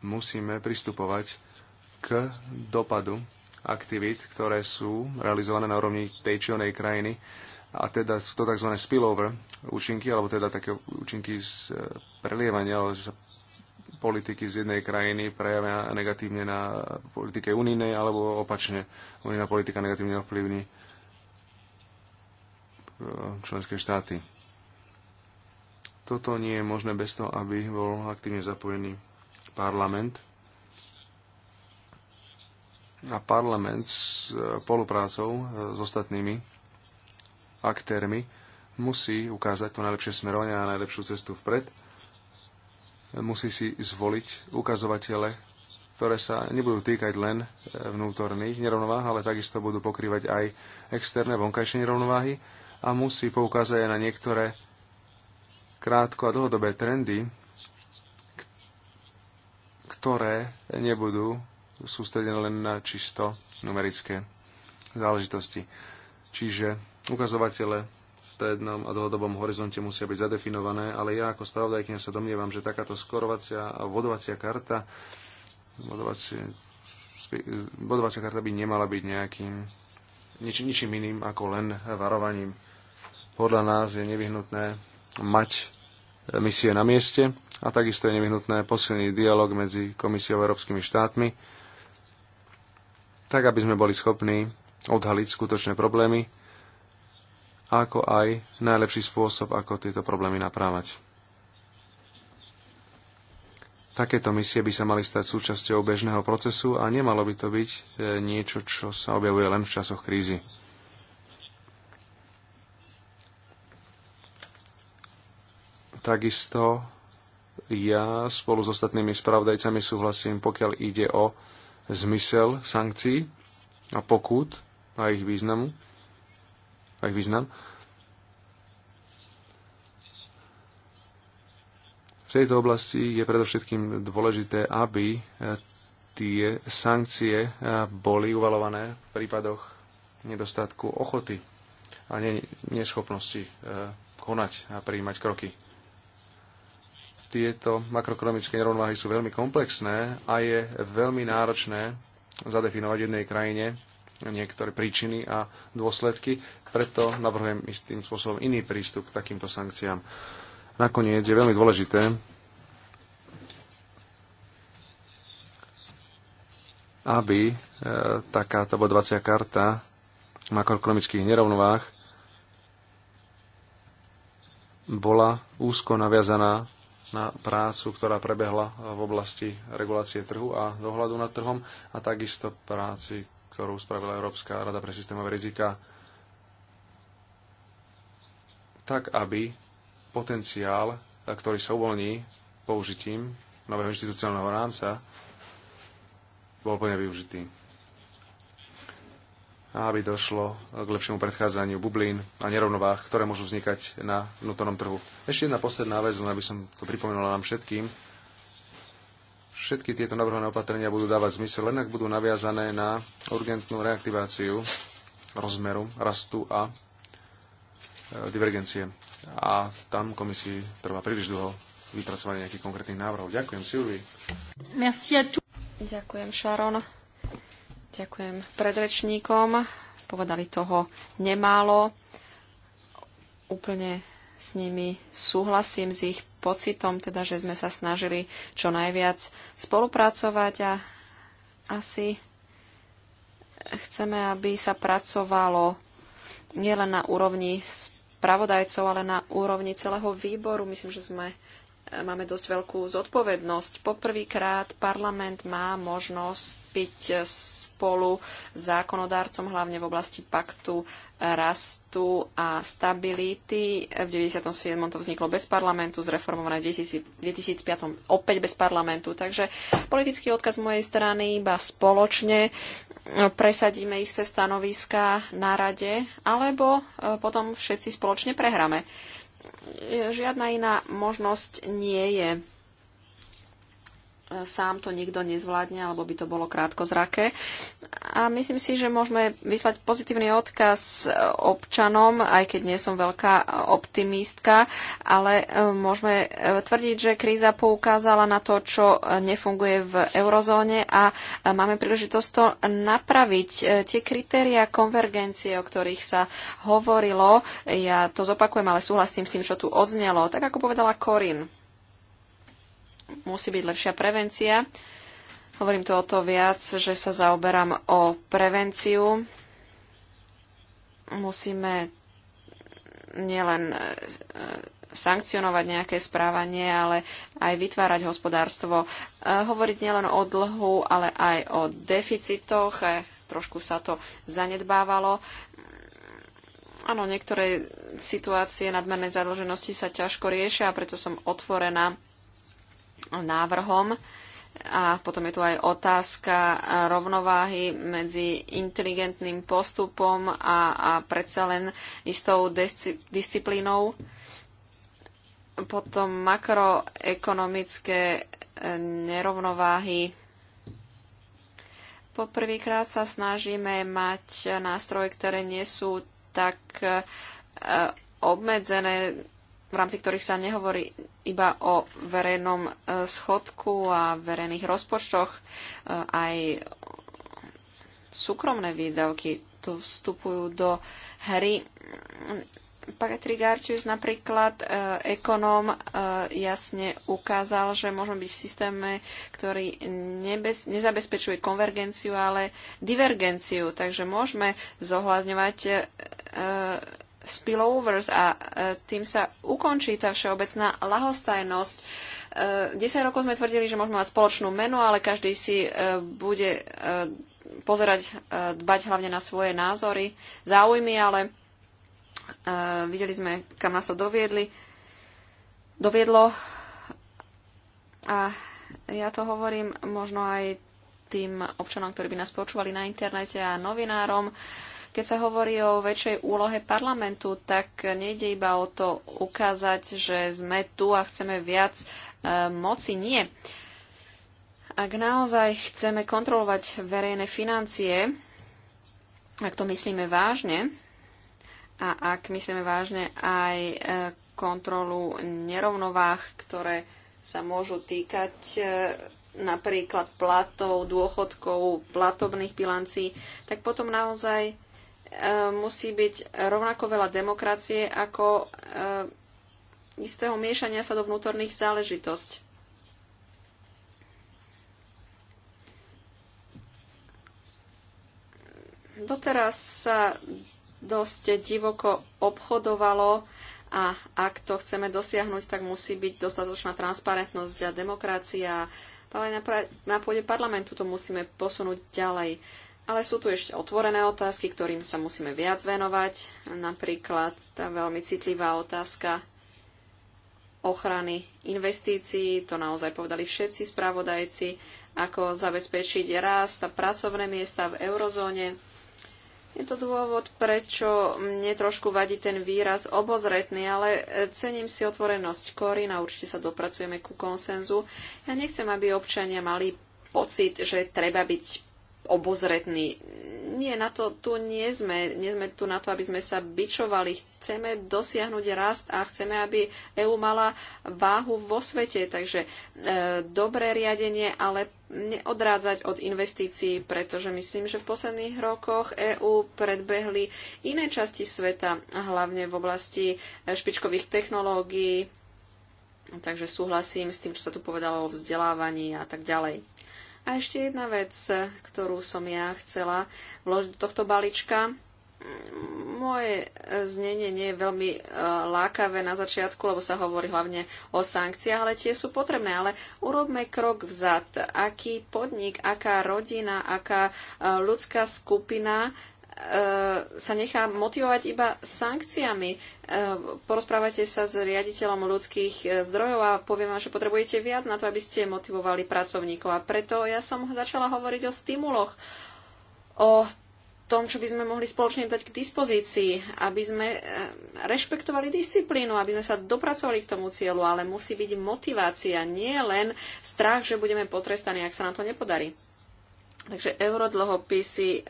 musíme pristupovať k dopadu aktivít, ktoré sú realizované na úrovni tej či onej krajiny. A teda sú to tzv. spillover účinky, alebo teda také účinky z e, prelievania, alebo že sa politiky z jednej krajiny prejavia negatívne na politike unijnej, alebo opačne, unijná politika negatívne ovplyvní e, členské štáty. Toto nie je možné bez toho, aby bol aktívne zapojený parlament a parlament s e, spoluprácou e, s ostatnými aktérmi musí ukázať to najlepšie smerovanie a najlepšiu cestu vpred. Musí si zvoliť ukazovatele, ktoré sa nebudú týkať len e, vnútorných nerovnováh, ale takisto budú pokrývať aj externé, vonkajšie nerovnováhy a musí poukázať aj na niektoré krátko a dlhodobé trendy, ktoré nebudú sústredené len na čisto numerické záležitosti. Čiže ukazovatele v strednom a dlhodobom horizonte musia byť zadefinované, ale ja ako spravodajkňa sa domnievam, že takáto skorovacia a vodovacia karta vodovacia, vodovacia karta by nemala byť nejakým nič, ničím iným ako len varovaním. Podľa nás je nevyhnutné mať e, misie na mieste a takisto je nevyhnutné posilný dialog medzi Komisiou a Európskymi štátmi tak aby sme boli schopní odhaliť skutočné problémy, ako aj najlepší spôsob, ako tieto problémy naprávať. Takéto misie by sa mali stať súčasťou bežného procesu a nemalo by to byť e, niečo, čo sa objavuje len v časoch krízy. Takisto ja spolu s ostatnými spravodajcami súhlasím, pokiaľ ide o zmysel sankcií a pokút a ich významu. A ich význam. V tejto oblasti je predovšetkým dôležité, aby eh, tie sankcie eh, boli uvalované v prípadoch nedostatku ochoty a neschopnosti eh, konať a prijímať kroky. Tieto makroekonomické nerovnováhy sú veľmi komplexné a je veľmi náročné zadefinovať v jednej krajine niektoré príčiny a dôsledky, preto navrhujem istým spôsobom iný prístup k takýmto sankciám. Nakoniec je veľmi dôležité, aby e, takáto bo 20 karta makroekonomických nerovnovách bola úzko naviazaná na prácu, ktorá prebehla v oblasti regulácie trhu a dohľadu nad trhom a takisto práci, ktorú spravila Európska rada pre systémové rizika, tak aby potenciál, ktorý sa uvoľní použitím nového inštitucionálneho rámca, bol plne využitý aby došlo k lepšiemu predchádzaniu bublín a nerovnovách, ktoré môžu vznikať na vnútornom trhu. Ešte jedna posledná vec, aby som to pripomenula nám všetkým. Všetky tieto navrhované opatrenia budú dávať zmysel, len ak budú naviazané na urgentnú reaktiváciu rozmeru, rastu a e, divergencie. A tam komisii trvá príliš dlho vypracovanie nejakých konkrétnych návrhov. Ďakujem, Silvi. Merci a tu. Ďakujem, Sharon. Ďakujem predrečníkom. Povedali toho nemálo. Úplne s nimi súhlasím s ich pocitom, teda, že sme sa snažili čo najviac spolupracovať a asi chceme, aby sa pracovalo nielen na úrovni spravodajcov, ale na úrovni celého výboru. Myslím, že sme máme dosť veľkú zodpovednosť. Poprvýkrát parlament má možnosť byť spolu zákonodárcom, hlavne v oblasti paktu rastu a stability. V 97. to vzniklo bez parlamentu, zreformované v 2005. opäť bez parlamentu. Takže politický odkaz z mojej strany iba spoločne presadíme isté stanoviská na rade, alebo e, potom všetci spoločne prehráme žiadna iná možnosť nie je sám to nikto nezvládne, alebo by to bolo krátko zrake. A myslím si, že môžeme vyslať pozitívny odkaz občanom, aj keď nie som veľká optimistka, ale e, môžeme e, tvrdiť, že kríza poukázala na to, čo nefunguje v eurozóne a e, máme príležitosť to napraviť. Tie kritéria konvergencie, o ktorých sa hovorilo, ja to zopakujem, ale súhlasím s tým, čo tu odznelo. Tak ako povedala Korin, musí byť lepšia prevencia. Hovorím tu o to viac, že sa zaoberám o prevenciu. Musíme nielen e, e, sankcionovať nejaké správanie, ale aj vytvárať hospodárstvo. E, hovoriť nielen o dlhu, ale aj o deficitoch. Trošku sa to zanedbávalo. Áno, niektoré situácie nadmernej zadlženosti sa ťažko riešia, preto som otvorená návrhom. A potom je tu aj otázka e, rovnováhy medzi inteligentným postupom a, a predsa len istou disciplínou. Potom makroekonomické e, nerovnováhy. Poprvýkrát sa snažíme mať nástroje, ktoré nie sú tak e, obmedzené v rámci ktorých sa nehovorí iba o verejnom e, schodku a verejných rozpočtoch, e, aj súkromné výdavky tu vstupujú do hry. Patrick Archius napríklad, e, ekonóm, jasne ukázal, že môžeme byť v systéme, ktorý nebez, nezabezpečuje konvergenciu, ale divergenciu. Takže môžeme zohľadňovať spillovers a e, tým sa ukončí tá všeobecná lahostajnosť. 10 e, rokov sme tvrdili, že môžeme mať spoločnú menu, ale každý si e, bude pozerať, dbať hlavne na svoje názory, záujmy, ale videli sme, kam nás to doviedli. Doviedlo a ja to hovorím možno aj tým občanom, ktorí by nás počúvali na internete a novinárom. Uh, keď sa hovorí o väčšej úlohe parlamentu, tak nejde iba o to ukázať, že sme tu a chceme viac e, moci. Nie. Ak naozaj chceme kontrolovať verejné financie, ak to myslíme vážne, a ak myslíme vážne aj e, kontrolu nerovnováh, ktoré sa môžu týkať e, napríklad platov, dôchodkov, platobných bilancí, tak potom naozaj E, musí byť rovnako veľa demokracie ako e, istého miešania sa do vnútorných záležitosť. Doteraz sa dosť divoko obchodovalo a ak to chceme dosiahnuť, tak musí byť dostatočná transparentnosť a demokracia. Ale na, pôde parlamentu to musíme posunúť ďalej. Uh, ale sú tu ešte otvorené otázky, ktorým sa musíme viac venovať. Napríklad tá veľmi citlivá otázka ochrany investícií, to naozaj povedali všetci spravodajci, ako zabezpečiť rast a pracovné miesta v eurozóne. Je to dôvod, prečo mne trošku vadí ten výraz obozretný, ale cením si otvorenosť Korina, určite sa dopracujeme ku konsenzu. Ja nechcem, aby občania mali pocit, že treba byť obozretní. Nie, na to tu nie sme. Nie sme tu na to, aby sme sa bičovali. Chceme dosiahnuť rast a chceme, aby EÚ mala váhu vo svete. Takže e, dobré riadenie, ale neodrádzať od investícií, pretože myslím, že v posledných rokoch EÚ predbehli iné časti sveta, hlavne v oblasti e, špičkových technológií. Takže súhlasím s tým, čo sa tu povedalo o vzdelávaní a tak ďalej. A ešte jedna vec, ktorú som ja chcela vložiť do tohto balíčka. Moje znenie nie je veľmi e, lákavé na začiatku, lebo sa hovorí hlavne o sankciách, ale tie sú potrebné. Ale urobme krok vzad. Aký podnik, aká rodina, aká e, ľudská skupina E, sa nechá motivovať iba sankciami. E, porozprávajte sa s riaditeľom ľudských e, zdrojov a poviem vám, že potrebujete viac na to, aby ste motivovali pracovníkov. A preto ja som začala hovoriť o stimuloch, o tom, čo by sme mohli spoločne dať k dispozícii, aby sme rešpektovali disciplínu, aby sme sa dopracovali k tomu cieľu, ale musí byť motivácia, nie len strach, že budeme potrestaní, ak sa nám to nepodarí. Takže eurodlhopisy, e,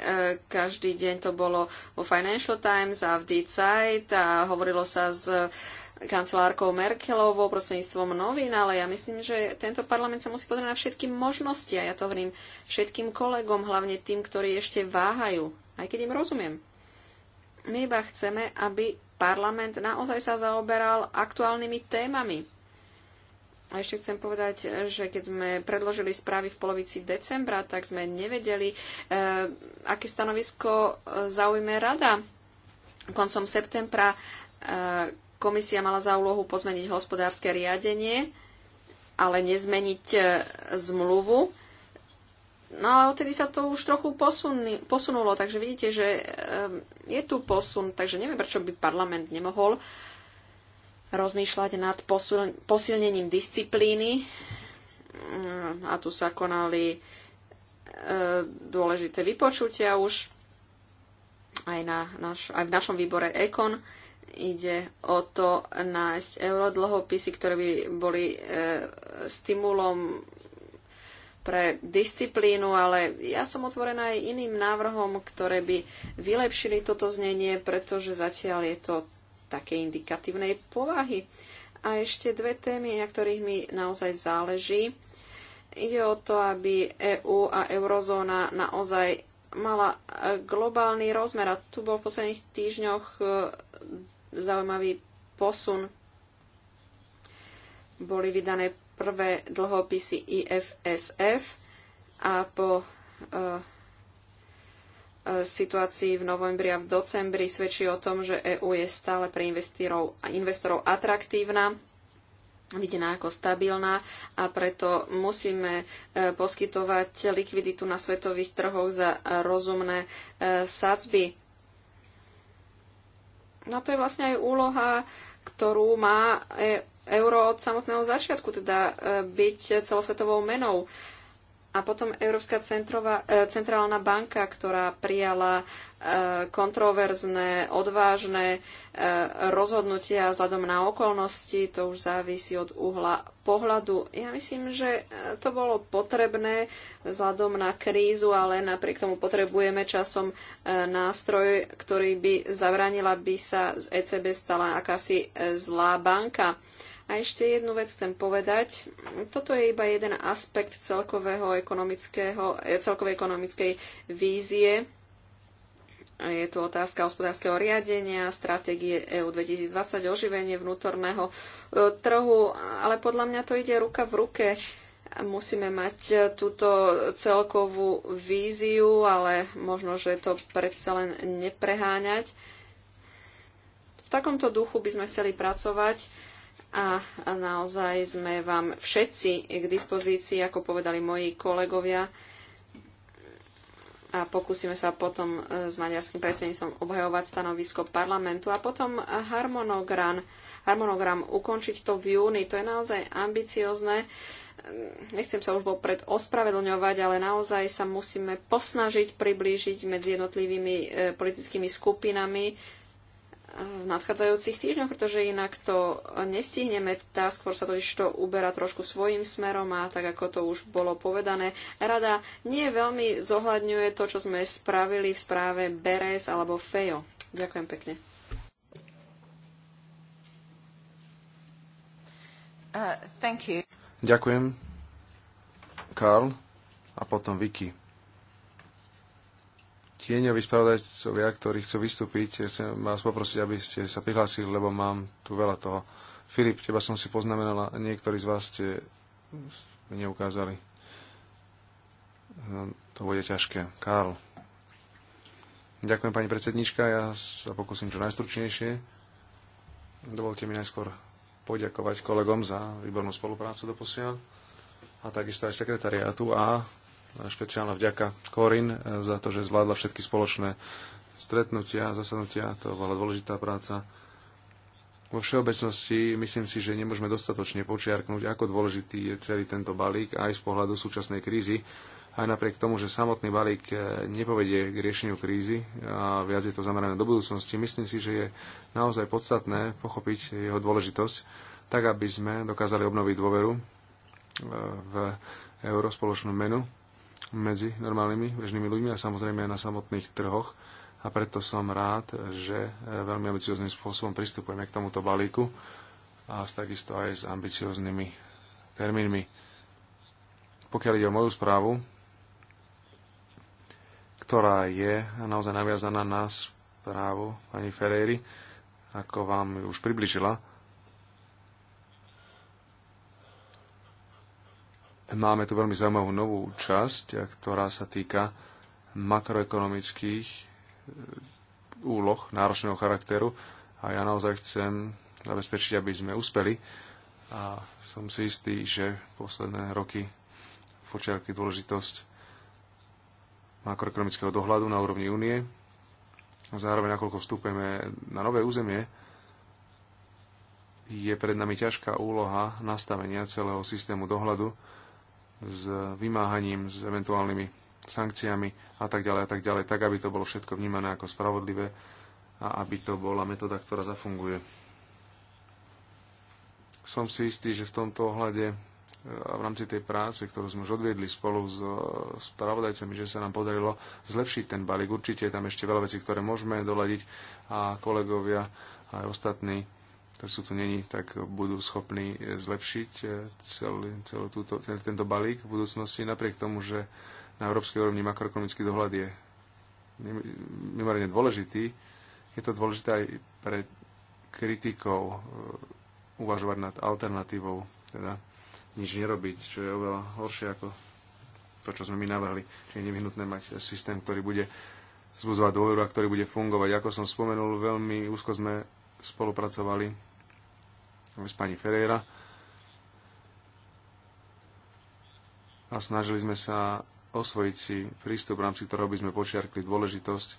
každý deň to bolo vo Financial Times a v Die Zeit a hovorilo sa s kancelárkou Merkelovou prostredníctvom novín, ale ja myslím, že tento parlament sa musí pozrieť na všetky možnosti a ja to hovorím všetkým kolegom, hlavne tým, ktorí ešte váhajú, aj keď im rozumiem. My iba chceme, aby parlament naozaj sa zaoberal aktuálnymi témami a ešte chcem povedať, že keď sme predložili správy v polovici decembra, tak sme nevedeli, e, aké stanovisko e, zaujme rada. Koncom septembra e, komisia mala za úlohu pozmeniť hospodárske riadenie, ale nezmeniť zmluvu. No ale odtedy sa to už trochu posunulo, takže vidíte, že je tu posun, takže neviem, prečo by parlament nemohol uh, rozmýšľať nad posilnením disciplíny. A tu sa konali e, dôležité vypočutia už aj, na naš, aj v našom výbore EKON. Ide o to nájsť eurodlhopisy, ktoré by boli e, stimulom pre disciplínu, ale ja som otvorená aj iným návrhom, ktoré by vylepšili toto znenie, pretože zatiaľ je to také indikatívnej povahy. A ešte dve témy, na ktorých mi naozaj záleží. Ide o to, aby EÚ EU a eurozóna naozaj mala e, globálny rozmer. A tu bol v posledných týždňoch e, zaujímavý posun. Boli vydané prvé dlhopisy IFSF a po e, situácii v novembri a v decembri svedčí o tom, že EÚ je stále pre investorov, investorov atraktívna videná ako stabilná a preto musíme e, poskytovať likviditu na svetových trhoch za rozumné e, sadzby. No to je vlastne aj úloha, ktorú má e, euro od samotného začiatku, teda byť celosvetovou menou. A potom Európska centrová, e, centrálna banka, ktorá prijala e, kontroverzné, odvážne e, rozhodnutia vzhľadom na okolnosti, to už závisí od uhla pohľadu. Ja myslím, že to bolo potrebné vzhľadom na krízu, ale napriek tomu potrebujeme časom nástroj, ktorý by zabránila, by sa z ECB stala akási zlá banka. A ešte jednu vec chcem povedať. Toto je iba jeden aspekt celkového ekonomického, e, celkovej ekonomickej vízie. Je tu otázka hospodárskeho riadenia, stratégie EU 2020, oživenie vnútorného e, trhu, ale podľa mňa to ide ruka v ruke. Musíme mať túto celkovú víziu, ale možno, že to predsa len nepreháňať. V takomto duchu by sme chceli pracovať a naozaj sme vám všetci k dispozícii, ako povedali moji kolegovia a pokúsime sa potom e, s maďarským predsedníctvom obhajovať stanovisko parlamentu a potom harmonogram, harmonogram ukončiť to v júni. To je naozaj ambiciozne. Nechcem sa už vopred ospravedlňovať, ale naozaj sa musíme posnažiť priblížiť medzi jednotlivými e, politickými skupinami v nadchádzajúcich týždňoch, pretože inak to nestihneme. Tá skôr sa totiž to uberá trošku svojim smerom a tak ako to už bolo povedané, rada nie veľmi zohľadňuje to, čo sme spravili v správe Beres alebo Fejo. Ďakujem pekne. Uh, Ďakujem. Karl a potom Vicky tieňoví spravodajcovia, ktorí chcú vystúpiť, chcem vás poprosiť, aby ste sa prihlásili, lebo mám tu veľa toho. Filip, teba som si poznamenala, niektorí z vás ste mi neukázali. No, to bude ťažké. Karl. Ďakujem, pani predsednička. Ja sa pokúsim čo najstručnejšie. Dovolte mi najskôr poďakovať kolegom za výbornú spoluprácu do posiaľ a takisto aj sekretariátu a špeciálna vďaka Korin eh, za to, že zvládla všetky spoločné stretnutia, zasadnutia. To bola dôležitá práca. Vo všeobecnosti myslím si, že nemôžeme dostatočne počiarknúť, ako dôležitý je celý tento balík aj z pohľadu súčasnej krízy. Aj napriek tomu, že samotný balík eh, nepovedie k riešeniu krízy a viac je to zamerané do budúcnosti, myslím si, že je naozaj podstatné pochopiť jeho dôležitosť, tak aby sme dokázali obnoviť dôveru eh, v eurospoločnú menu medzi normálnymi bežnými ľuďmi a samozrejme aj na samotných trhoch. A preto som rád, že e, veľmi ambiciozným spôsobom pristupujeme k tomuto balíku a takisto aj s ambicioznými termínmi. Pokiaľ ide o moju správu, ktorá je naozaj naviazaná na správu pani Ferreri, ako vám ju už približila, Máme tu veľmi zaujímavú novú časť, eh, ktorá sa týka makroekonomických eh, úloh náročného charakteru a ja naozaj chcem zabezpečiť, aby sme uspeli a som si istý, že posledné roky počiarky dôležitosť makroekonomického dohľadu na úrovni únie. Zároveň, nakoľko vstúpeme na nové územie, je pred nami ťažká úloha nastavenia celého systému dohľadu s vymáhaním, s eventuálnymi sankciami a tak ďalej a tak ďalej, tak aby to bolo všetko vnímané ako spravodlivé a aby to bola metóda, ktorá zafunguje. Som si istý, že v tomto ohľade e, a v rámci tej práce, ktorú sme už odviedli spolu s e, spravodajcami, že sa nám podarilo zlepšiť ten balík. Určite je tam ešte veľa vecí, ktoré môžeme doladiť a kolegovia aj ostatní ktorí sú tu není, tak budú schopní eh, zlepšiť eh, celý, celý túto, celý tento balík v budúcnosti, napriek tomu, že na európskej úrovni makroekonomický dohľad je mimoriadne dôležitý. Je to dôležité aj pre kritikov eh, uvažovať nad alternatívou, teda nič nerobiť, čo je oveľa horšie ako to, čo sme my navrhli. Čiže je nevyhnutné mať systém, ktorý bude zbudzovať dôveru a ktorý bude fungovať. Ako som spomenul, veľmi úzko sme spolupracovali s pani Ferreira. A snažili sme sa osvojiť si prístup, v rámci ktorého by sme počiarkli dôležitosť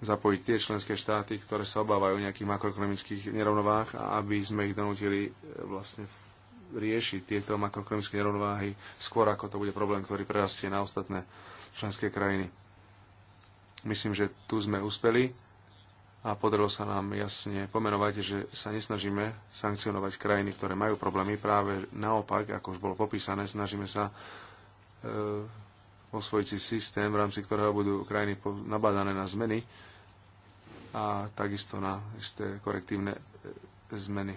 zapojiť tie členské štáty, ktoré sa obávajú nejakých makroekonomických nerovnovách a aby sme ich donútili e, vlastne riešiť tieto makroekonomické nerovnováhy skôr, ako to bude problém, ktorý prerastie na ostatné členské krajiny. Myslím, že tu sme uspeli a podarilo sa nám jasne pomenovať, že sa nesnažíme sankcionovať krajiny, ktoré majú problémy. Práve naopak, ako už bolo popísané, snažíme sa e, osvojiť si systém, v rámci ktorého budú krajiny nabádané na zmeny a takisto na isté korektívne e, zmeny.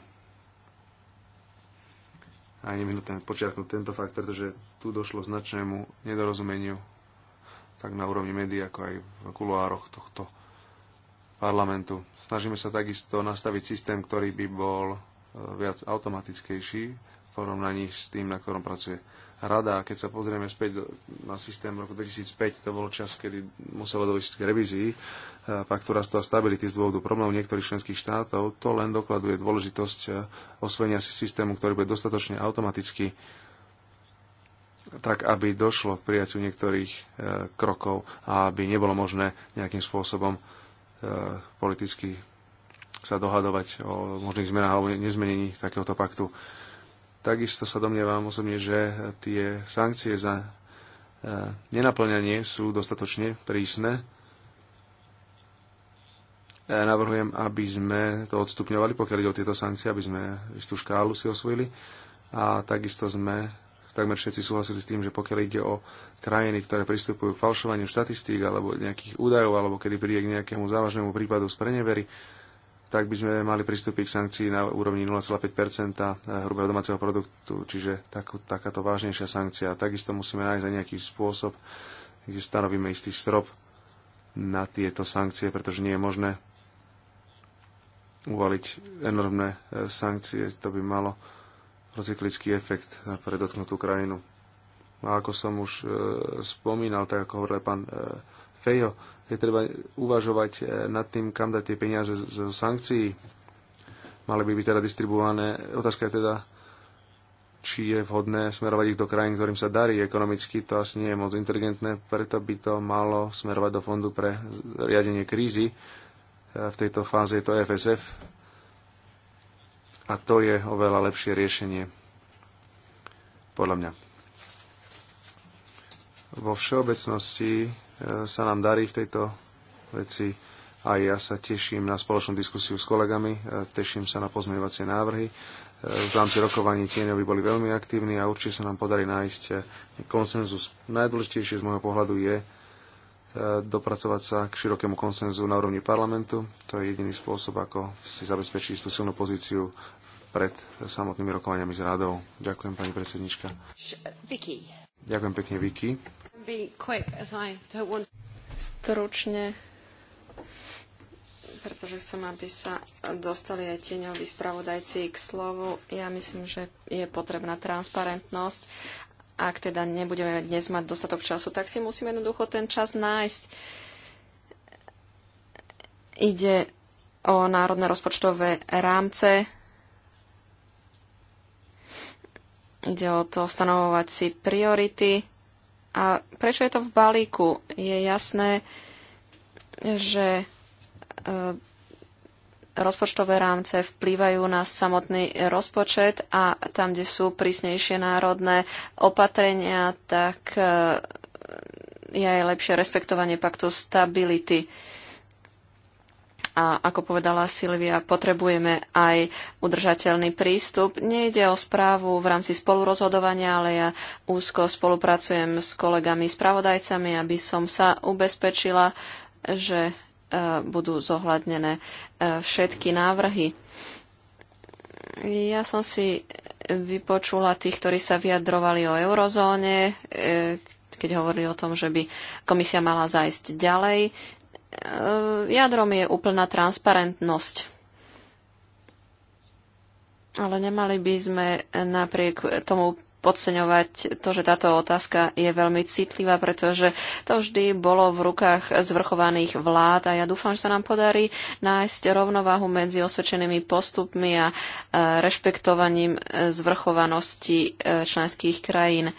A je nevyhnutné počiarknúť tento fakt, pretože tu došlo značnému nedorozumeniu tak na úrovni médií, ako aj v kuloároch tohto parlamentu. Snažíme sa takisto nastaviť systém, ktorý by bol e, viac automatickejší v porovnaní s tým, na ktorom pracuje rada. Keď sa pozrieme späť na systém roku 2005, to bol čas, kedy muselo dojsť k revízii e, paktu a stability z dôvodu problémov niektorých členských štátov. To len dokladuje dôležitosť e, osvojenia si systému, ktorý bude dostatočne automaticky tak, aby došlo k prijaťu niektorých krokov a aby nebolo možné nejakým spôsobom E, politicky sa dohadovať o možných zmenách alebo nezmenení takéhoto paktu. Takisto sa domnievam osobne, že tie sankcie za e, nenaplňanie sú dostatočne prísne. Ja e, navrhujem, aby sme to odstupňovali, pokiaľ ide o tieto sankcie, aby sme istú škálu si osvojili. A takisto sme takmer všetci súhlasili s tým, že pokiaľ ide o krajiny, ktoré pristupujú k falšovaniu štatistík alebo nejakých údajov, alebo kedy príde k nejakému závažnému prípadu z prenevery, tak by sme mali pristúpiť k sankcii na úrovni 0,5 eh, hrubého domáceho produktu, čiže takú, takáto vážnejšia sankcia. Takisto musíme nájsť aj nejaký spôsob, kde stanovíme istý strop na tieto sankcie, pretože nie je možné uvaliť enormné eh, sankcie. To by malo recyklický efekt pre dotknutú krajinu. A ako som už e, spomínal, tak ako hovoril pán e, Fejo, je treba uvažovať e, nad tým, kam dať tie peniaze z, z sankcií. Mali by byť teda distribuované. Otázka je teda, či je vhodné smerovať ich do krajín, ktorým sa darí ekonomicky. To asi nie je moc inteligentné, preto by to malo smerovať do fondu pre riadenie krízy. E, v tejto fáze je to FSF, e a to je oveľa lepšie riešenie, podľa mňa. Vo všeobecnosti e, sa nám darí v tejto veci a ja sa teším na spoločnú diskusiu s kolegami, e, teším sa na pozmeňovacie návrhy. E, v rámci rokovaní tieňovi boli veľmi aktívni a určite sa nám podarí nájsť konsenzus. Najdôležitejšie z môjho pohľadu je, E, dopracovať sa k širokému konsenzu na úrovni parlamentu. To je jediný spôsob, ako si zabezpečiť tú silnú pozíciu pred samotnými rokovaniami s rádou. Ďakujem, pani predsednička. Vicky. Ďakujem pekne, Vicky. Stručne, pretože chcem, aby sa dostali aj tieňoví spravodajci k slovu. Ja myslím, že je potrebná transparentnosť ak teda nebudeme dnes mať dostatok času, tak si musíme jednoducho ten čas nájsť. Ide o národné rozpočtové rámce. Ide o to stanovovať si priority. A prečo je to v balíku? Je jasné, že e, rozpočtové rámce vplývajú na samotný rozpočet a tam, kde sú prísnejšie národné opatrenia, tak e, je aj lepšie respektovanie paktu stability. A ako povedala Silvia, potrebujeme aj udržateľný prístup. Nejde o správu v rámci spolurozhodovania, ale ja úzko spolupracujem s kolegami spravodajcami, aby som sa ubezpečila, že E, budú zohľadnené e, všetky návrhy. Ja som si vypočula tých, ktorí sa vyjadrovali o eurozóne, e, keď hovorili o tom, že by komisia mala zajsť ďalej. Jadrom je úplná transparentnosť. Ale nemali by sme napriek tomu podceňovať to, že táto otázka je veľmi citlivá, pretože to vždy bolo v rukách zvrchovaných vlád a ja dúfam, že sa nám podarí nájsť rovnováhu medzi osvedčenými postupmi a rešpektovaním e, zvrchovanosti e, členských krajín e,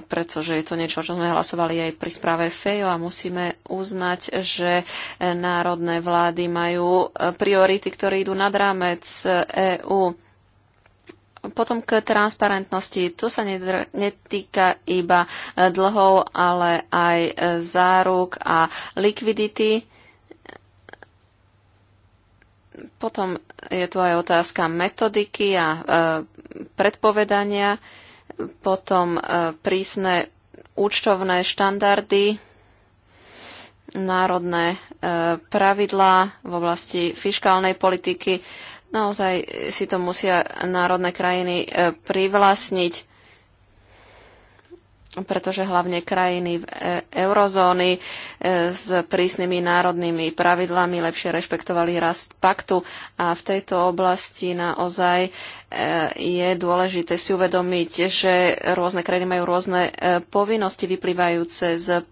pretože je to niečo, čo sme hlasovali aj pri správe FEJO a musíme uznať, že národné vlády majú priority, ktoré idú nad rámec EÚ potom k transparentnosti. Tu sa netýka iba e, dlhov, ale aj e, záruk a likvidity. Potom je tu aj otázka metodiky a e, predpovedania, potom prísne účtovné štandardy, národné pravidlá v oblasti fiskálnej politiky. Naozaj si to musia národné krajiny e, privlastniť, pretože hlavne krajiny v e, eurozóny e, s prísnymi národnými pravidlami lepšie rešpektovali rast paktu a v tejto oblasti naozaj je dôležité si uvedomiť, že rôzne krajiny majú rôzne povinnosti vyplývajúce z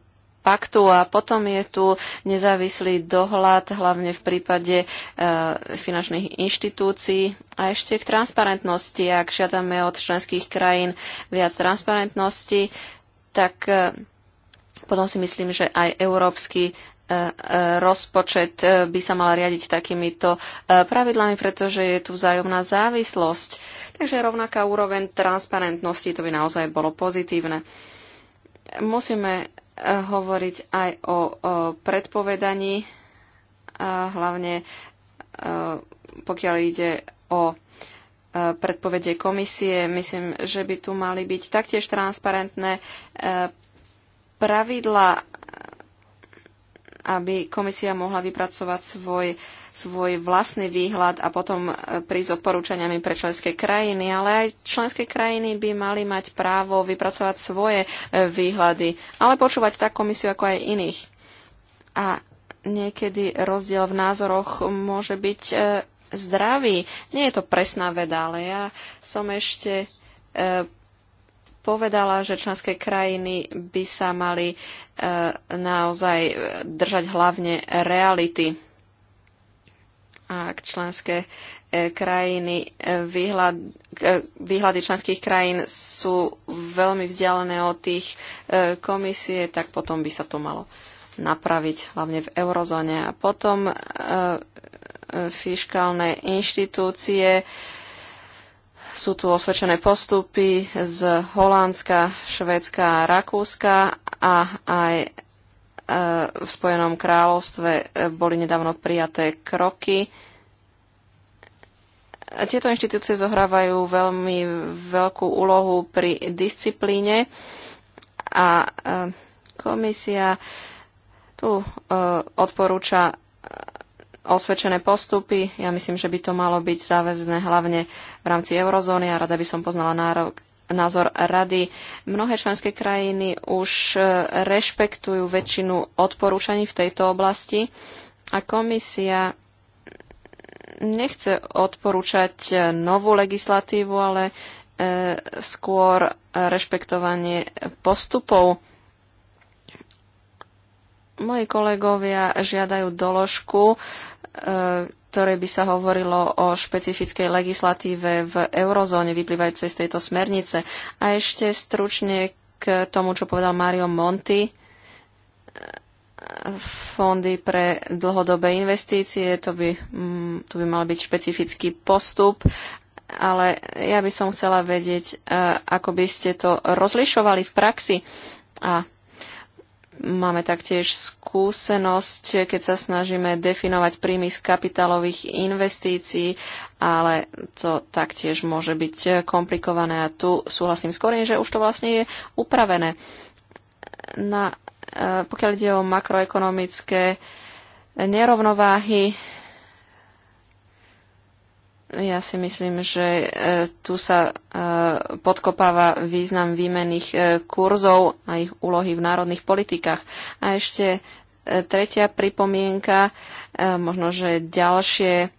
paktu a potom je tu nezávislý dohľad, hlavne v prípade e, finančných inštitúcií. A ešte k transparentnosti, ak žiadame od členských krajín viac transparentnosti, tak e, potom si myslím, že aj európsky e, e, rozpočet e, by sa mal riadiť takýmito pravidlami, pretože je tu vzájomná závislosť. Takže rovnaká úroveň transparentnosti, to by naozaj bolo pozitívne. Musíme hovoriť aj o, o predpovedaní, a hlavne pokiaľ ide o predpovede komisie. Myslím, že by tu mali byť taktiež transparentné pravidla aby komisia mohla vypracovať svoj, svoj vlastný výhľad a potom e, prísť s odporúčaniami pre členské krajiny, ale aj členské krajiny by mali mať právo vypracovať svoje e, výhľady, ale počúvať tak komisiu ako aj iných. A niekedy rozdiel v názoroch môže byť e, zdravý. Nie je to presná veda, ale ja som ešte povedala, že členské krajiny by sa mali e, naozaj držať hlavne reality. Ak členské e, krajiny, e, výhľad, e, výhľady členských krajín sú veľmi vzdialené od tých komisie, tak potom by sa to malo napraviť, hlavne v eurozóne. A potom fiskálne fiškálne inštitúcie, e, sú tu osvedčené postupy z Holandska, Švedska a Rakúska a aj e, v Spojenom kráľovstve e, boli nedávno prijaté kroky. Tieto inštitúcie zohrávajú veľmi veľkú úlohu pri disciplíne a e, komisia tu odporúča osvedčené postupy. Ja myslím, že by to malo byť záväzné hlavne v rámci eurozóny a rada by som poznala nárok, názor rady. Mnohé členské krajiny už e, rešpektujú väčšinu odporúčaní v tejto oblasti a komisia nechce odporúčať e, novú legislatívu, ale e, skôr rešpektovanie postupov. Moji kolegovia žiadajú doložku E, ktoré by sa hovorilo o špecifickej legislatíve v eurozóne vyplývajúcej z tejto smernice. A ešte stručne k tomu, čo povedal Mario Monti, e, fondy pre dlhodobé investície, to by, mm, to by mal byť špecifický postup, ale ja by som chcela vedieť, e, ako by ste to rozlišovali v praxi a Máme taktiež skúsenosť, keď sa snažíme definovať príjmy z kapitálových investícií, ale to taktiež môže byť komplikované a tu súhlasím skôr, že už to vlastne je upravené. Na, e, pokiaľ ide o makroekonomické nerovnováhy, ja si myslím, že e, tu sa e, podkopáva význam výmených e, kurzov a ich úlohy v národných politikách. A ešte tretia pripomienka, možno, že ďalšie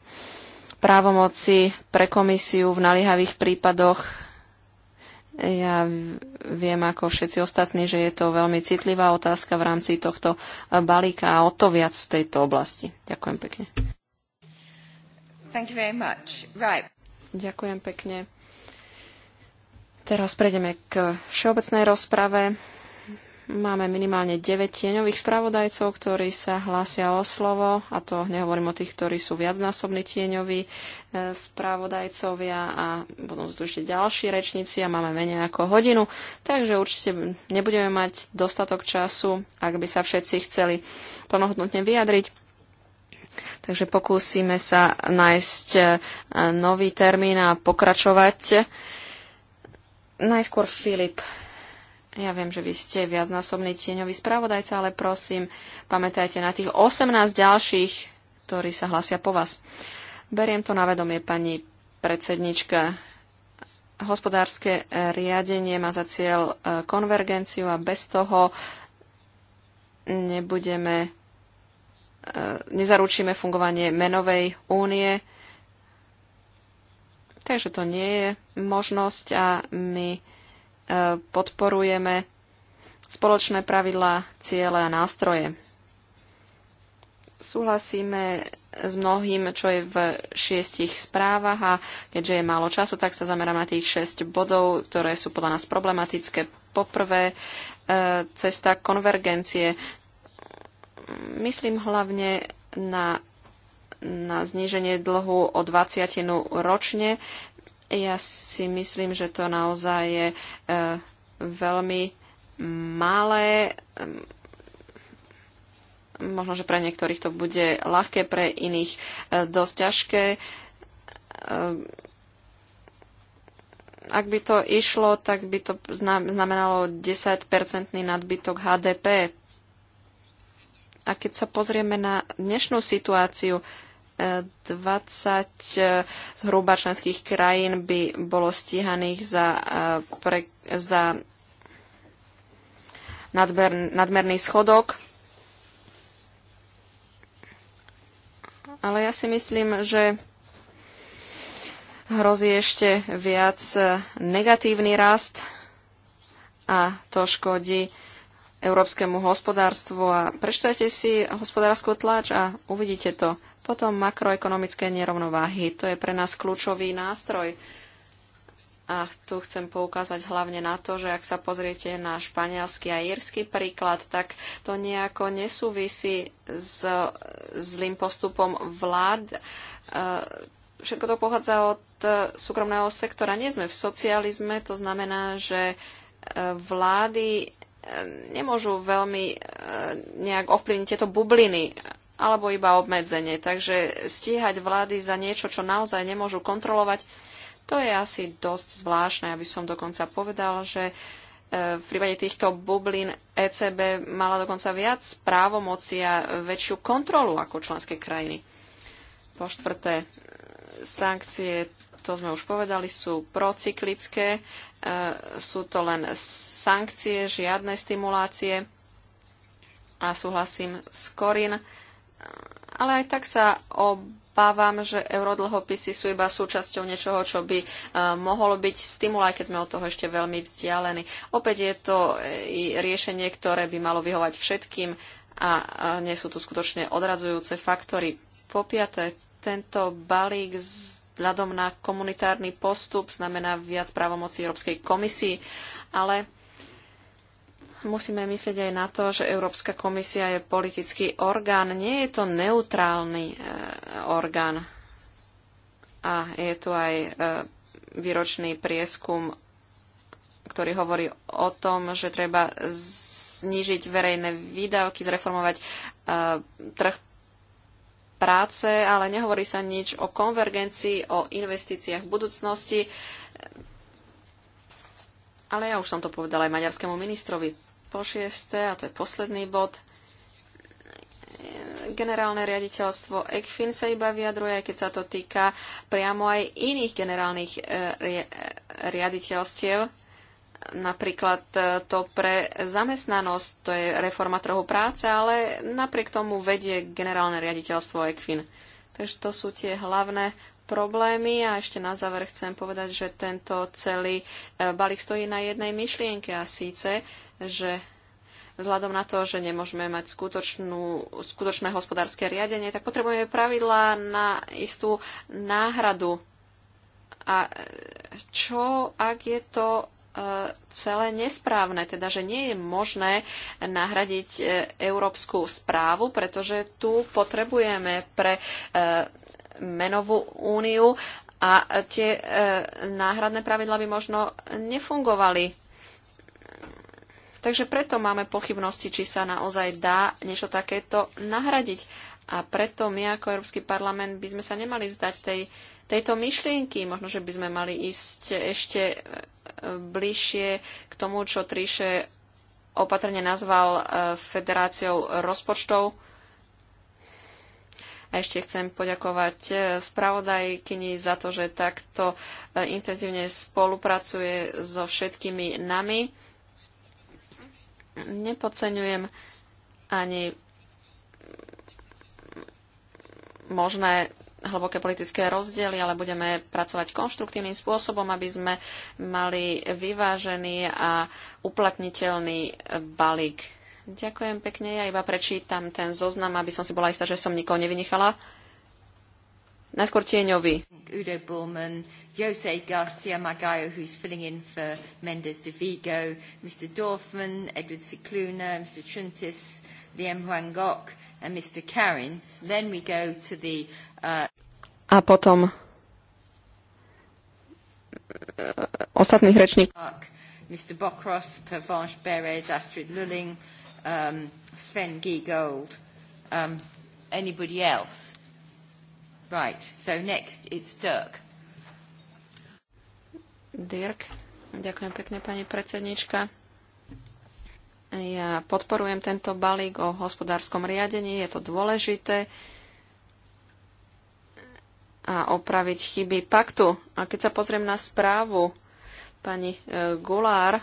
právomoci pre komisiu v naliehavých prípadoch. Ja viem, ako všetci ostatní, že je to veľmi citlivá otázka v rámci tohto balíka a o to viac v tejto oblasti. Ďakujem pekne. Thank you very much. Right. Ďakujem pekne. Teraz prejdeme k všeobecnej rozprave. Máme minimálne 9 tieňových spravodajcov, ktorí sa hlásia o slovo, a to nehovorím o tých, ktorí sú viacnásobní tieňoví e, spravodajcovia a budú zdušiť ďalší rečníci a máme menej ako hodinu, takže určite nebudeme mať dostatok času, ak by sa všetci chceli plnohodnotne vyjadriť. Takže pokúsime sa nájsť e, nový termín a pokračovať. Najskôr Filip. Ja viem, že vy ste viacnásobný tieňový spravodajca, ale prosím, pamätajte na tých 18 ďalších, ktorí sa hlasia po vás. Beriem to na vedomie, pani predsednička. Hospodárske e, riadenie má za cieľ e, konvergenciu a bez toho nebudeme E, nezaručíme fungovanie menovej únie. Takže to nie je možnosť a my e, podporujeme spoločné pravidlá, ciele a nástroje. Súhlasíme s mnohým, čo je v šiestich správach a keďže je málo času, tak sa zamerám na tých šesť bodov, ktoré sú podľa nás problematické. Poprvé, e, cesta konvergencie. Myslím hlavne na, na zníženie dlhu o 20 ročne. Ja si myslím, že to naozaj je e, veľmi malé. Ehm, možno, že pre niektorých to bude ľahké, pre iných e, dosť ťažké. E, ak by to išlo, tak by to znamenalo 10-percentný nadbytok HDP a keď sa pozrieme na dnešnú situáciu, 20 eh, eh, zhruba členských krajín by bolo stíhaných za, eh, pre, za nadmer, nadmerný schodok. Ale ja si myslím, že hrozí ešte viac negatívny rast a to škodí európskemu hospodárstvu a preštajte si hospodárskú tlač a uvidíte to. Potom makroekonomické nerovnováhy. To je pre nás kľúčový nástroj. A tu chcem poukázať hlavne na to, že ak sa pozriete na španielský a írsky príklad, tak to nejako nesúvisí s zlým postupom vlád. E, všetko to pochádza od e, súkromného sektora. Nie sme v socializme, to znamená, že e, vlády nemôžu veľmi e, nejak ovplyvniť tieto bubliny alebo iba obmedzenie. Takže stíhať vlády za niečo, čo naozaj nemôžu kontrolovať, to je asi dosť zvláštne, aby som dokonca povedal, že e, v prípade týchto bublín ECB mala dokonca viac právomoci a väčšiu kontrolu ako členské krajiny. Po štvrté, sankcie to sme už povedali, sú procyklické, e, sú to len sankcie, žiadne stimulácie a súhlasím s Korin. E, ale aj tak sa obávam, že eurodlhopisy sú iba súčasťou niečoho, čo by e, mohlo byť stimul, aj keď sme od toho ešte veľmi vzdialení. Opäť je to riešenie, ktoré by malo vyhovať všetkým a nie sú tu skutočne odradzujúce faktory. Po piaté, tento balík z vzhľadom na komunitárny postup znamená viac právomocí Európskej komisii, ale musíme myslieť aj na to, že Európska komisia je politický orgán, nie je to neutrálny e, orgán. A je tu aj e, výročný prieskum, ktorý hovorí o tom, že treba znižiť verejné výdavky, zreformovať e, trh práce, ale nehovorí sa nič o konvergencii, o investíciách v budúcnosti. Ale ja už som to povedala aj maďarskému ministrovi. Po šieste, a to je posledný bod, generálne riaditeľstvo ECFIN sa iba vyjadruje, keď sa to týka priamo aj iných generálnych eh, riaditeľstiev napríklad e, to pre zamestnanosť, to je reforma trhu práce, ale napriek tomu vedie generálne riaditeľstvo ECFIN. Takže to sú tie hlavné problémy a ešte na záver chcem povedať, že tento celý e, balík stojí na jednej myšlienke a síce, že vzhľadom na to, že nemôžeme mať skutočnú, skutočné hospodárske riadenie, tak potrebujeme pravidlá na istú náhradu. A čo, ak je to celé nesprávne, teda že nie je možné nahradiť e, európsku správu, pretože tu potrebujeme pre e, menovú úniu a tie e, náhradné pravidla by možno nefungovali. Takže preto máme pochybnosti, či sa naozaj dá niečo takéto nahradiť. A preto my ako Európsky parlament by sme sa nemali vzdať tej, tejto myšlienky. Možno, že by sme mali ísť ešte e, bližšie k tomu, čo Triše opatrne nazval e, Federáciou rozpočtov. A ešte chcem poďakovať e, spravodajkyni za to, že takto intenzívne spolupracuje so všetkými nami. Nepodceňujem ani možné hlboké politické rozdiely, ale budeme pracovať konštruktívnym spôsobom, aby sme mali vyvážený a uplatniteľný balík. Ďakujem pekne, ja iba prečítam ten zoznam, aby som si bola istá, že som nikoho nevynichala. Najskôr tieňovi. Udo Bullman, Jose Garcia Magallo, who's filling in for Mendes de Vigo, Mr. Dorfman, Edward Cicluna, Mr. Chuntis, Liam Huangok, Mr. Karins. Then we go to the... Uh... A potom uh, ostatných rečníkov. Mr. Bokros, Pervanche Beres, Astrid Lulling, um, Sven Giegold, um, anybody else? Right, so next it's Dirk. Dirk, ďakujem pekne pani predsednička. Ja podporujem tento balík o hospodárskom riadení, je to dôležité a opraviť chyby paktu. A keď sa pozriem na správu pani e, Gulár,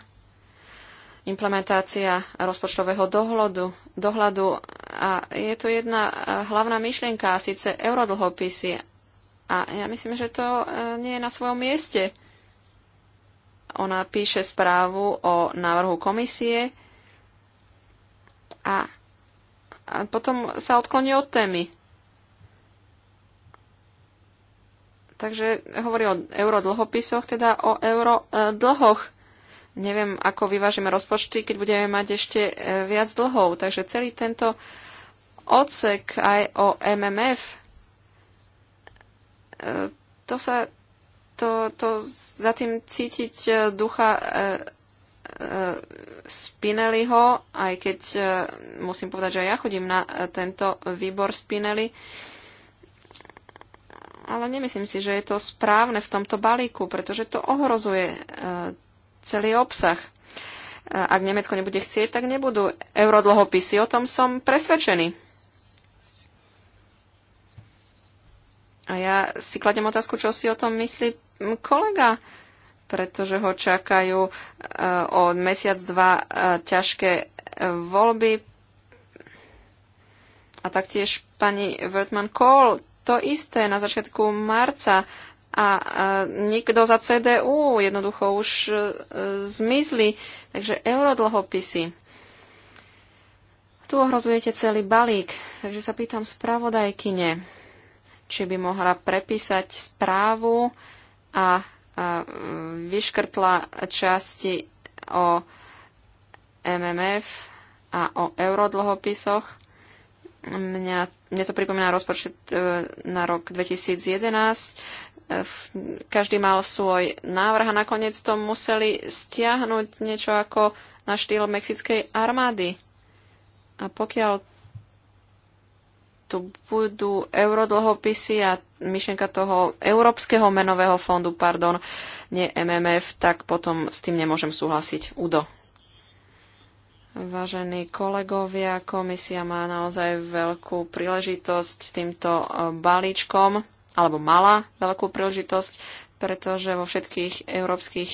implementácia rozpočtového dohľadu, dohľadu a je tu jedna e, hlavná myšlienka, a síce eurodlhopisy. A ja myslím, že to e, nie je na svojom mieste. Ona píše správu o návrhu komisie, a, a potom sa odkloní od témy. Takže hovorí o eurodlhopisoch, teda o eurodlhoch. Neviem, ako vyvážime rozpočty, keď budeme mať ešte e, viac dlhov. Takže celý tento odsek aj o MMF, e, to sa to, to za tým cítiť e, ducha Spinelliho, aj keď e, musím povedať, že ja chodím na e, tento výbor Spinelli, ale nemyslím si, že je to správne v tomto balíku, pretože to ohrozuje e, celý obsah. Ak Nemecko nebude chcieť, tak nebudú eurodlhopisy. O tom som presvedčený. A ja si kladem otázku, čo si o tom myslí kolega pretože ho čakajú e, o mesiac, dva e, ťažké e, voľby. A taktiež pani Wertmann Kohl, to isté na začiatku marca a nikto za CDU jednoducho už zmizli. Takže eurodlhopisy. Tu ohrozujete celý balík, takže sa pýtam spravodajkyne, či by mohla prepísať správu a E, vyškrtla časti o MMF a o eurodlhopisoch. Mňa, mne to pripomína rozpočet e, na rok 2011. E, každý mal svoj návrh a nakoniec to museli stiahnuť niečo ako na štýl mexickej armády. A pokiaľ tu budú eurodlhopisy a myšlienka toho Európskeho menového fondu, pardon, nie MMF, tak potom s tým nemôžem súhlasiť. Udo. Vážení kolegovia, komisia má naozaj veľkú príležitosť s týmto e, balíčkom, alebo mala veľkú príležitosť, pretože vo všetkých európskych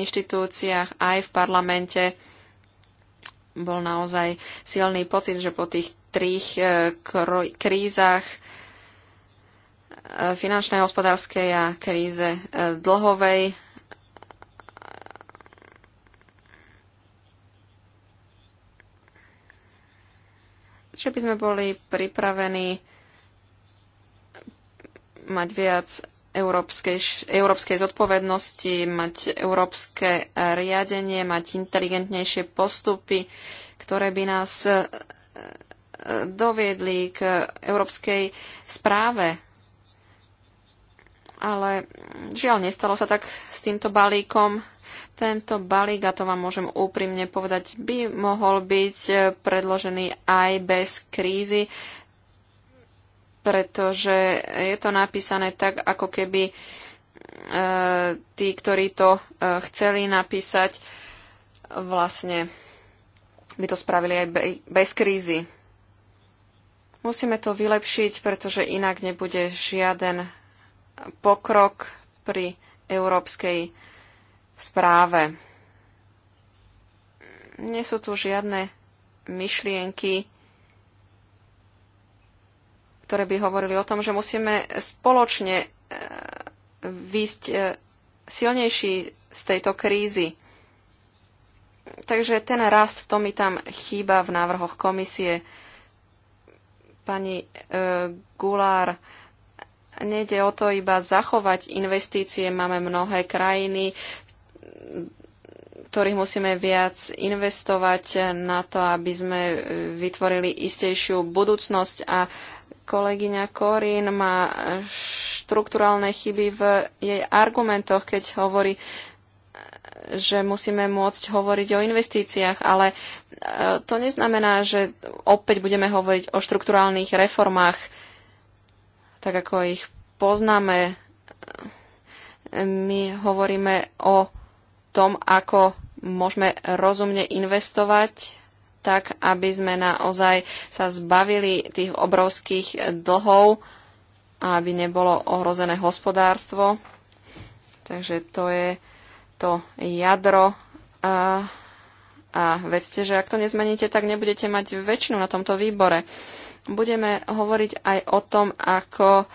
inštitúciách aj v parlamente bol naozaj silný pocit, že po tých trých e, krízach e, finančnej, hospodárskej a kríze e, dlhovej že by sme boli pripravení mať viac európskej, európskej zodpovednosti, mať európske riadenie, mať inteligentnejšie postupy, ktoré by nás e, doviedli k európskej správe. Ale žiaľ, nestalo sa tak s týmto balíkom. Tento balík, a to vám môžem úprimne povedať, by mohol byť e, predložený aj bez krízy pretože je to napísané tak, ako keby e, tí, ktorí to e, chceli napísať, vlastne by to spravili aj bez krízy. Musíme to vylepšiť, pretože inak nebude žiaden pokrok pri európskej správe. Nie sú tu žiadne myšlienky, ktoré by hovorili o tom, že musíme spoločne e, výsť e, silnejší z tejto krízy. Takže ten rast, to mi tam chýba v návrhoch komisie. Pani e, Gulár, nejde o to iba zachovať investície. Máme mnohé krajiny, ktorých musíme viac investovať na to, aby sme e, vytvorili istejšiu budúcnosť a Kolegyňa Korín má štruktúralne chyby v jej argumentoch, keď hovorí, že musíme môcť hovoriť o investíciách, ale e, to neznamená, že opäť budeme hovoriť o štrukturálnych reformách, tak ako ich poznáme. My hovoríme o tom, ako môžeme rozumne investovať tak aby sme naozaj sa zbavili tých obrovských dlhov a aby nebolo ohrozené hospodárstvo. Takže to je to jadro. A, a vedzte, že ak to nezmeníte, tak nebudete mať väčšinu na tomto výbore. Budeme hovoriť aj o tom, ako e,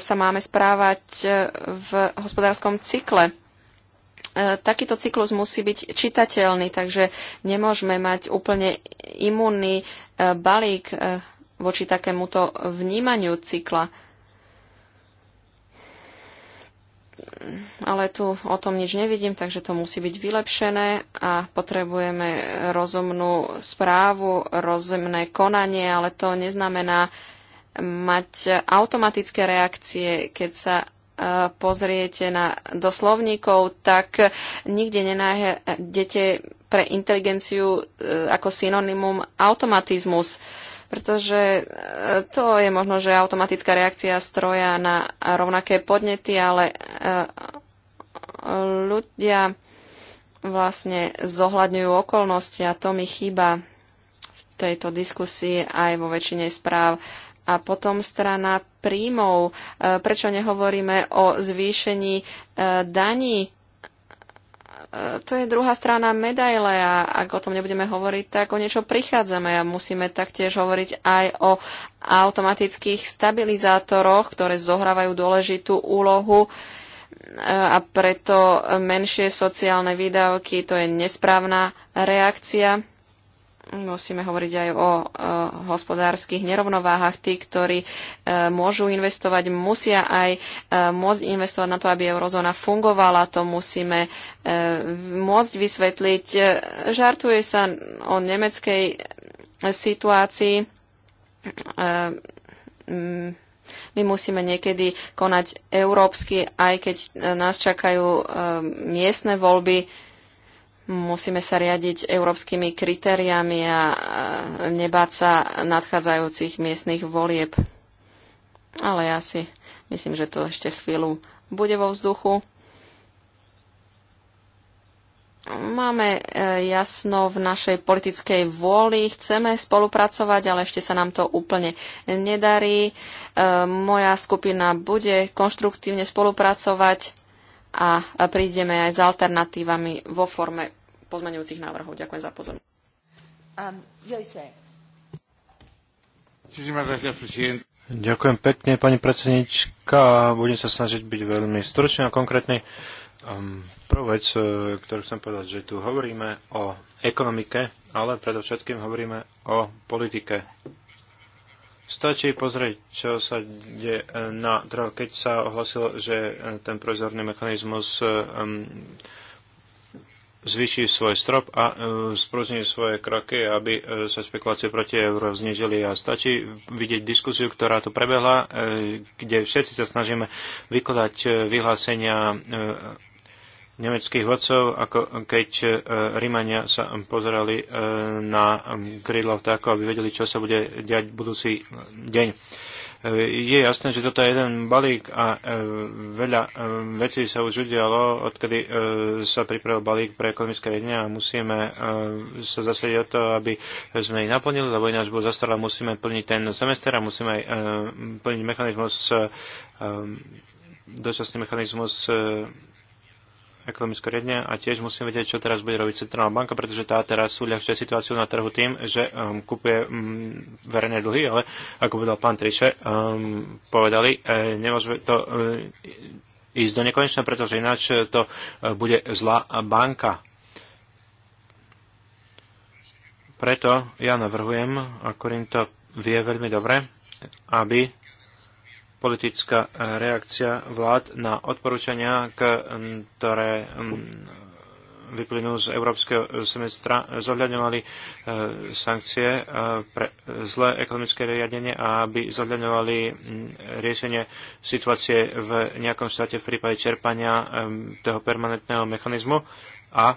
sa máme správať e, v hospodárskom cykle. E, takýto cyklus musí byť čitateľný, takže nemôžeme mať úplne imunný e, balík e, voči takémuto vnímaniu cykla. Ale tu o tom nič nevidím, takže to musí byť vylepšené a potrebujeme rozumnú správu, rozumné konanie, ale to neznamená mať automatické reakcie, keď sa pozriete na, do slovníkov, tak nikde nenájdete pre inteligenciu e, ako synonymum automatizmus pretože e, to je možno, že automatická reakcia stroja na rovnaké podnety, ale e, ľudia vlastne zohľadňujú okolnosti a to mi chýba v tejto diskusii aj vo väčšine správ. A potom strana príjmov? E, prečo nehovoríme o zvýšení e, daní? E, to je druhá strana medaile a ak o tom nebudeme hovoriť, tak o niečo prichádzame a musíme taktiež hovoriť aj o automatických stabilizátoroch, ktoré zohrávajú dôležitú úlohu a preto menšie sociálne výdavky, to je nesprávna reakcia musíme hovoriť aj o, e, hospodárskych nerovnováhach. Tí, ktorí e, môžu investovať, musia aj e, môcť investovať na to, aby eurozóna fungovala. To musíme e, môcť vysvetliť. E, žartuje sa o nemeckej situácii. E, m, my musíme niekedy konať európsky, aj keď nás čakajú e, miestne voľby Musíme sa riadiť európskymi kritériami a nebáť sa nadchádzajúcich miestnych volieb. Ale ja si myslím, že to ešte chvíľu bude vo vzduchu. Máme e, jasno v našej politickej vôli, chceme spolupracovať, ale ešte sa nám to úplne nedarí. E, moja skupina bude konštruktívne spolupracovať a prídeme aj s alternatívami vo forme pozmeňujúcich návrhov. Ďakujem za pozornosť. Um, Ďakujem pekne, pani predsednička. Budem sa snažiť byť veľmi stručný a konkrétny. Um, prvú vec, e, ktorú chcem povedať, že tu hovoríme o ekonomike, ale predovšetkým hovoríme o politike Stačí pozrieť, čo sa deje na trhu, keď sa ohlasilo, že eh, ten prozorný mechanizmus eh, zvýši svoj strop a e, spružní svoje kroky, aby sa špekulácie proti euro znižili. A stačí vidieť diskusiu, ktorá tu prebehla, kde všetci sa snažíme vykladať vyhlásenia nemeckých vodcov, ako keď e, Rímania sa pozerali e, na krídlo vtáko, aby vedeli, čo sa bude diať budúci deň e, je jasné, že toto je jeden balík a veľa vecí sa už udialo, odkedy sa pripravil balík pre ekonomické riadenia a musíme sa zasadiť o to, aby sme ich naplnili, lebo ináč bol zastarala, musíme plniť ten semester a musíme aj plniť mechanizmus dočasný mechanizmus ekonomické riadenie a tiež musím vedieť, čo teraz bude robiť Centrálna banka, pretože tá teraz uľahčuje situáciu na trhu tým, že um, kupuje um, verejné dlhy, ale ako povedal pán Triše, um, povedali, e, nemôžeme to e, ísť do nekonečna, pretože ináč to e, bude zlá banka. Preto ja navrhujem, ako im to vie veľmi dobre, aby politická eh, reakcia vlád na odporúčania, ktoré mm, vyplynú z európskeho semestra, zohľadňovali eh, sankcie eh, pre zlé ekonomické riadenie a aby zohľadňovali mm, riešenie situácie v nejakom štáte v prípade čerpania toho permanentného mechanizmu a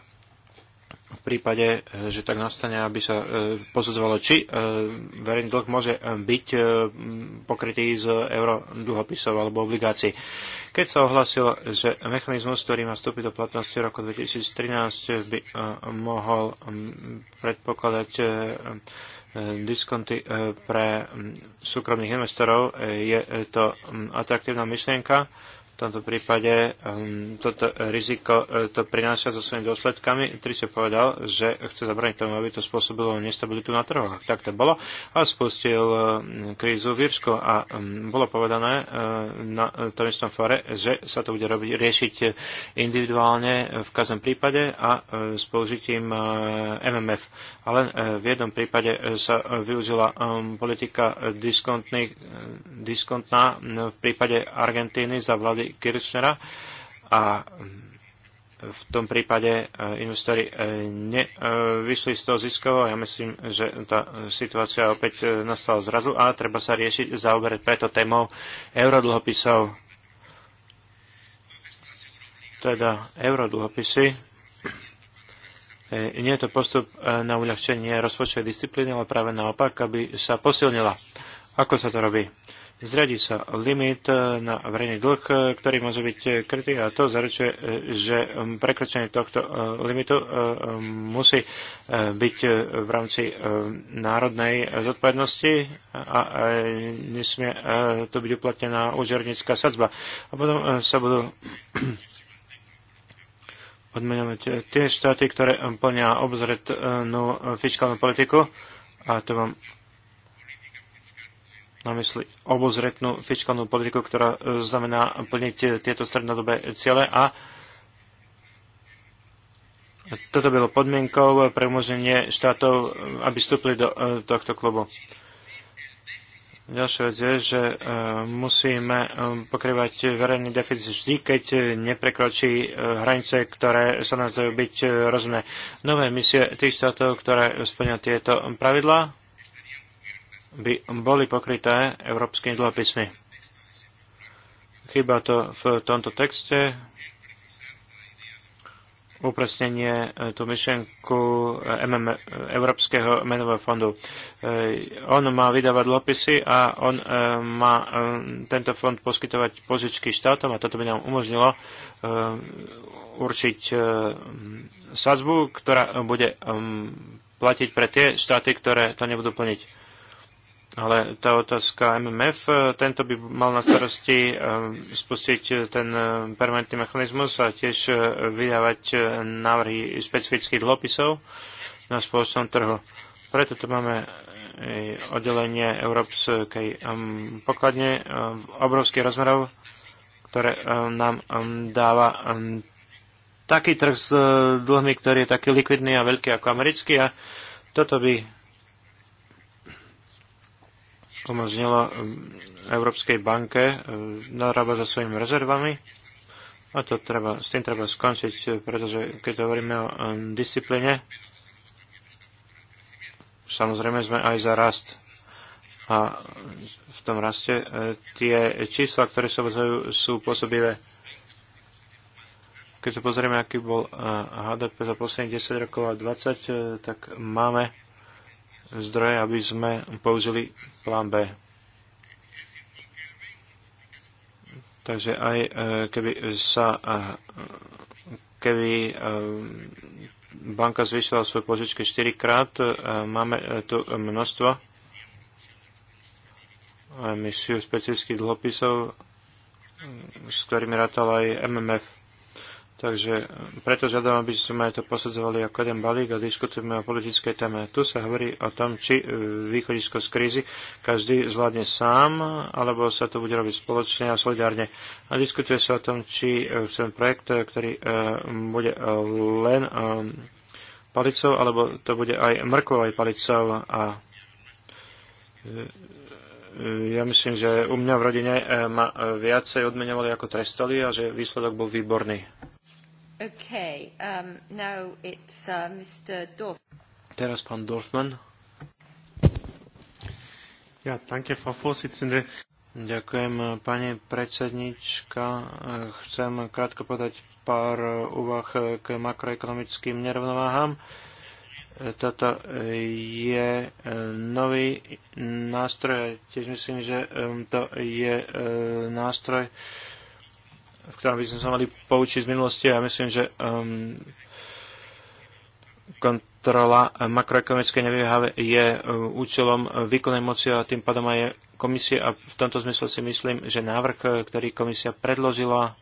v prípade, e, že tak nastane, aby sa e, posudzovalo, či e, verejný dlh môže byť pokrytý z euro dlhopisov alebo obligácií. Keď sa ohlasilo, že mechanizmus, ktorý má vstúpiť do platnosti v roku 2013, by mohol predpokladať diskonty pre súkromných investorov, je to atraktívna myšlienka v tomto prípade um, toto riziko uh, to prináša so svojimi dôsledkami. Trisio povedal, že chce zabrániť tomu, aby to spôsobilo nestabilitu na trhoch. Tak to bolo. A spustil uh, krízu v Írsku a um, bolo povedané uh, na uh, tom istom fore, že sa to bude robiť, riešiť individuálne v každom prípade a uh, s použitím uh, MMF. Ale uh, v jednom prípade sa využila um, politika diskontná diskontná v prípade Argentíny za vlády Kirchnera a v tom prípade e, investori e, nevyšli z toho ziskovo. Ja myslím, že tá situácia opäť e, nastala zrazu a treba sa riešiť, zaoberať preto témou eurodlhopisov. Teda eurodlhopisy. Nie je to postup na uľahčenie rozpočtovej disciplíny, ale práve naopak, aby sa posilnila. Ako sa to robí? Zradí sa limit e, na verejný dlh, e, ktorý môže byť e, krytý a to zaručuje, že prekročenie tohto limitu musí byť v rámci národnej zodpovednosti a nesmie to byť uplatnená úžernická sadzba. A potom sa budú odmenovať tie štáty, ktoré plnia obzretnú fiskálnu politiku. A to vám na mysli obozretnú fiskálnu politiku, ktorá e, znamená plniť e, tieto strednodobé ciele a toto bolo podmienkou pre umožnenie štátov, e, aby vstúpili do tohto klubu. Ďalšia vec je, že musíme pokrývať verejný deficit vždy, keď neprekročí hranice, ktoré sa nazdajú byť rozumné. Nové misie tých štátov, ktoré splňa tieto pravidlá, by boli pokryté európskymi dlhopismi. Chyba to v tomto texte. Upresnenie e, tú myšlenku MM, e, e, Európskeho menového fondu. On má vydávať dlhopisy a on má tento fond poskytovať požičky štátom a toto by nám umožnilo určiť sadzbu, ktorá bude platiť pre tie štáty, ktoré to nebudú plniť ale tá otázka MMF, eh, tento by mal na starosti eh, spustiť eh, ten permanentný mechanizmus a tiež vydávať návrhy špecifických dlhopisov na spoločnom trhu. Preto tu máme oddelenie Európskej pokladne obrovských rozmerov, ktoré nám dáva taký trh s dlhmi, ktorý je taký likvidný a veľký ako americký a toto by umožnilo um, Európskej banke um, narábať so svojimi rezervami. A to treba, s tým treba skončiť, pretože keď hovoríme o um, disciplíne, samozrejme sme aj za rast. A v tom raste e, tie čísla, ktoré sa vozujú, sú pôsobivé. Keď sa pozrieme, aký bol e, HDP za posledných 10 rokov a 20, e, tak máme zdroje, aby sme použili plán B. Takže aj e, keby sa e, keby e, banka zvyšila svoje požičky 4 krát, máme tu množstvo emisiu špecifických dlhopisov, s ktorými rátal aj MMF. Takže e, preto žiadam, aby sme to posadzovali ako jeden balík a diskutujeme o politickej téme. Tu sa hovorí o tom, či e, východisko z krízy každý zvládne sám, alebo sa to bude robiť spoločne a solidárne. A diskutuje sa o tom, či e, chceme projekt, ktorý bude len palicou, alebo to bude aj mrkovou palicou a ja myslím, že u mňa v rodine ma viacej odmenovali ako trestali a že výsledok bol výborný. Okay, um, now it's uh, Mr. Dorf. Teraz pán Dorfman. Ja, danke, Frau Vorsitzende. Ďakujem, pani predsednička. Chcem krátko podať pár úvah k makroekonomickým nerovnováhám. Toto je e, nový nástroj. Tiež myslím, že e, to je e, nástroj, v ktorom by sme sa mali poučiť z minulosti. Ja myslím, že um, kontrola makroekonomickej nevyhave je um, účelom výkonnej moci a tým pádom aj komisie a v tomto zmysle si myslím, že návrh, ktorý komisia predložila,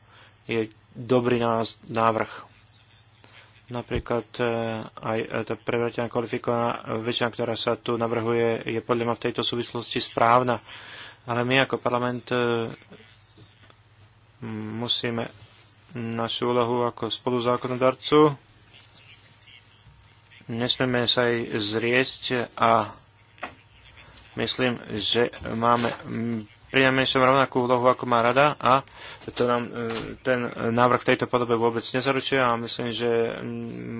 je dobrý nás návrh. Napríklad e, aj tá prevratená kvalifikovaná väčšina, ktorá sa tu navrhuje, je podľa mňa v tejto súvislosti správna. Ale my ako parlament e, musíme našu úlohu ako spoluzákonodarcu nesmieme sa aj zriesť a myslím, že máme prinajmenšom rovnakú úlohu, ako má rada a to nám e, ten návrh v tejto podobe vôbec nezaručuje a myslím, že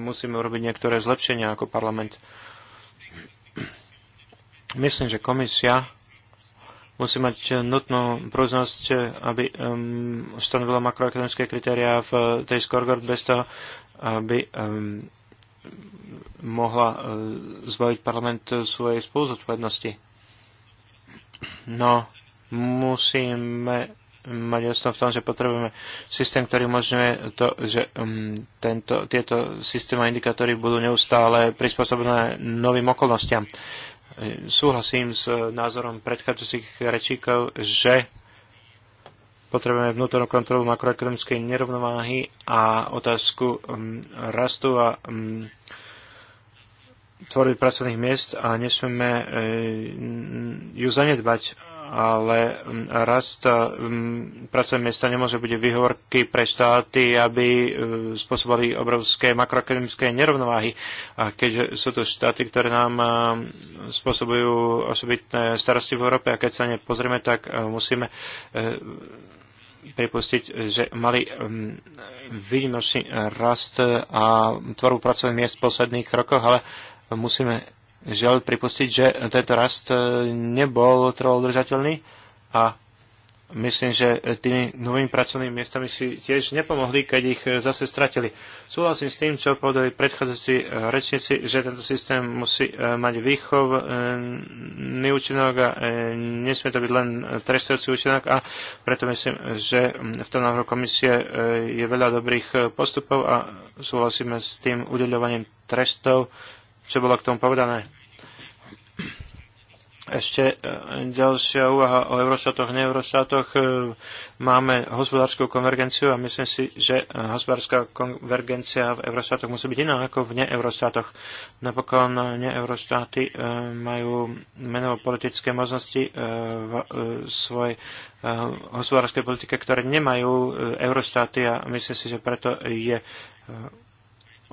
musíme urobiť niektoré zlepšenia ako parlament. Myslím, že komisia musí mať nutnú prúznosť, aby um, stanovila makroekonomické kritériá v eh, tej scoreboard bez toho, aby um, mohla uh, zbaviť parlament svojej spoluzodpovednosti. No, musíme mať jasno v tom, že potrebujeme systém, ktorý umožňuje to, že um, tento, tieto systémy a indikátory budú neustále prispôsobené novým okolnostiam. Uh, súhlasím s eh, názorom predchádzajúcich rečíkov, že potrebujeme vnútornú kontrolu makroekonomickej nerovnováhy a otázku mm, rastu a mm, tvorby pracovných miest a nesmieme eh, ju zanedbať ale mm, rast mm, pracovného miesta nemôže byť výhovorky pre štáty, aby mm, spôsobali obrovské makroakademické nerovnováhy. A keď sú to štáty, ktoré nám spôsobujú osobitné starosti v Európe a keď sa nepozrieme, tak e, musíme e, pripustiť, že mali výnimočný rast a tvorbu pracovných miest v posledných rokoch, ale musíme žiaľ pripustiť, že tento rast e, nebol trvalo udržateľný a myslím, že tými novými pracovnými miestami si tiež nepomohli, keď ich e, zase stratili. Súhlasím s tým, čo povedali predchádzajúci e, rečníci, že tento systém musí mať výchovný účinok a nesmie to byť len trestujúci účinok a preto myslím, že v tom návrhu komisie je veľa dobrých postupov a súhlasíme s tým udeľovaním trestov čo bolo k tomu povedané. Ešte e, ďalšia úvaha o euroštátoch, neeuroštátoch. E, máme hospodárskú konvergenciu a myslím si, že e, hospodárska konvergencia v euroštátoch musí byť iná ako v neeuroštátoch. Napokon neeuroštáty majú menovo-politické možnosti v svojej hospodárskej politike, ktoré nemajú euroštáty a myslím si, že preto je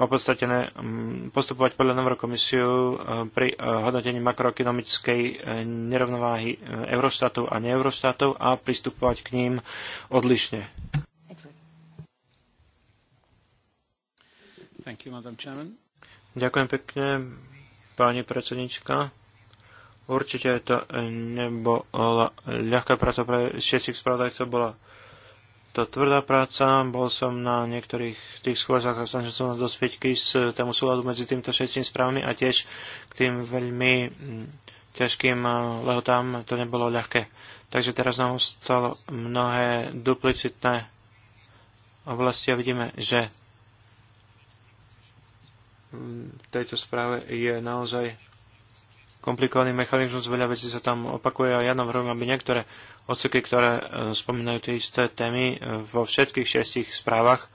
v opodstatené mm, postupovať podľa návrhu komisiu e, pri e, hodnotení makroekonomickej e, nerovnováhy euroštátov a neeuroštátov a pristupovať k ním odlišne. You, Ďakujem pekne, pani predsednička. Určite to nebola ľahká práca pre šiestich spravodajcov, bola to tvrdá práca. Bol som na niektorých tých schôzach a snažil som vás dospieť k e, tomu súladu medzi týmto šestím správami a tiež k tým veľmi ťažkým e, lehotám to nebolo ľahké. Takže teraz nám ostalo mnohé duplicitné oblasti a vidíme, že v tejto správe je naozaj komplikovaný mechanizmus, veľa vecí sa tam opakuje a ja navrhujem, aby niektoré odseky, ktoré e, spomínajú tie isté témy e, vo všetkých šestich správach,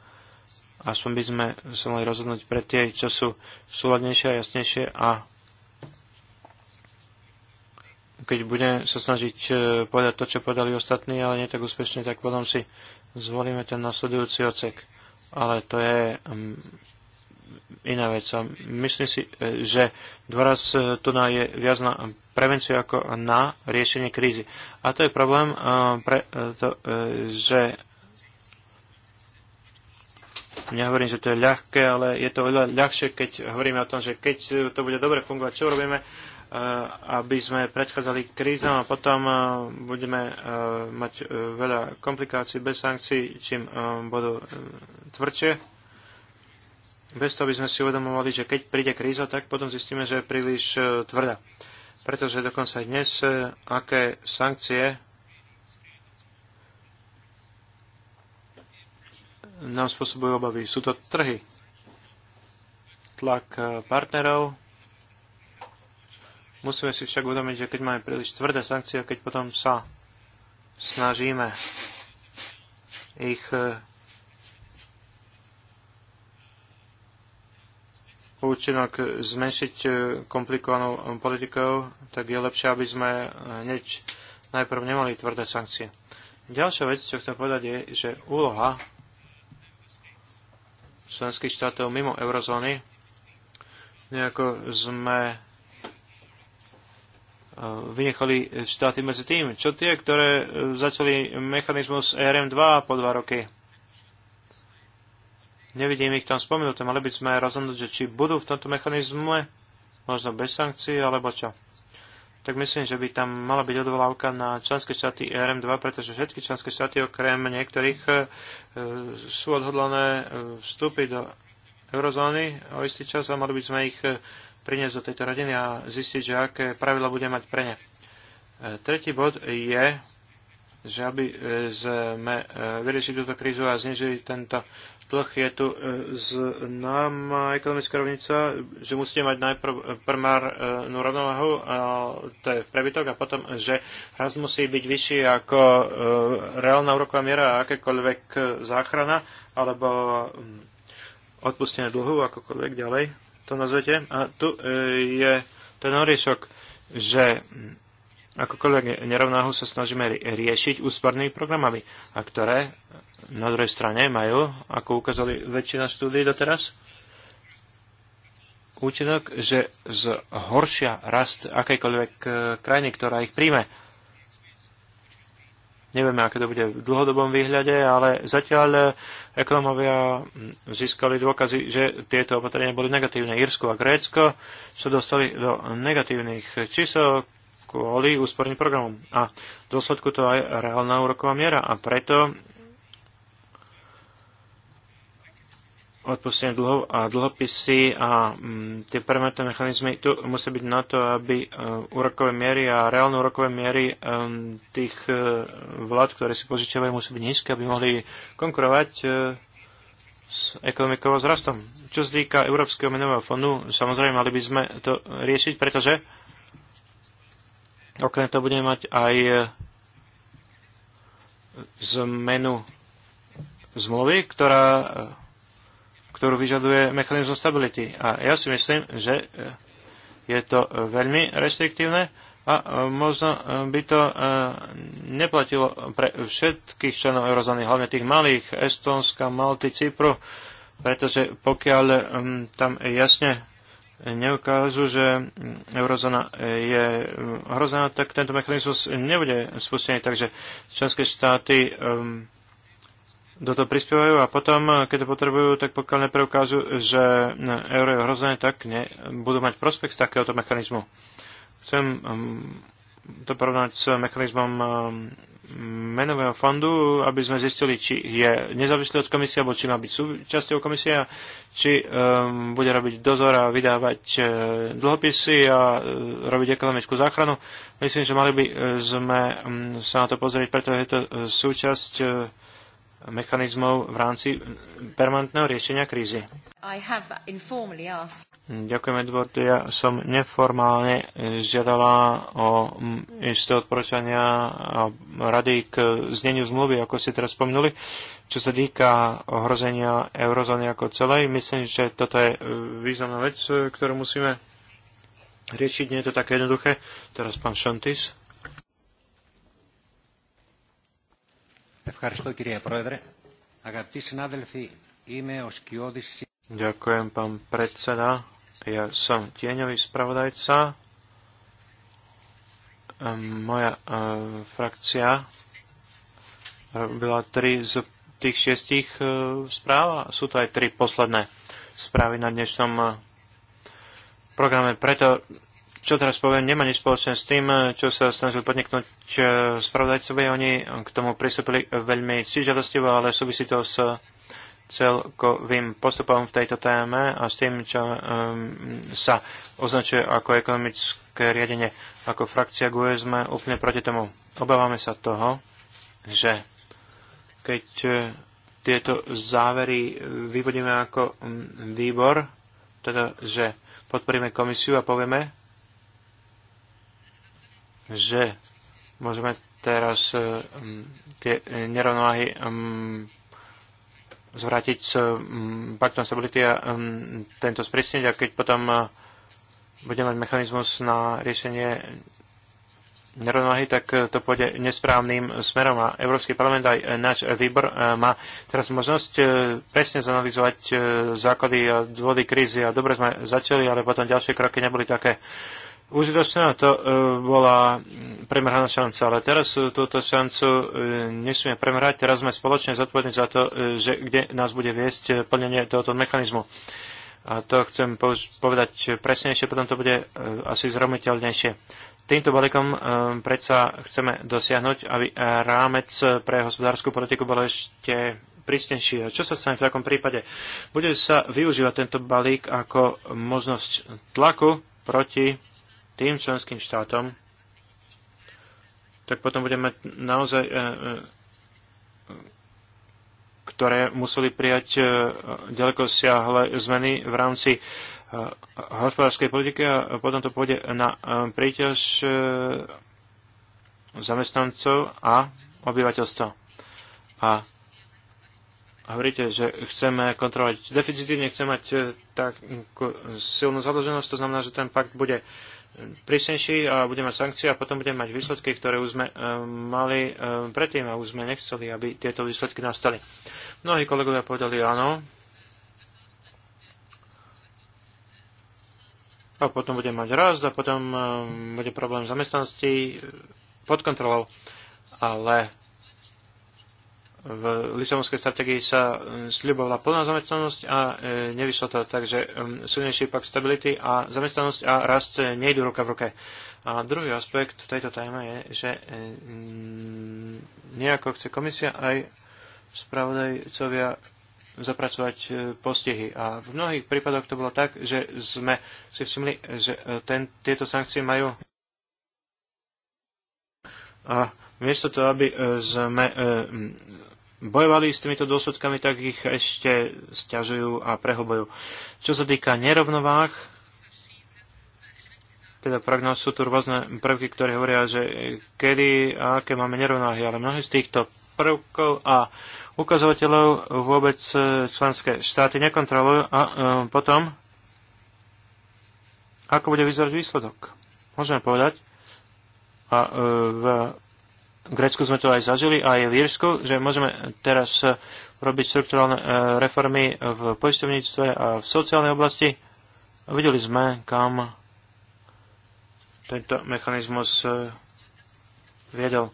aspoň by sme sa mali rozhodnúť pre tie, čo sú súladnejšie a jasnejšie a keď budem sa snažiť e, povedať to, čo povedali ostatní, ale nie tak úspešne, tak potom si zvolíme ten nasledujúci ocek. Ale to je iná vec. Myslím si, e, že dôraz e, tu na je viac na prevenciu ako na riešenie krízy. A to je problém, e, pre to, že nehovorím, že to je ľahké, ale je to oveľa ľahšie, keď hovoríme o tom, že keď to bude dobre fungovať, čo robíme, aby sme predchádzali krízam a potom budeme mať veľa komplikácií bez sankcií, čím budú tvrdšie bez toho by sme si uvedomovali, že keď príde kríza, tak potom zistíme, že je príliš e, tvrdá. Pretože dokonca aj dnes, e, aké sankcie nám spôsobujú obavy. Sú to trhy, tlak e, partnerov. Musíme si však uvedomiť, že keď máme príliš tvrdé sankcie, keď potom sa snažíme ich účinok zmenšiť e, komplikovanou e, politikou, tak je lepšie, aby sme e, hneď najprv nemali tvrdé sankcie. Ďalšia vec, čo chcem povedať, je, že úloha členských štátov mimo eurozóny nejako sme vynechali štáty medzi tým. Čo tie, ktoré začali mechanizmus ERM2 po dva roky? nevidím ich tam spomenuté. Mali by sme rozhodnúť, že či budú v tomto mechanizme, možno bez sankcií, alebo čo. Tak myslím, že by tam mala byť odvolávka na členské štáty rm 2 pretože všetky členské štáty, okrem niektorých, e, sú odhodlané e, vstúpiť do eurozóny o istý čas a mali by sme ich e, priniesť do tejto rodiny a zistiť, že aké pravidla bude mať pre ne. Tretí bod je, že aby sme vyriešili túto krízu a znižili tento dlh je tu e, známa ekonomická rovnica, že musíte mať najprv e, primárnu rovnováhu, to je v prebytok, a potom, že raz musí byť vyšší ako e, reálna úroková miera a akékoľvek záchrana alebo mm, odpustenie dlhu, akokoľvek ďalej to nazvete. A tu je ten oriešok, že mm, akokoľvek nerovnáhu sa snažíme riešiť úspornými programami, a ktoré na druhej strane majú, ako ukázali väčšina štúdií doteraz, účinok, že zhoršia rast akejkoľvek e, krajiny, ktorá ich príjme. Nevieme, aké to bude v dlhodobom výhľade, ale zatiaľ e, ekonomovia získali dôkazy, že tieto opatrenia boli negatívne. Írsko a Grécko sa dostali do negatívnych čísel kvôli úsporným programom. A v dôsledku to aj reálna úroková miera. A preto odpustenie dlhov a dlhopisy a m, mm, tie permanentné mechanizmy tu musia byť na to, aby uh, úrokové miery a reálne úrokové miery um, tých uh, vlád, ktoré si požičiavajú, musí byť nízke, aby mohli konkurovať uh, s ekonomikou a zrastom. Čo sa týka Európskeho menového fondu, samozrejme mali by sme to riešiť, pretože okrem toho budeme mať aj zmenu zmluvy, ktorá ktorú vyžaduje mechanizmus stability. A ja si myslím, že eh, je to eh, veľmi restriktívne a eh, možno by to neplatilo pre všetkých členov eurozóny, hlavne tých malých, Estónska, Malty, Cypru, pretože pokiaľ tam jasne neukážu, že mm, eurozóna je hrozná, tak tento mechanizmus nebude spustený. Takže členské štáty um, do toho prispievajú a potom, keď to potrebujú, tak pokiaľ nepreukážu, že euro je ohrozené, tak ne, budú mať prospekt z takéhoto mechanizmu. Chcem um, to porovnať s mechanizmom um, menového fondu, aby sme zistili, či je nezávislý od komisie, alebo či má byť súčasťou komisie, či um, bude robiť dozor a vydávať uh, dlhopisy a uh, robiť ekonomickú záchranu. Myslím, že mali by uh, sme um, sa na to pozrieť, pretože je to uh, súčasť uh, mechanizmov v rámci permanentného riešenia krízy. Ďakujem, Edward. Ja som neformálne eh, žiadala o mm, isté odporúčania a rady k zneniu zmluvy, ako ste teraz spomenuli. Čo sa týka ohrozenia eurozóny ako celej, myslím, že toto je eh, významná vec, eh, ktorú musíme riešiť. Nie je to také jednoduché. Teraz pán Šantis. Ďakujem, pán predseda. Ja som tieňový spravodajca. Ehm, moja e, frakcia robila tri z tých šiestich e, správ a sú to aj tri posledné správy na dnešnom e, programe. Preto čo teraz poviem, nemá nič spoločné s tým, čo sa snažil podniknúť eh, spravodajcovi, Oni k tomu pristúpili veľmi cížadostivo, ale súvisí to s celkovým postupom v tejto téme a s tým, čo um, sa označuje ako ekonomické riadenie. Ako frakcia GUE sme úplne proti tomu. Obávame sa toho, že keď eh, tieto závery vyvodíme ako mm, výbor, teda že podporíme komisiu a povieme, že môžeme teraz e, tie nerovnováhy zvrátiť s paktom stability a tento sprísniť a keď potom e, budeme mať mechanizmus na riešenie nerovnováhy, tak e, to pôjde nesprávnym smerom a Európsky parlament aj náš výbor má teraz možnosť presne zanalizovať základy a dôvody krízy a dobre sme začali, ale potom ďalšie kroky neboli také užitočná, to e, bola premrhaná šanca, ale teraz e, túto šancu e, nesmieme premrhať, teraz sme spoločne zodpovední za to, e, že kde nás bude viesť plnenie tohoto mechanizmu. A to chcem povedať presnejšie, potom to bude asi zrozumiteľnejšie. Týmto balíkom predsa chceme dosiahnuť, aby rámec pre hospodárskú politiku bol ešte prísnejší. A čo sa stane v takom prípade? Bude sa využívať tento balík ako možnosť tlaku proti tým členským štátom, tak potom budeme mať naozaj, e, e, ktoré museli prijať e, ďaleko siahle zmeny v rámci hospodárskej politiky a potom to pôjde na príťaž zamestnancov a obyvateľstva. A hovoríte, že chceme kontrolovať deficity, nechceme mať takú silnú zadlženosť, to znamená, že ten pakt bude uh, prísnejší a bude mať sankcie a potom budeme mať výsledky, ktoré už sme e, mali e, predtým a už sme nechceli, aby tieto výsledky nastali. Mnohí kolegovia povedali áno. A potom bude mať rast a potom e, bude problém zamestnanosti pod kontrolou. Ale v Lisabonskej strategii sa mm, sľubovala plná zamestnanosť a e, nevyšlo to, takže mm, silnejší pak stability a zamestnanosť a rast e, nejdu ruka v ruke. A druhý aspekt tejto téme je, že e, mm, nejako chce komisia aj spravodajcovia zapracovať postihy. A v mnohých prípadoch to bolo tak, že sme si všimli, že ten, tieto sankcie majú a miesto toho, aby sme bojovali s týmito dôsledkami, tak ich ešte stiažujú a prehlbujú. Čo sa týka nerovnováh, teda prognóz sú tu rôzne prvky, ktoré hovoria, že kedy a aké máme nerovnováhy, ale mnohé z týchto prvkov a ukazovateľov vôbec e, členské štáty nekontrolujú a um, potom ako bude vyzerať výsledok. Môžeme povedať, a e, v v Grécku sme to aj zažili, aj v Írsku, že môžeme teraz eh, robiť štruktúralne eh, reformy v poistovníctve a v sociálnej oblasti. Videli sme, kam tento mechanizmus eh, viedol.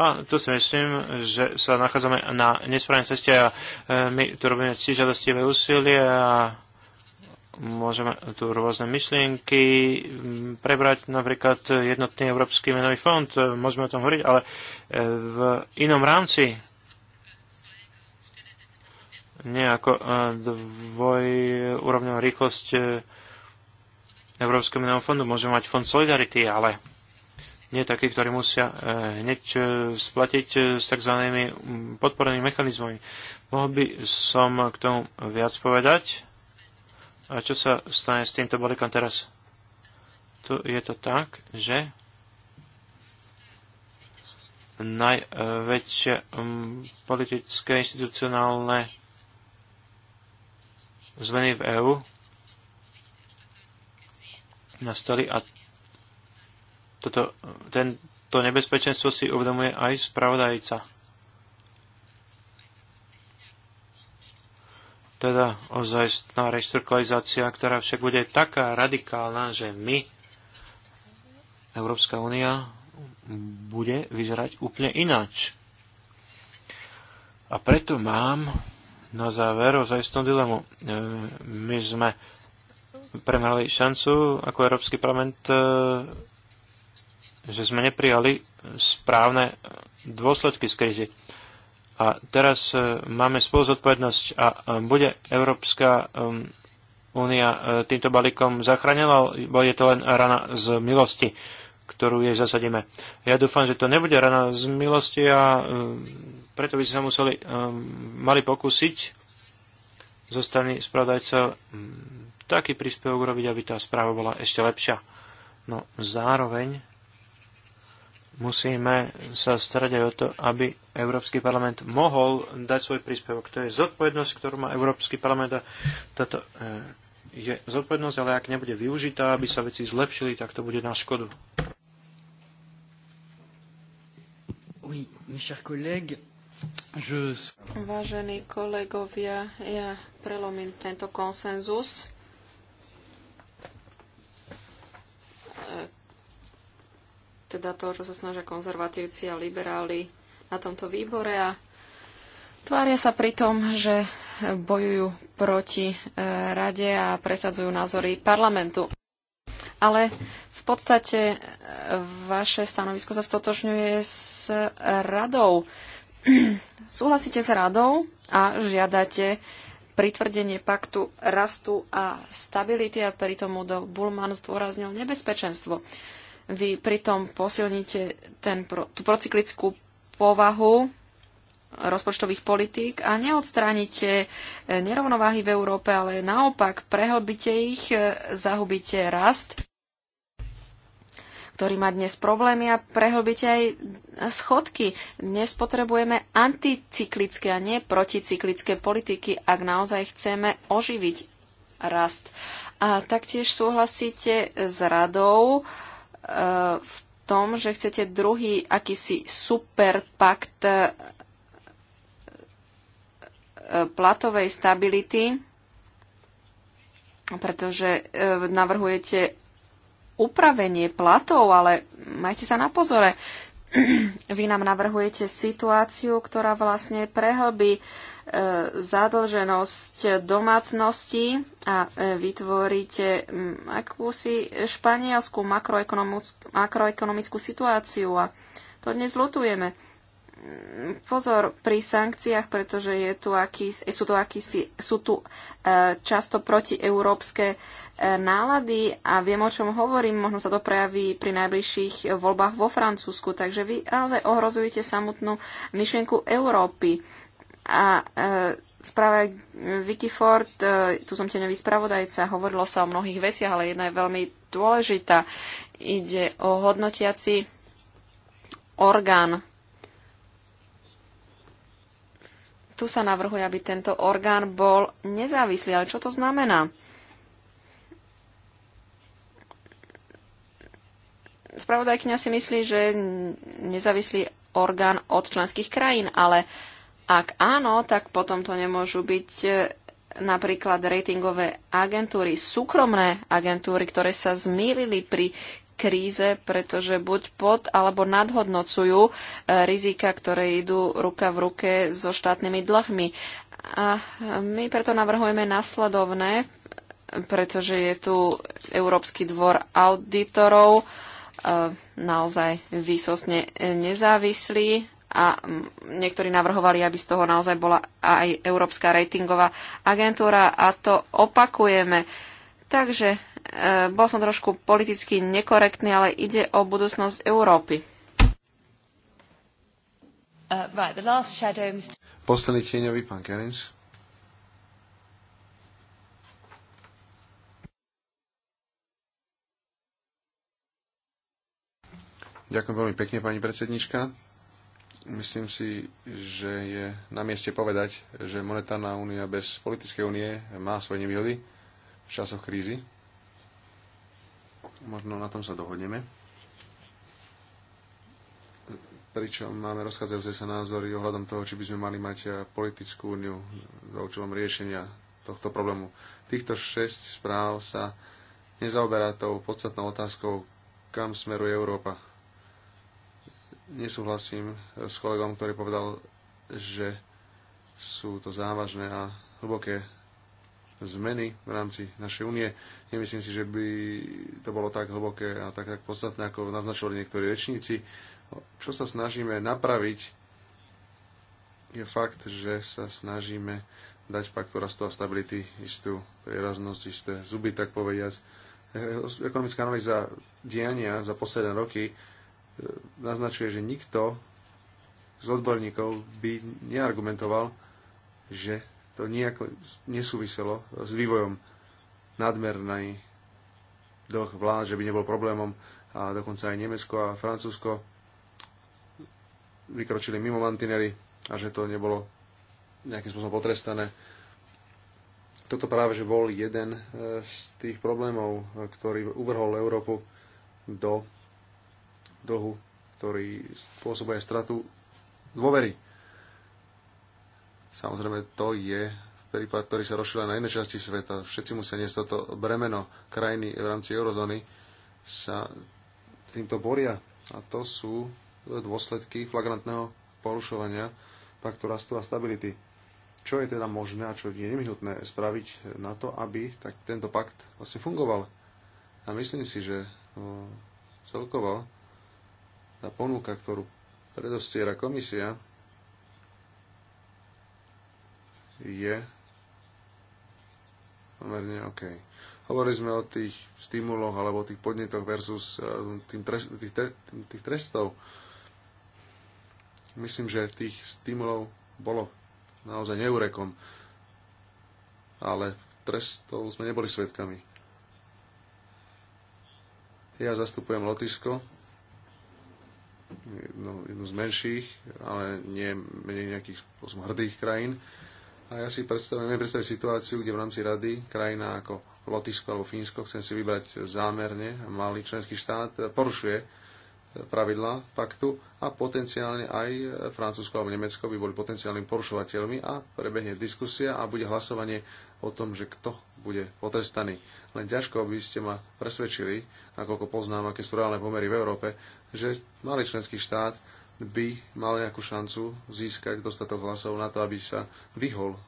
A tu si myslím, že sa nachádzame na nesprávnej ceste a my tu robíme ctižadostivé úsilie a môžeme tu rôzne myšlienky prebrať, napríklad jednotný Európsky menový fond, e, môžeme o tom hovoriť, ale e, v inom rámci, nie ako e, dvojúrovňová rýchlosť Európskeho menového fondu, môžeme mať fond Solidarity, ale nie takí, ktorí musia hneď splatiť s tzv. podporenými mechanizmami. Mohol by som k tomu viac povedať? A čo sa stane s týmto balíkom teraz? Tu je to tak, že najväčšie mm, politické institucionálne zmeny v EÚ nastali a toto, tento nebezpečenstvo si uvedomuje aj spravodajca. teda ozajstná reštrukturalizácia, ktorá však bude taká radikálna, že my, Európska únia, bude vyzerať úplne ináč. A preto mám na záver ozajstnú dilemu. E, my sme premerali šancu ako Európsky parlament, e, že sme neprijali správne dôsledky z krízy. A teraz e, máme zodpovednosť a e, bude Európska únia e, týmto balíkom zachránila, bo je to len rana z milosti, ktorú jej zasadíme. Ja dúfam, že to nebude rana z milosti a preto by sme sa museli, mali pokúsiť zo strany spravodajca taký príspevok urobiť, aby tá správa bola ešte lepšia. No zároveň musíme sa starať aj o to, aby Európsky parlament mohol dať svoj príspevok. To je zodpovednosť, ktorú má Európsky parlament a táto e, je zodpovednosť, ale ak nebude využitá, aby sa veci zlepšili, tak to bude na škodu. Oui, mes chers collègues, je... Vážení kolegovia, ja prelomím tento konsenzus teda to, čo sa snažia konzervatívci a liberáli na tomto výbore a tvária sa pri tom, že bojujú proti e, rade a presadzujú názory parlamentu. Ale v podstate e, vaše stanovisko sa stotožňuje s radou. Súhlasíte s radou a žiadate pritvrdenie paktu rastu a stability a pritom do Bulman zdôraznil nebezpečenstvo. Vy pritom posilníte ten, tú procyklickú povahu rozpočtových politík a neodstránite e, nerovnováhy v Európe, ale naopak prehlbite ich, e, zahubíte rast, ktorý má dnes problémy a prehlbite aj schodky. Dnes potrebujeme anticyklické a nie proticyklické politiky, ak naozaj chceme oživiť rast. A taktiež súhlasíte s radou, Eh, v tom, že chcete druhý akýsi superpakt eh, eh, platovej stability, pretože navrhujete upravenie platov, ale majte sa na pozore. Vy nám navrhujete situáciu, ktorá vlastne prehlbí zadlženosť domácnosti a e, vytvoríte akúsi španielskú makroekonomickú situáciu a to dnes lutujeme. Pozor pri sankciách, pretože je tu aký, sú tu, akýsi, sú tu e, často protieurópske e, nálady a viem, o čom hovorím. Možno sa to prejaví pri najbližších voľbách vo Francúzsku. Takže vy naozaj ohrozujete samotnú myšlienku Európy a e, správe Vicky Ford, e, tu som tieňový spravodajca, hovorilo sa o mnohých veciach, ale jedna je veľmi dôležitá. Ide o hodnotiaci orgán. Tu sa navrhuje, aby tento orgán bol nezávislý. Ale čo to znamená? Spravodajkňa si myslí, že nezávislý orgán od členských krajín, ale uh, ak áno, tak potom to nemôžu byť e, napríklad ratingové agentúry, súkromné agentúry, ktoré sa zmýlili pri kríze, pretože buď pod alebo nadhodnocujú e, rizika, ktoré idú ruka v ruke so štátnymi dlhmi. A my preto navrhujeme nasledovné, pretože je tu Európsky dvor auditorov, e, naozaj výsostne nezávislý, a niektorí navrhovali, aby z toho naozaj bola aj Európska ratingová agentúra a to opakujeme. Takže e, bol som trošku politicky nekorektný, ale ide o budúcnosť Európy. Uh, right, shadow... Posledný tieňový, pán Kerins. Ďakujem veľmi pekne, pani predsednička. Myslím si, že je na mieste povedať, že monetárna únia bez politickej únie má svoje nevýhody v časoch krízy. Možno na tom sa dohodneme. Pričom máme rozchádzajúce sa názory ohľadom toho, či by sme mali mať politickú úniu za účelom riešenia tohto problému. Týchto šesť správ sa nezaoberá tou podstatnou otázkou, kam smeruje Európa nesúhlasím eh, s kolegom, ktorý povedal, že sú to závažné a hlboké zmeny v rámci našej únie. Nemyslím si, že by to bolo tak hlboké a tak, tak podstatné, ako naznačovali niektorí rečníci. Čo sa snažíme napraviť, je fakt, že sa snažíme dať paktu rastu a stability istú prieraznosť, isté zuby, tak povediať. Eh, eh, ekonomická analýza diania za posledné roky naznačuje, že nikto z odborníkov by neargumentoval, že to nejako nesúviselo s vývojom nadmernej doch vlád, že by nebol problémom a dokonca aj Nemecko a Francúzsko vykročili mimo mantinely a že to nebolo nejakým spôsobom potrestané. Toto práve, že bol jeden e, z tých problémov, e, ktorý uvrhol Európu do dlhu, ktorý spôsobuje stratu dôvery. Samozrejme, to je prípad, ktorý sa rozšíra na iné časti sveta. Všetci musia niesť toto bremeno. Krajiny v rámci eurozóny sa týmto boria. A to sú dôsledky flagrantného porušovania paktu rastu a stability. Čo je teda možné a čo je nevyhnutné spraviť na to, aby tak tento pakt vlastne fungoval. A myslím si, že celkovo tá ponuka, ktorú predostiera komisia, je pomerne OK. Hovorili sme o tých stimuloch alebo o tých podnetoch versus eh, tým trest, tých, tým, tých trestov. Myslím, že tých stimulov bolo naozaj neurekom, ale trestov sme neboli svedkami. Ja zastupujem Lotyšsko jednu, jednu z menších, ale nie menej nejakých spôsob, hrdých krajín. A ja si predstavujem, neviem predstaviť situáciu, kde v rámci rady krajina ako Lotyšsko alebo Fínsko, chcem si vybrať zámerne, malý členský štát porušuje pravidlá paktu a potenciálne aj Francúzsko alebo Nemecko by boli potenciálnymi porušovateľmi a prebehne diskusia a bude hlasovanie o tom, že kto bude potrestaný. Len ťažko by ste ma presvedčili, nakoľko poznám, aké sú reálne pomery v Európe, že malý členský štát by mal nejakú šancu získať dostatok hlasov na to, aby sa vyhol e,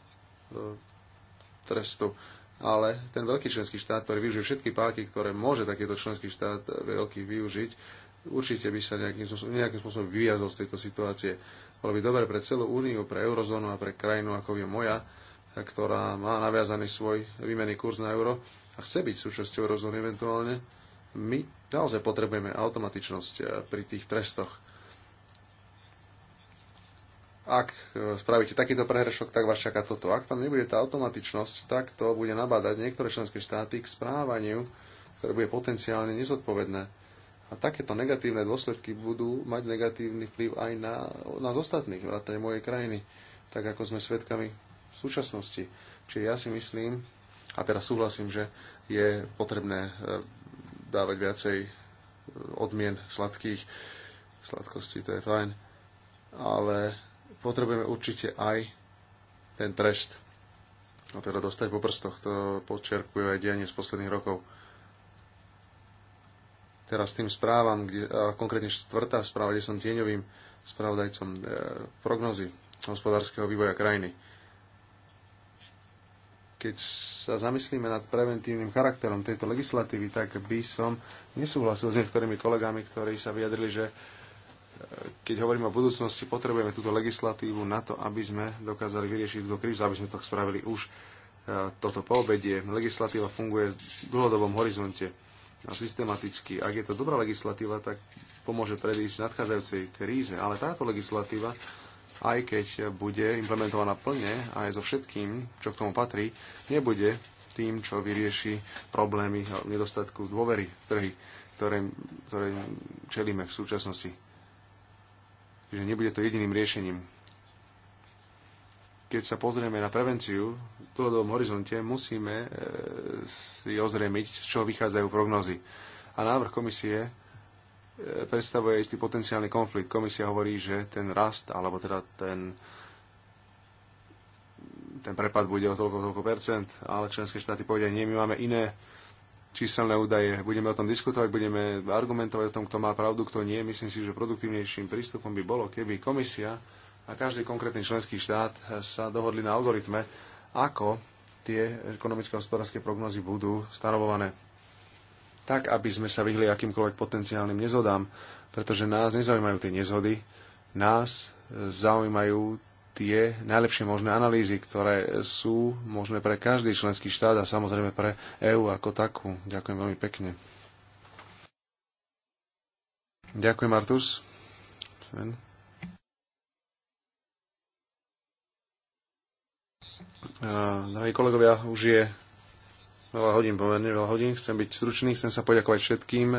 trestu ale ten veľký členský štát, ktorý využije všetky páky, ktoré môže takýto členský štát e, veľký využiť, určite by sa nejakým spôsobom, nejakým spôsobom vyviazol z tejto situácie. Bolo by dobre pre celú úniu, pre eurozónu a pre krajinu, ako je moja, ktorá má naviazaný svoj výmenný kurz na euro a chce byť súčasťou eurozóny eventuálne. My naozaj potrebujeme automatičnosť eh, pri tých trestoch. Ak eh, spravíte takýto prehrešok, tak vás čaká toto. Ak tam nebude tá automatičnosť, tak to bude nabádať niektoré členské štáty k správaniu, ktoré bude potenciálne nezodpovedné a takéto negatívne dôsledky budú mať negatívny vplyv aj na nás ostatných, vrátane mojej krajiny, tak ako sme svedkami v súčasnosti. Čiže ja si myslím, a teraz súhlasím, že je potrebné e, dávať viacej e, odmien sladkých, sladkosti, to je fajn, ale potrebujeme určite aj ten trest, a teda dostať po prstoch, to počerkujú aj dianie z posledných rokov teraz tým správam, kde, konkrétne štvrtá správa, kde som tieňovým spravodajcom e, prognozy hospodárskeho vývoja krajiny. Keď sa zamyslíme nad preventívnym charakterom tejto legislatívy, tak by som nesúhlasil s niektorými kolegami, ktorí sa vyjadrili, že e, keď hovoríme o budúcnosti, potrebujeme túto legislatívu na to, aby sme dokázali vyriešiť túto krízu, aby sme to spravili už e, toto poobedie. Legislatíva funguje v dlhodobom horizonte a systematicky. Ak je to dobrá legislatíva, tak pomôže predísť nadchádzajúcej kríze. Ale táto legislatíva, aj keď bude implementovaná plne, aj so všetkým, čo k tomu patrí, nebude tým, čo vyrieši problémy nedostatku dôvery v trhy, ktoré, ktoré čelíme v súčasnosti. Čiže nebude to jediným riešením keď sa pozrieme na prevenciu v dlhodobom horizonte, musíme e, si ozremiť, z čoho vychádzajú prognozy. A návrh komisie e, predstavuje istý potenciálny konflikt. Komisia hovorí, že ten rast, alebo teda ten, ten prepad bude o toľko, toľko percent, ale členské štáty povedia, nie, my máme iné číselné údaje. Budeme o tom diskutovať, budeme argumentovať o tom, kto má pravdu, kto nie. Myslím si, že produktívnejším prístupom by bolo, keby komisia a každý konkrétny členský štát eh, sa dohodli na algoritme, ako tie ekonomické a hospodárske prognozy budú stanovované. Tak, aby sme sa vyhli akýmkoľvek potenciálnym nezhodám, pretože nás nezaujímajú tie nezhody, nás eh, zaujímajú tie najlepšie možné analýzy, ktoré sú možné pre každý členský štát a samozrejme pre EÚ ako takú. Ďakujem veľmi pekne. Ďakujem, Artus. Drahí kolegovia, už je veľa hodín, pomerne veľa hodín. Chcem byť stručný, chcem sa poďakovať všetkým,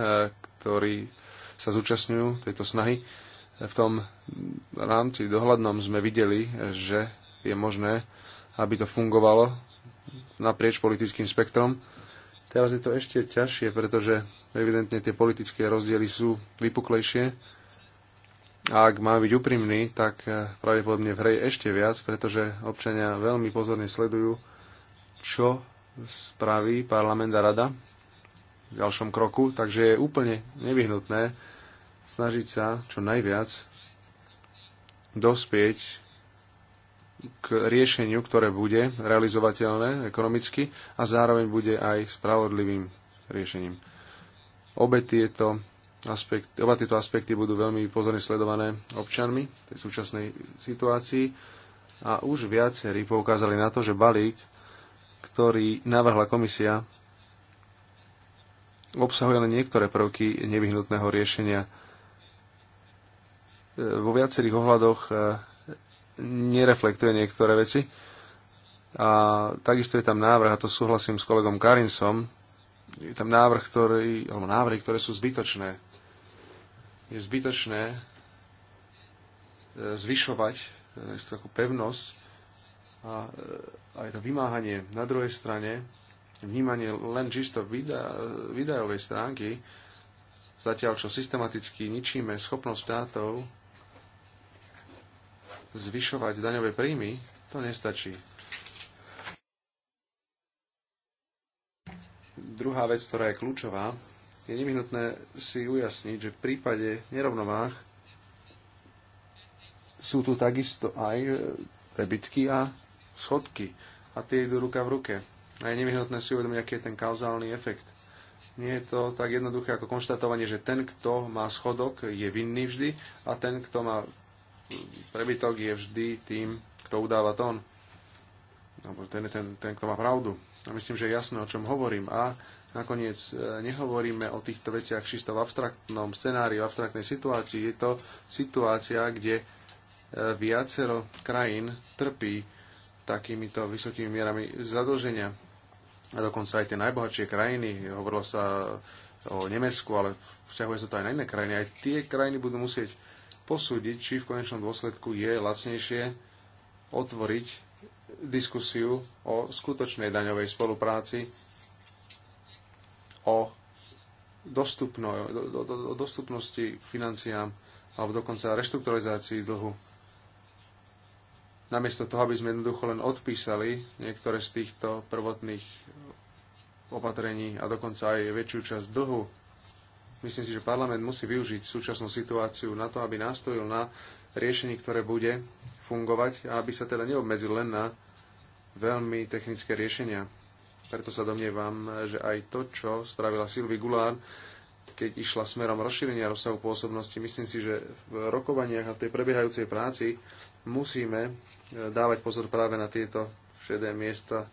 ktorí sa zúčastňujú tejto snahy. V tom rámci dohľadnom sme videli, že je možné, aby to fungovalo naprieč politickým spektrom. Teraz je to ešte ťažšie, pretože evidentne tie politické rozdiely sú vypuklejšie a ak máme byť úprimní, tak eh, pravdepodobne v hre je ešte viac, pretože občania veľmi pozorne sledujú, čo spraví parlament a rada v ďalšom kroku, takže je úplne nevyhnutné snažiť sa čo najviac dospieť k riešeniu, ktoré bude realizovateľné ekonomicky a zároveň bude aj spravodlivým riešením. Obe tieto aspekt, oba tieto aspekty budú veľmi pozorne sledované občanmi v tej súčasnej situácii. A už viacerí poukázali na to, že balík, ktorý navrhla komisia, obsahuje len niektoré prvky nevyhnutného riešenia. E, vo viacerých ohľadoch e, nereflektuje niektoré veci. A takisto je tam návrh, a to súhlasím s kolegom Karinsom, je tam návrh, ktorý, alebo návrhy, ktoré sú zbytočné je zbytočné e, zvyšovať e, takú pevnosť a e, aj to vymáhanie na druhej strane, vnímanie len čisto výdajovej stránky, zatiaľ čo systematicky ničíme schopnosť štátov zvyšovať daňové príjmy, to nestačí. Druhá vec, ktorá je kľúčová, je nevyhnutné si ujasniť, že v prípade nerovnováh sú tu takisto aj e, prebytky a schodky. A tie idú ruka v ruke. A je nevyhnutné si uvedomiť, aký je ten kauzálny efekt. Nie je to tak jednoduché ako konštatovanie, že ten, kto má schodok, je vinný vždy a ten, kto má prebytok, je vždy tým, kto udáva tón. ten ten, ten, kto má pravdu. A myslím, že je jasné, o čom hovorím. A Nakoniec e, nehovoríme o týchto veciach čisto v abstraktnom scenáriu, v abstraktnej situácii. Je to situácia, kde e, viacero krajín trpí takýmito vysokými mierami zadlženia. A dokonca aj tie najbohatšie krajiny, hovorilo sa o Nemecku, ale vzťahuje sa to aj na iné krajiny. Aj tie krajiny budú musieť posúdiť, či v konečnom dôsledku je lacnejšie otvoriť diskusiu o skutočnej daňovej spolupráci o, dostupno, o, o, o dostupnosti k financiám alebo dokonca reštrukturalizácii dlhu. Namiesto toho, aby sme jednoducho len odpísali niektoré z týchto prvotných opatrení a dokonca aj väčšiu časť dlhu, myslím si, že parlament musí využiť súčasnú situáciu na to, aby nastojil na riešení, ktoré bude fungovať a aby sa teda neobmedzil len na veľmi technické riešenia. Preto sa domnievam, že aj to, čo spravila Sylvie Gulán, keď išla smerom rozšírenia rozsahu pôsobnosti, myslím si, že v rokovaniach a v tej prebiehajúcej práci musíme e, dávať pozor práve na tieto šedé miesta,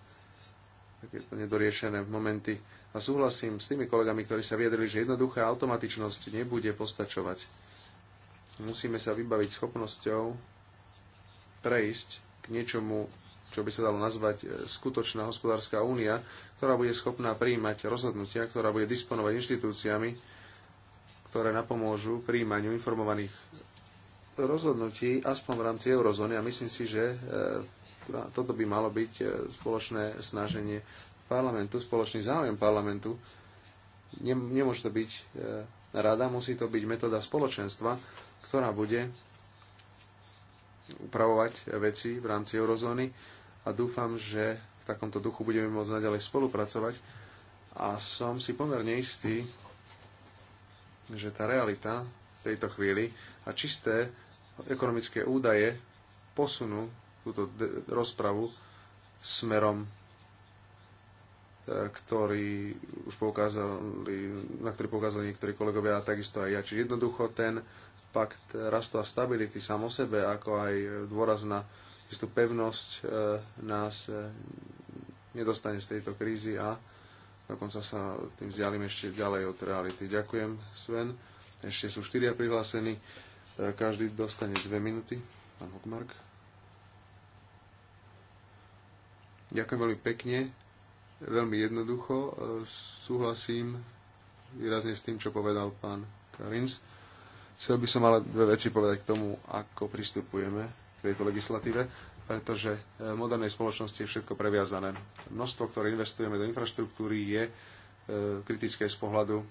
takéto nedoriešené momenty. A súhlasím s tými kolegami, ktorí sa viedeli, že jednoduchá automatičnosť nebude postačovať. Musíme sa vybaviť schopnosťou prejsť k niečomu čo by sa dalo nazvať e, skutočná hospodárska únia, ktorá bude schopná prijímať rozhodnutia, ktorá bude disponovať inštitúciami, ktoré napomôžu príjmaniu informovaných rozhodnutí aspoň v rámci eurozóny a myslím si, že e, toto by malo byť e, spoločné snaženie parlamentu, spoločný záujem parlamentu. Nemôže to byť rada, musí to byť metóda spoločenstva, ktorá bude upravovať veci v rámci eurozóny a dúfam, že v takomto duchu budeme môcť naďalej spolupracovať a som si pomerne istý, že tá realita v tejto chvíli a čisté ekonomické údaje posunú túto rozpravu smerom e, ktorý už poukázali, na ktorý poukázali niektorí kolegovia a takisto aj ja. Čiže jednoducho ten pakt rastu a stability sám o sebe, ako aj dôraz na istú pevnosť e, nás e, nedostane z tejto krízy a dokonca sa tým vzdialím ešte ďalej od reality. Ďakujem, Sven. Ešte sú štyria prihlásení. E, každý dostane dve minúty. Pán Hockmark. Ďakujem veľmi pekne, veľmi jednoducho. Súhlasím výrazne s tým, čo povedal pán Karins. Chcel by som ale dve veci povedať k tomu, ako pristupujeme tejto legislatíve, pretože v e, modernej spoločnosti je všetko previazané. Množstvo, ktoré investujeme do infraštruktúry, je e, kritické z pohľadu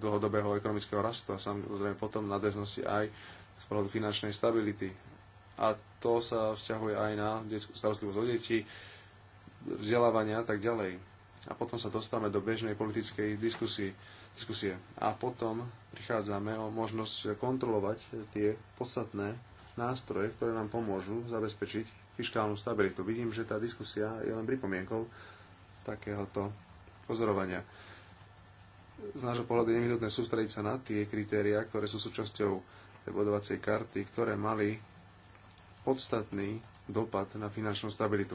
dlhodobého ekonomického rastu a samozrejme potom nadväznosti aj z pohľadu finančnej stability. A to sa vzťahuje aj na starostlivosť o deti, vzdelávania a tak ďalej. A potom sa dostávame do bežnej politickej diskusie. diskusie. A potom prichádzame o možnosť kontrolovať tie podstatné nástroje, ktoré nám pomôžu zabezpečiť fiskálnu stabilitu. Vidím, že tá diskusia je len pripomienkou takéhoto pozorovania. Z nášho pohľadu je nevyhnutné sústrediť sa na tie kritériá, ktoré sú súčasťou tej bodovacej karty, ktoré mali podstatný dopad na finančnú stabilitu.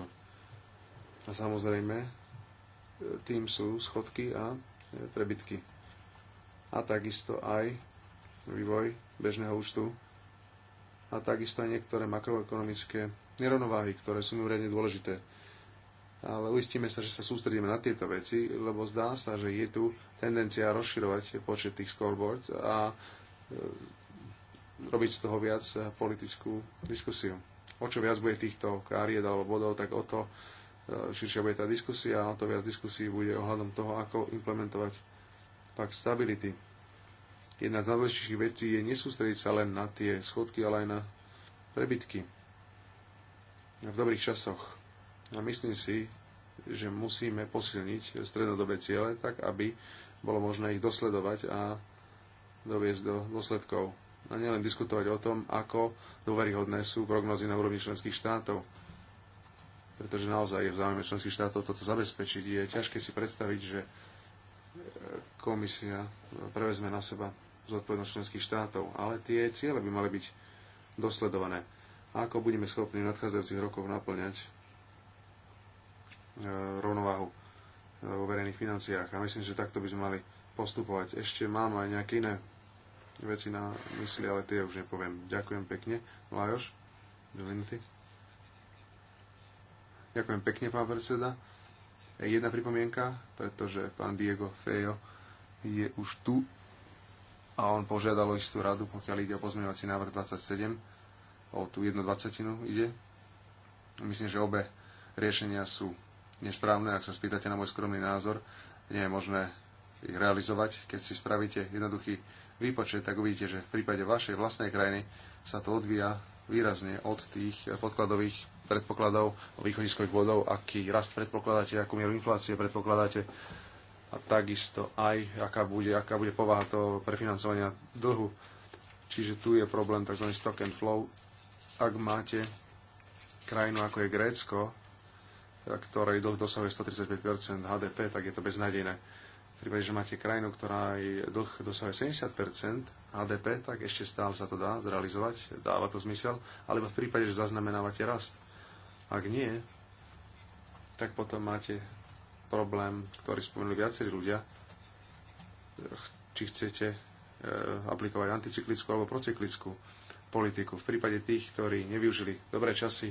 A samozrejme, tým sú schodky a prebytky. A takisto aj vývoj bežného účtu a takisto aj niektoré makroekonomické nerovnováhy, ktoré sú mimoriadne dôležité. Ale uistíme sa, že sa sústredíme na tieto veci, lebo zdá sa, že je tu tendencia rozširovať počet tých scoreboards a e, robiť z toho viac politickú diskusiu. O čo viac bude týchto kariet alebo bodov, tak o to e, širšia bude tá diskusia a o to viac diskusí bude ohľadom toho, ako implementovať pak stability jedna z najdôležitejších vecí je nesústrediť sa len na tie schodky, ale aj na prebytky. V dobrých časoch. A myslím si, že musíme posilniť strednodobé ciele tak, aby bolo možné ich dosledovať a doviesť do dôsledkov. A nielen diskutovať o tom, ako dôveryhodné sú prognozy na úrovni členských štátov. Pretože naozaj je v záujme členských štátov toto zabezpečiť. Je ťažké si predstaviť, že komisia prevezme na seba zodpovednosť členských štátov, ale tie ciele by mali byť dosledované. A ako budeme schopní v nadchádzajúcich rokoch naplňať e, rovnováhu e, vo verejných financiách. A myslím, že takto by sme mali postupovať. Ešte mám aj nejaké iné veci na mysli, ale tie už nepoviem. Ďakujem pekne. Lajoš, dve Ďakujem pekne, pán predseda. Jedna pripomienka, pretože pán Diego Fejo je už tu a on požiadal o istú radu, pokiaľ ide o pozmeňovací návrh 27, o tú jednu dvacatinu ide. Myslím, že obe riešenia sú nesprávne, ak sa spýtate na môj skromný názor. Nie je možné ich realizovať. Keď si spravíte jednoduchý výpočet, tak uvidíte, že v prípade vašej vlastnej krajiny sa to odvíja výrazne od tých podkladových predpokladov, o východiskových bodov, aký rast predpokladáte, akú mieru inflácie predpokladáte, a takisto aj, aká bude, aká bude povaha toho prefinancovania dlhu. Čiže tu je problém tzv. stock and flow. Ak máte krajinu ako je Grécko, ktorej dlh dosahuje 135 HDP, tak je to beznadejné. V prípade, že máte krajinu, ktorá aj dlh dosahuje 70 HDP, tak ešte stále sa to dá zrealizovať, dáva to zmysel, alebo v prípade, že zaznamenávate rast. Ak nie, tak potom máte problém, ktorý spomenuli viacerí ľudia, či chcete e, aplikovať anticyklickú alebo procyklickú politiku. V prípade tých, ktorí nevyužili dobré časy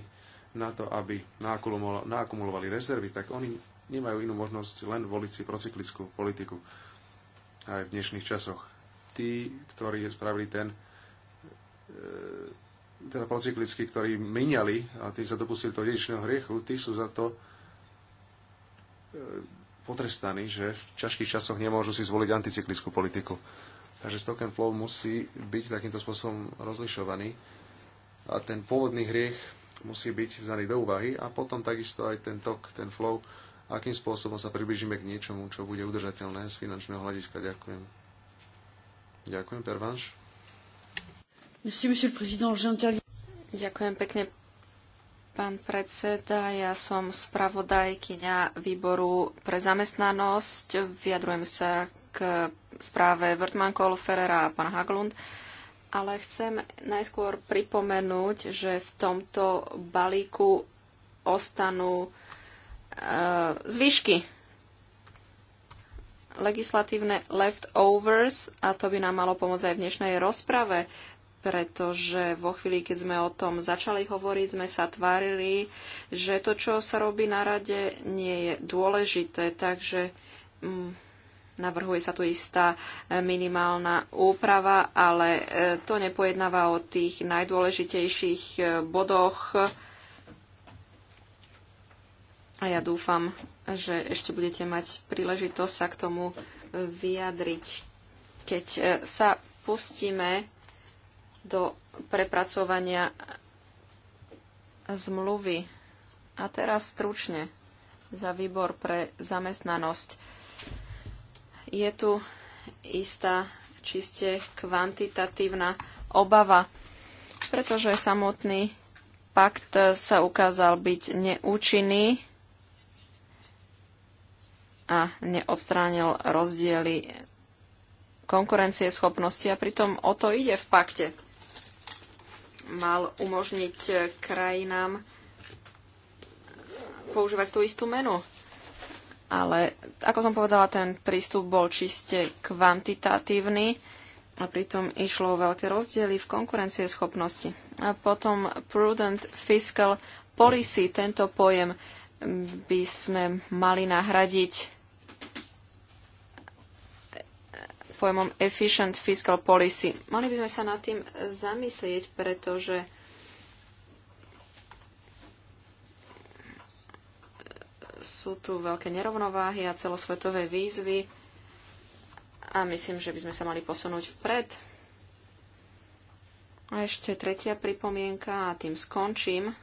na to, aby naakumulovali rezervy, tak oni nemajú inú možnosť len voliť si procyklickú politiku aj v dnešných časoch. Tí, ktorí spravili ten e, teda procyklicky, ktorí miniali a tým sa dopustili toho dedičného hriechu, tí sú za to E, potrestaní, že v ťažkých časoch nemôžu si zvoliť anticyklickú politiku. Takže stock and flow musí byť takýmto spôsobom rozlišovaný a ten pôvodný hriech musí byť vzaný do úvahy a potom takisto aj ten tok, ten flow, akým spôsobom sa približíme k niečomu, čo bude udržateľné z finančného hľadiska. Ďakujem. Ďakujem, Pervanš. Ďakujem pekne, Pán predseda, ja som spravodajkyňa výboru pre zamestnanosť. Vyjadrujem sa k správe Vrtmankol, Ferrera a pán Haglund. Ale chcem najskôr pripomenúť, že v tomto balíku ostanú e, zvyšky legislatívne leftovers a to by nám malo pomôcť aj v dnešnej rozprave pretože vo chvíli, keď sme o tom začali hovoriť, sme sa tvárili, že to, čo sa robí na rade, nie je dôležité, takže mm, navrhuje sa tu istá e, minimálna úprava, ale e, to nepojednáva o tých najdôležitejších e, bodoch. A ja dúfam, že ešte budete mať príležitosť sa k tomu vyjadriť. Keď sa pustíme do prepracovania zmluvy. A teraz stručne za výbor pre zamestnanosť. Je tu istá čiste kvantitatívna obava, pretože samotný pakt sa ukázal byť neúčinný a neodstránil rozdiely schopnosti a pritom o to ide v pakte mal umožniť e, krajinám používať tú istú menu. Ale ako som povedala, ten prístup bol čiste kvantitatívny a pritom išlo o veľké rozdiely v konkurencieschopnosti. A potom prudent fiscal policy, tento pojem by sme mali nahradiť pojmom efficient fiscal policy. Mali by sme sa nad tým zamyslieť, pretože sú tu veľké nerovnováhy a celosvetové výzvy a myslím, že by sme sa mali posunúť vpred. A ešte tretia pripomienka a tým skončím.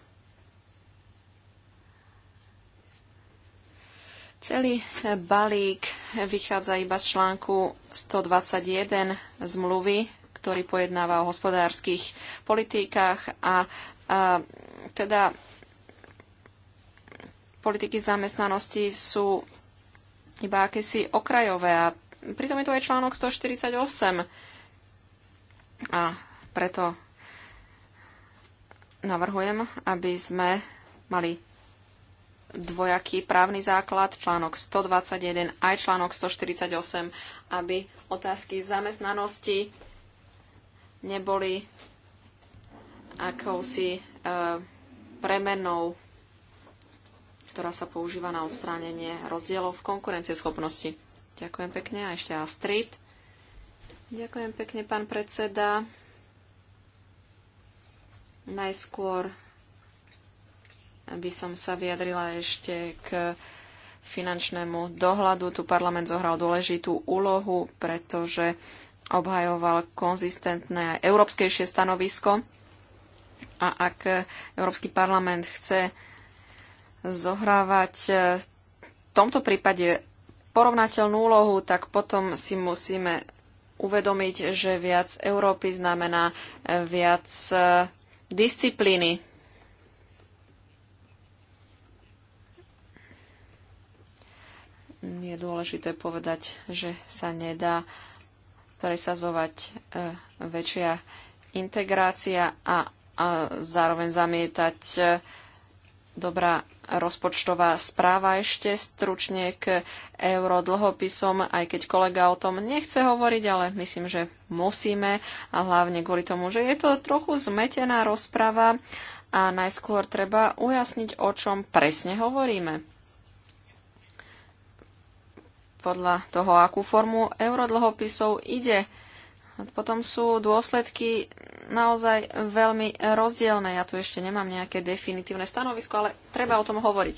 Celý balík vychádza iba z článku 121 zmluvy, ktorý pojednáva o hospodárskych politikách a, a teda politiky zamestnanosti sú iba akési okrajové a pritom je to aj článok 148 a preto navrhujem, aby sme mali dvojaký právny základ, článok 121 aj článok 148, aby otázky zamestnanosti neboli akousi e, premenou, ktorá sa používa na odstránenie rozdielov v konkurencieschopnosti. Ďakujem pekne a ešte Astrid. Ďakujem pekne, pán predseda. Najskôr by som sa vyjadrila ešte k finančnému dohľadu. Tu parlament zohral dôležitú úlohu, pretože obhajoval konzistentné a európskejšie stanovisko. A ak Európsky parlament chce zohrávať e, v tomto prípade porovnateľnú úlohu, tak potom si musíme uvedomiť, že viac Európy znamená e, viac e, disciplíny je dôležité povedať, že sa nedá presazovať e, väčšia integrácia a, a zároveň zamietať e, dobrá rozpočtová správa ešte stručne k eurodlhopisom, aj keď kolega o tom nechce hovoriť, ale myslím, že musíme a hlavne kvôli tomu, že je to trochu zmetená rozprava a najskôr treba ujasniť, o čom presne hovoríme podľa toho, akú formu eurodlhopisov ide. Potom sú dôsledky naozaj veľmi rozdielne. Ja tu ešte nemám nejaké definitívne stanovisko, ale treba o tom hovoriť.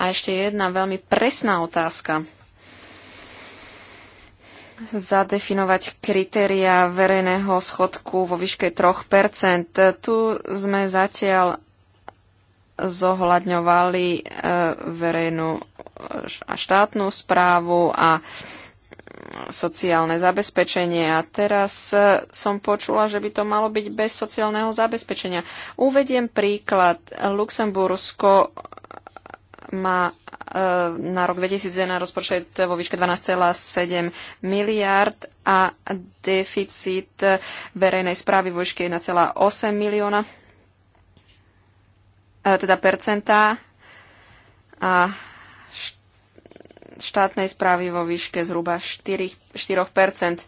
A ešte jedna veľmi presná otázka. Zadefinovať kritéria verejného schodku vo výške 3 Tu sme zatiaľ zohľadňovali e, verejnú a štátnu správu a sociálne zabezpečenie. A teraz e, som počula, že by to malo byť bez sociálneho zabezpečenia. Uvediem príklad. Luxembursko má e, na rok 2001 rozpočet vo výške 12,7 miliard a deficit verejnej správy vo výške 1,8 milióna, e, teda percentá. A štátnej správy vo výške zhruba 4, 4%. 1,2%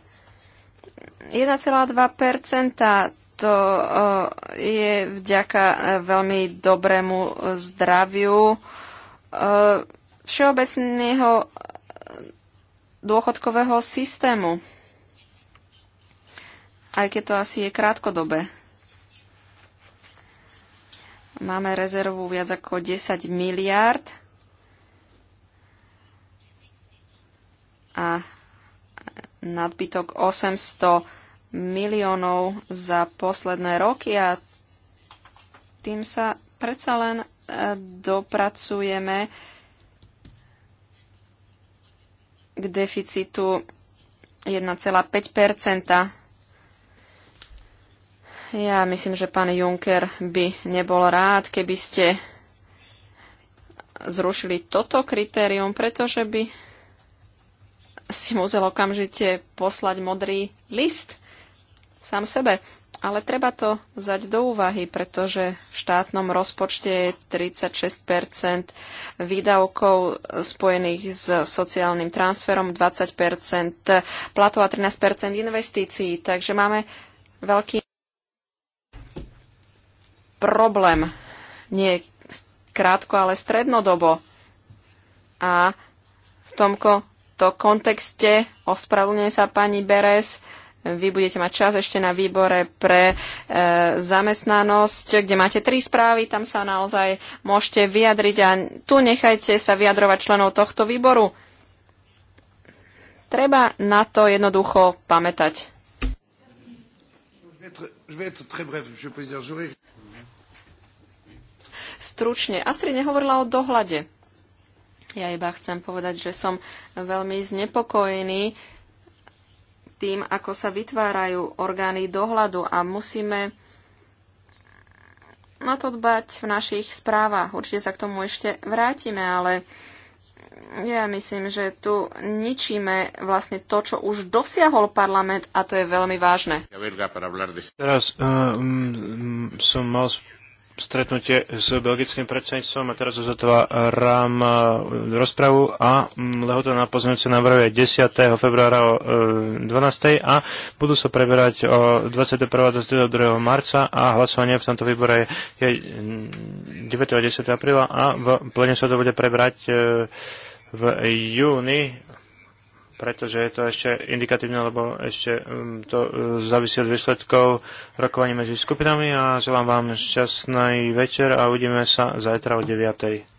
to eh, je vďaka eh, veľmi dobrému zdraviu eh, všeobecného dôchodkového systému. Aj keď to asi je krátkodobé. Máme rezervu viac ako 10 miliard. a nadbytok 800 miliónov za posledné roky a tým sa predsa len e, dopracujeme k deficitu 1,5 Ja myslím, že pán Juncker by nebol rád, keby ste zrušili toto kritérium, pretože by si musel okamžite poslať modrý list sám sebe. Ale treba to vzať do úvahy, pretože v štátnom rozpočte je 36 výdavkov spojených s sociálnym transferom, 20 platov a 13 investícií. Takže máme veľký problém. Nie krátko, ale strednodobo. A v tomko tomto kontexte. Ospravedlňujem sa pani Beres. Vy budete mať čas ešte na výbore pre e, zamestnanosť, kde máte tri správy, tam sa naozaj môžete vyjadriť a tu nechajte sa vyjadrovať členov tohto výboru. Treba na to jednoducho pamätať. Stručne. Astrid nehovorila o dohľade. Ja iba chcem povedať, že som veľmi znepokojený tým, ako sa vytvárajú orgány dohľadu a musíme na to dbať v našich správach. Určite sa k tomu ešte vrátime, ale ja myslím, že tu ničíme vlastne to, čo už dosiahol parlament a to je veľmi vážne. Teraz um, som mal stretnutie s belgickým predsedníctvom a teraz uzatváram eh, eh, rozpravu a mm, lehota na pozmeňujúce návrhy 10. februára o 12. Eh, a budú sa preberať o 21. do 22. marca a hlasovanie v tomto výbore je 9. Mm, a 10. apríla a v plene sa to bude prebrať v júni pretože je to ešte indikatívne, lebo ešte um, to uh, závisí od výsledkov rokovaní medzi skupinami a želám vám šťastný večer a uvidíme sa zajtra o 9.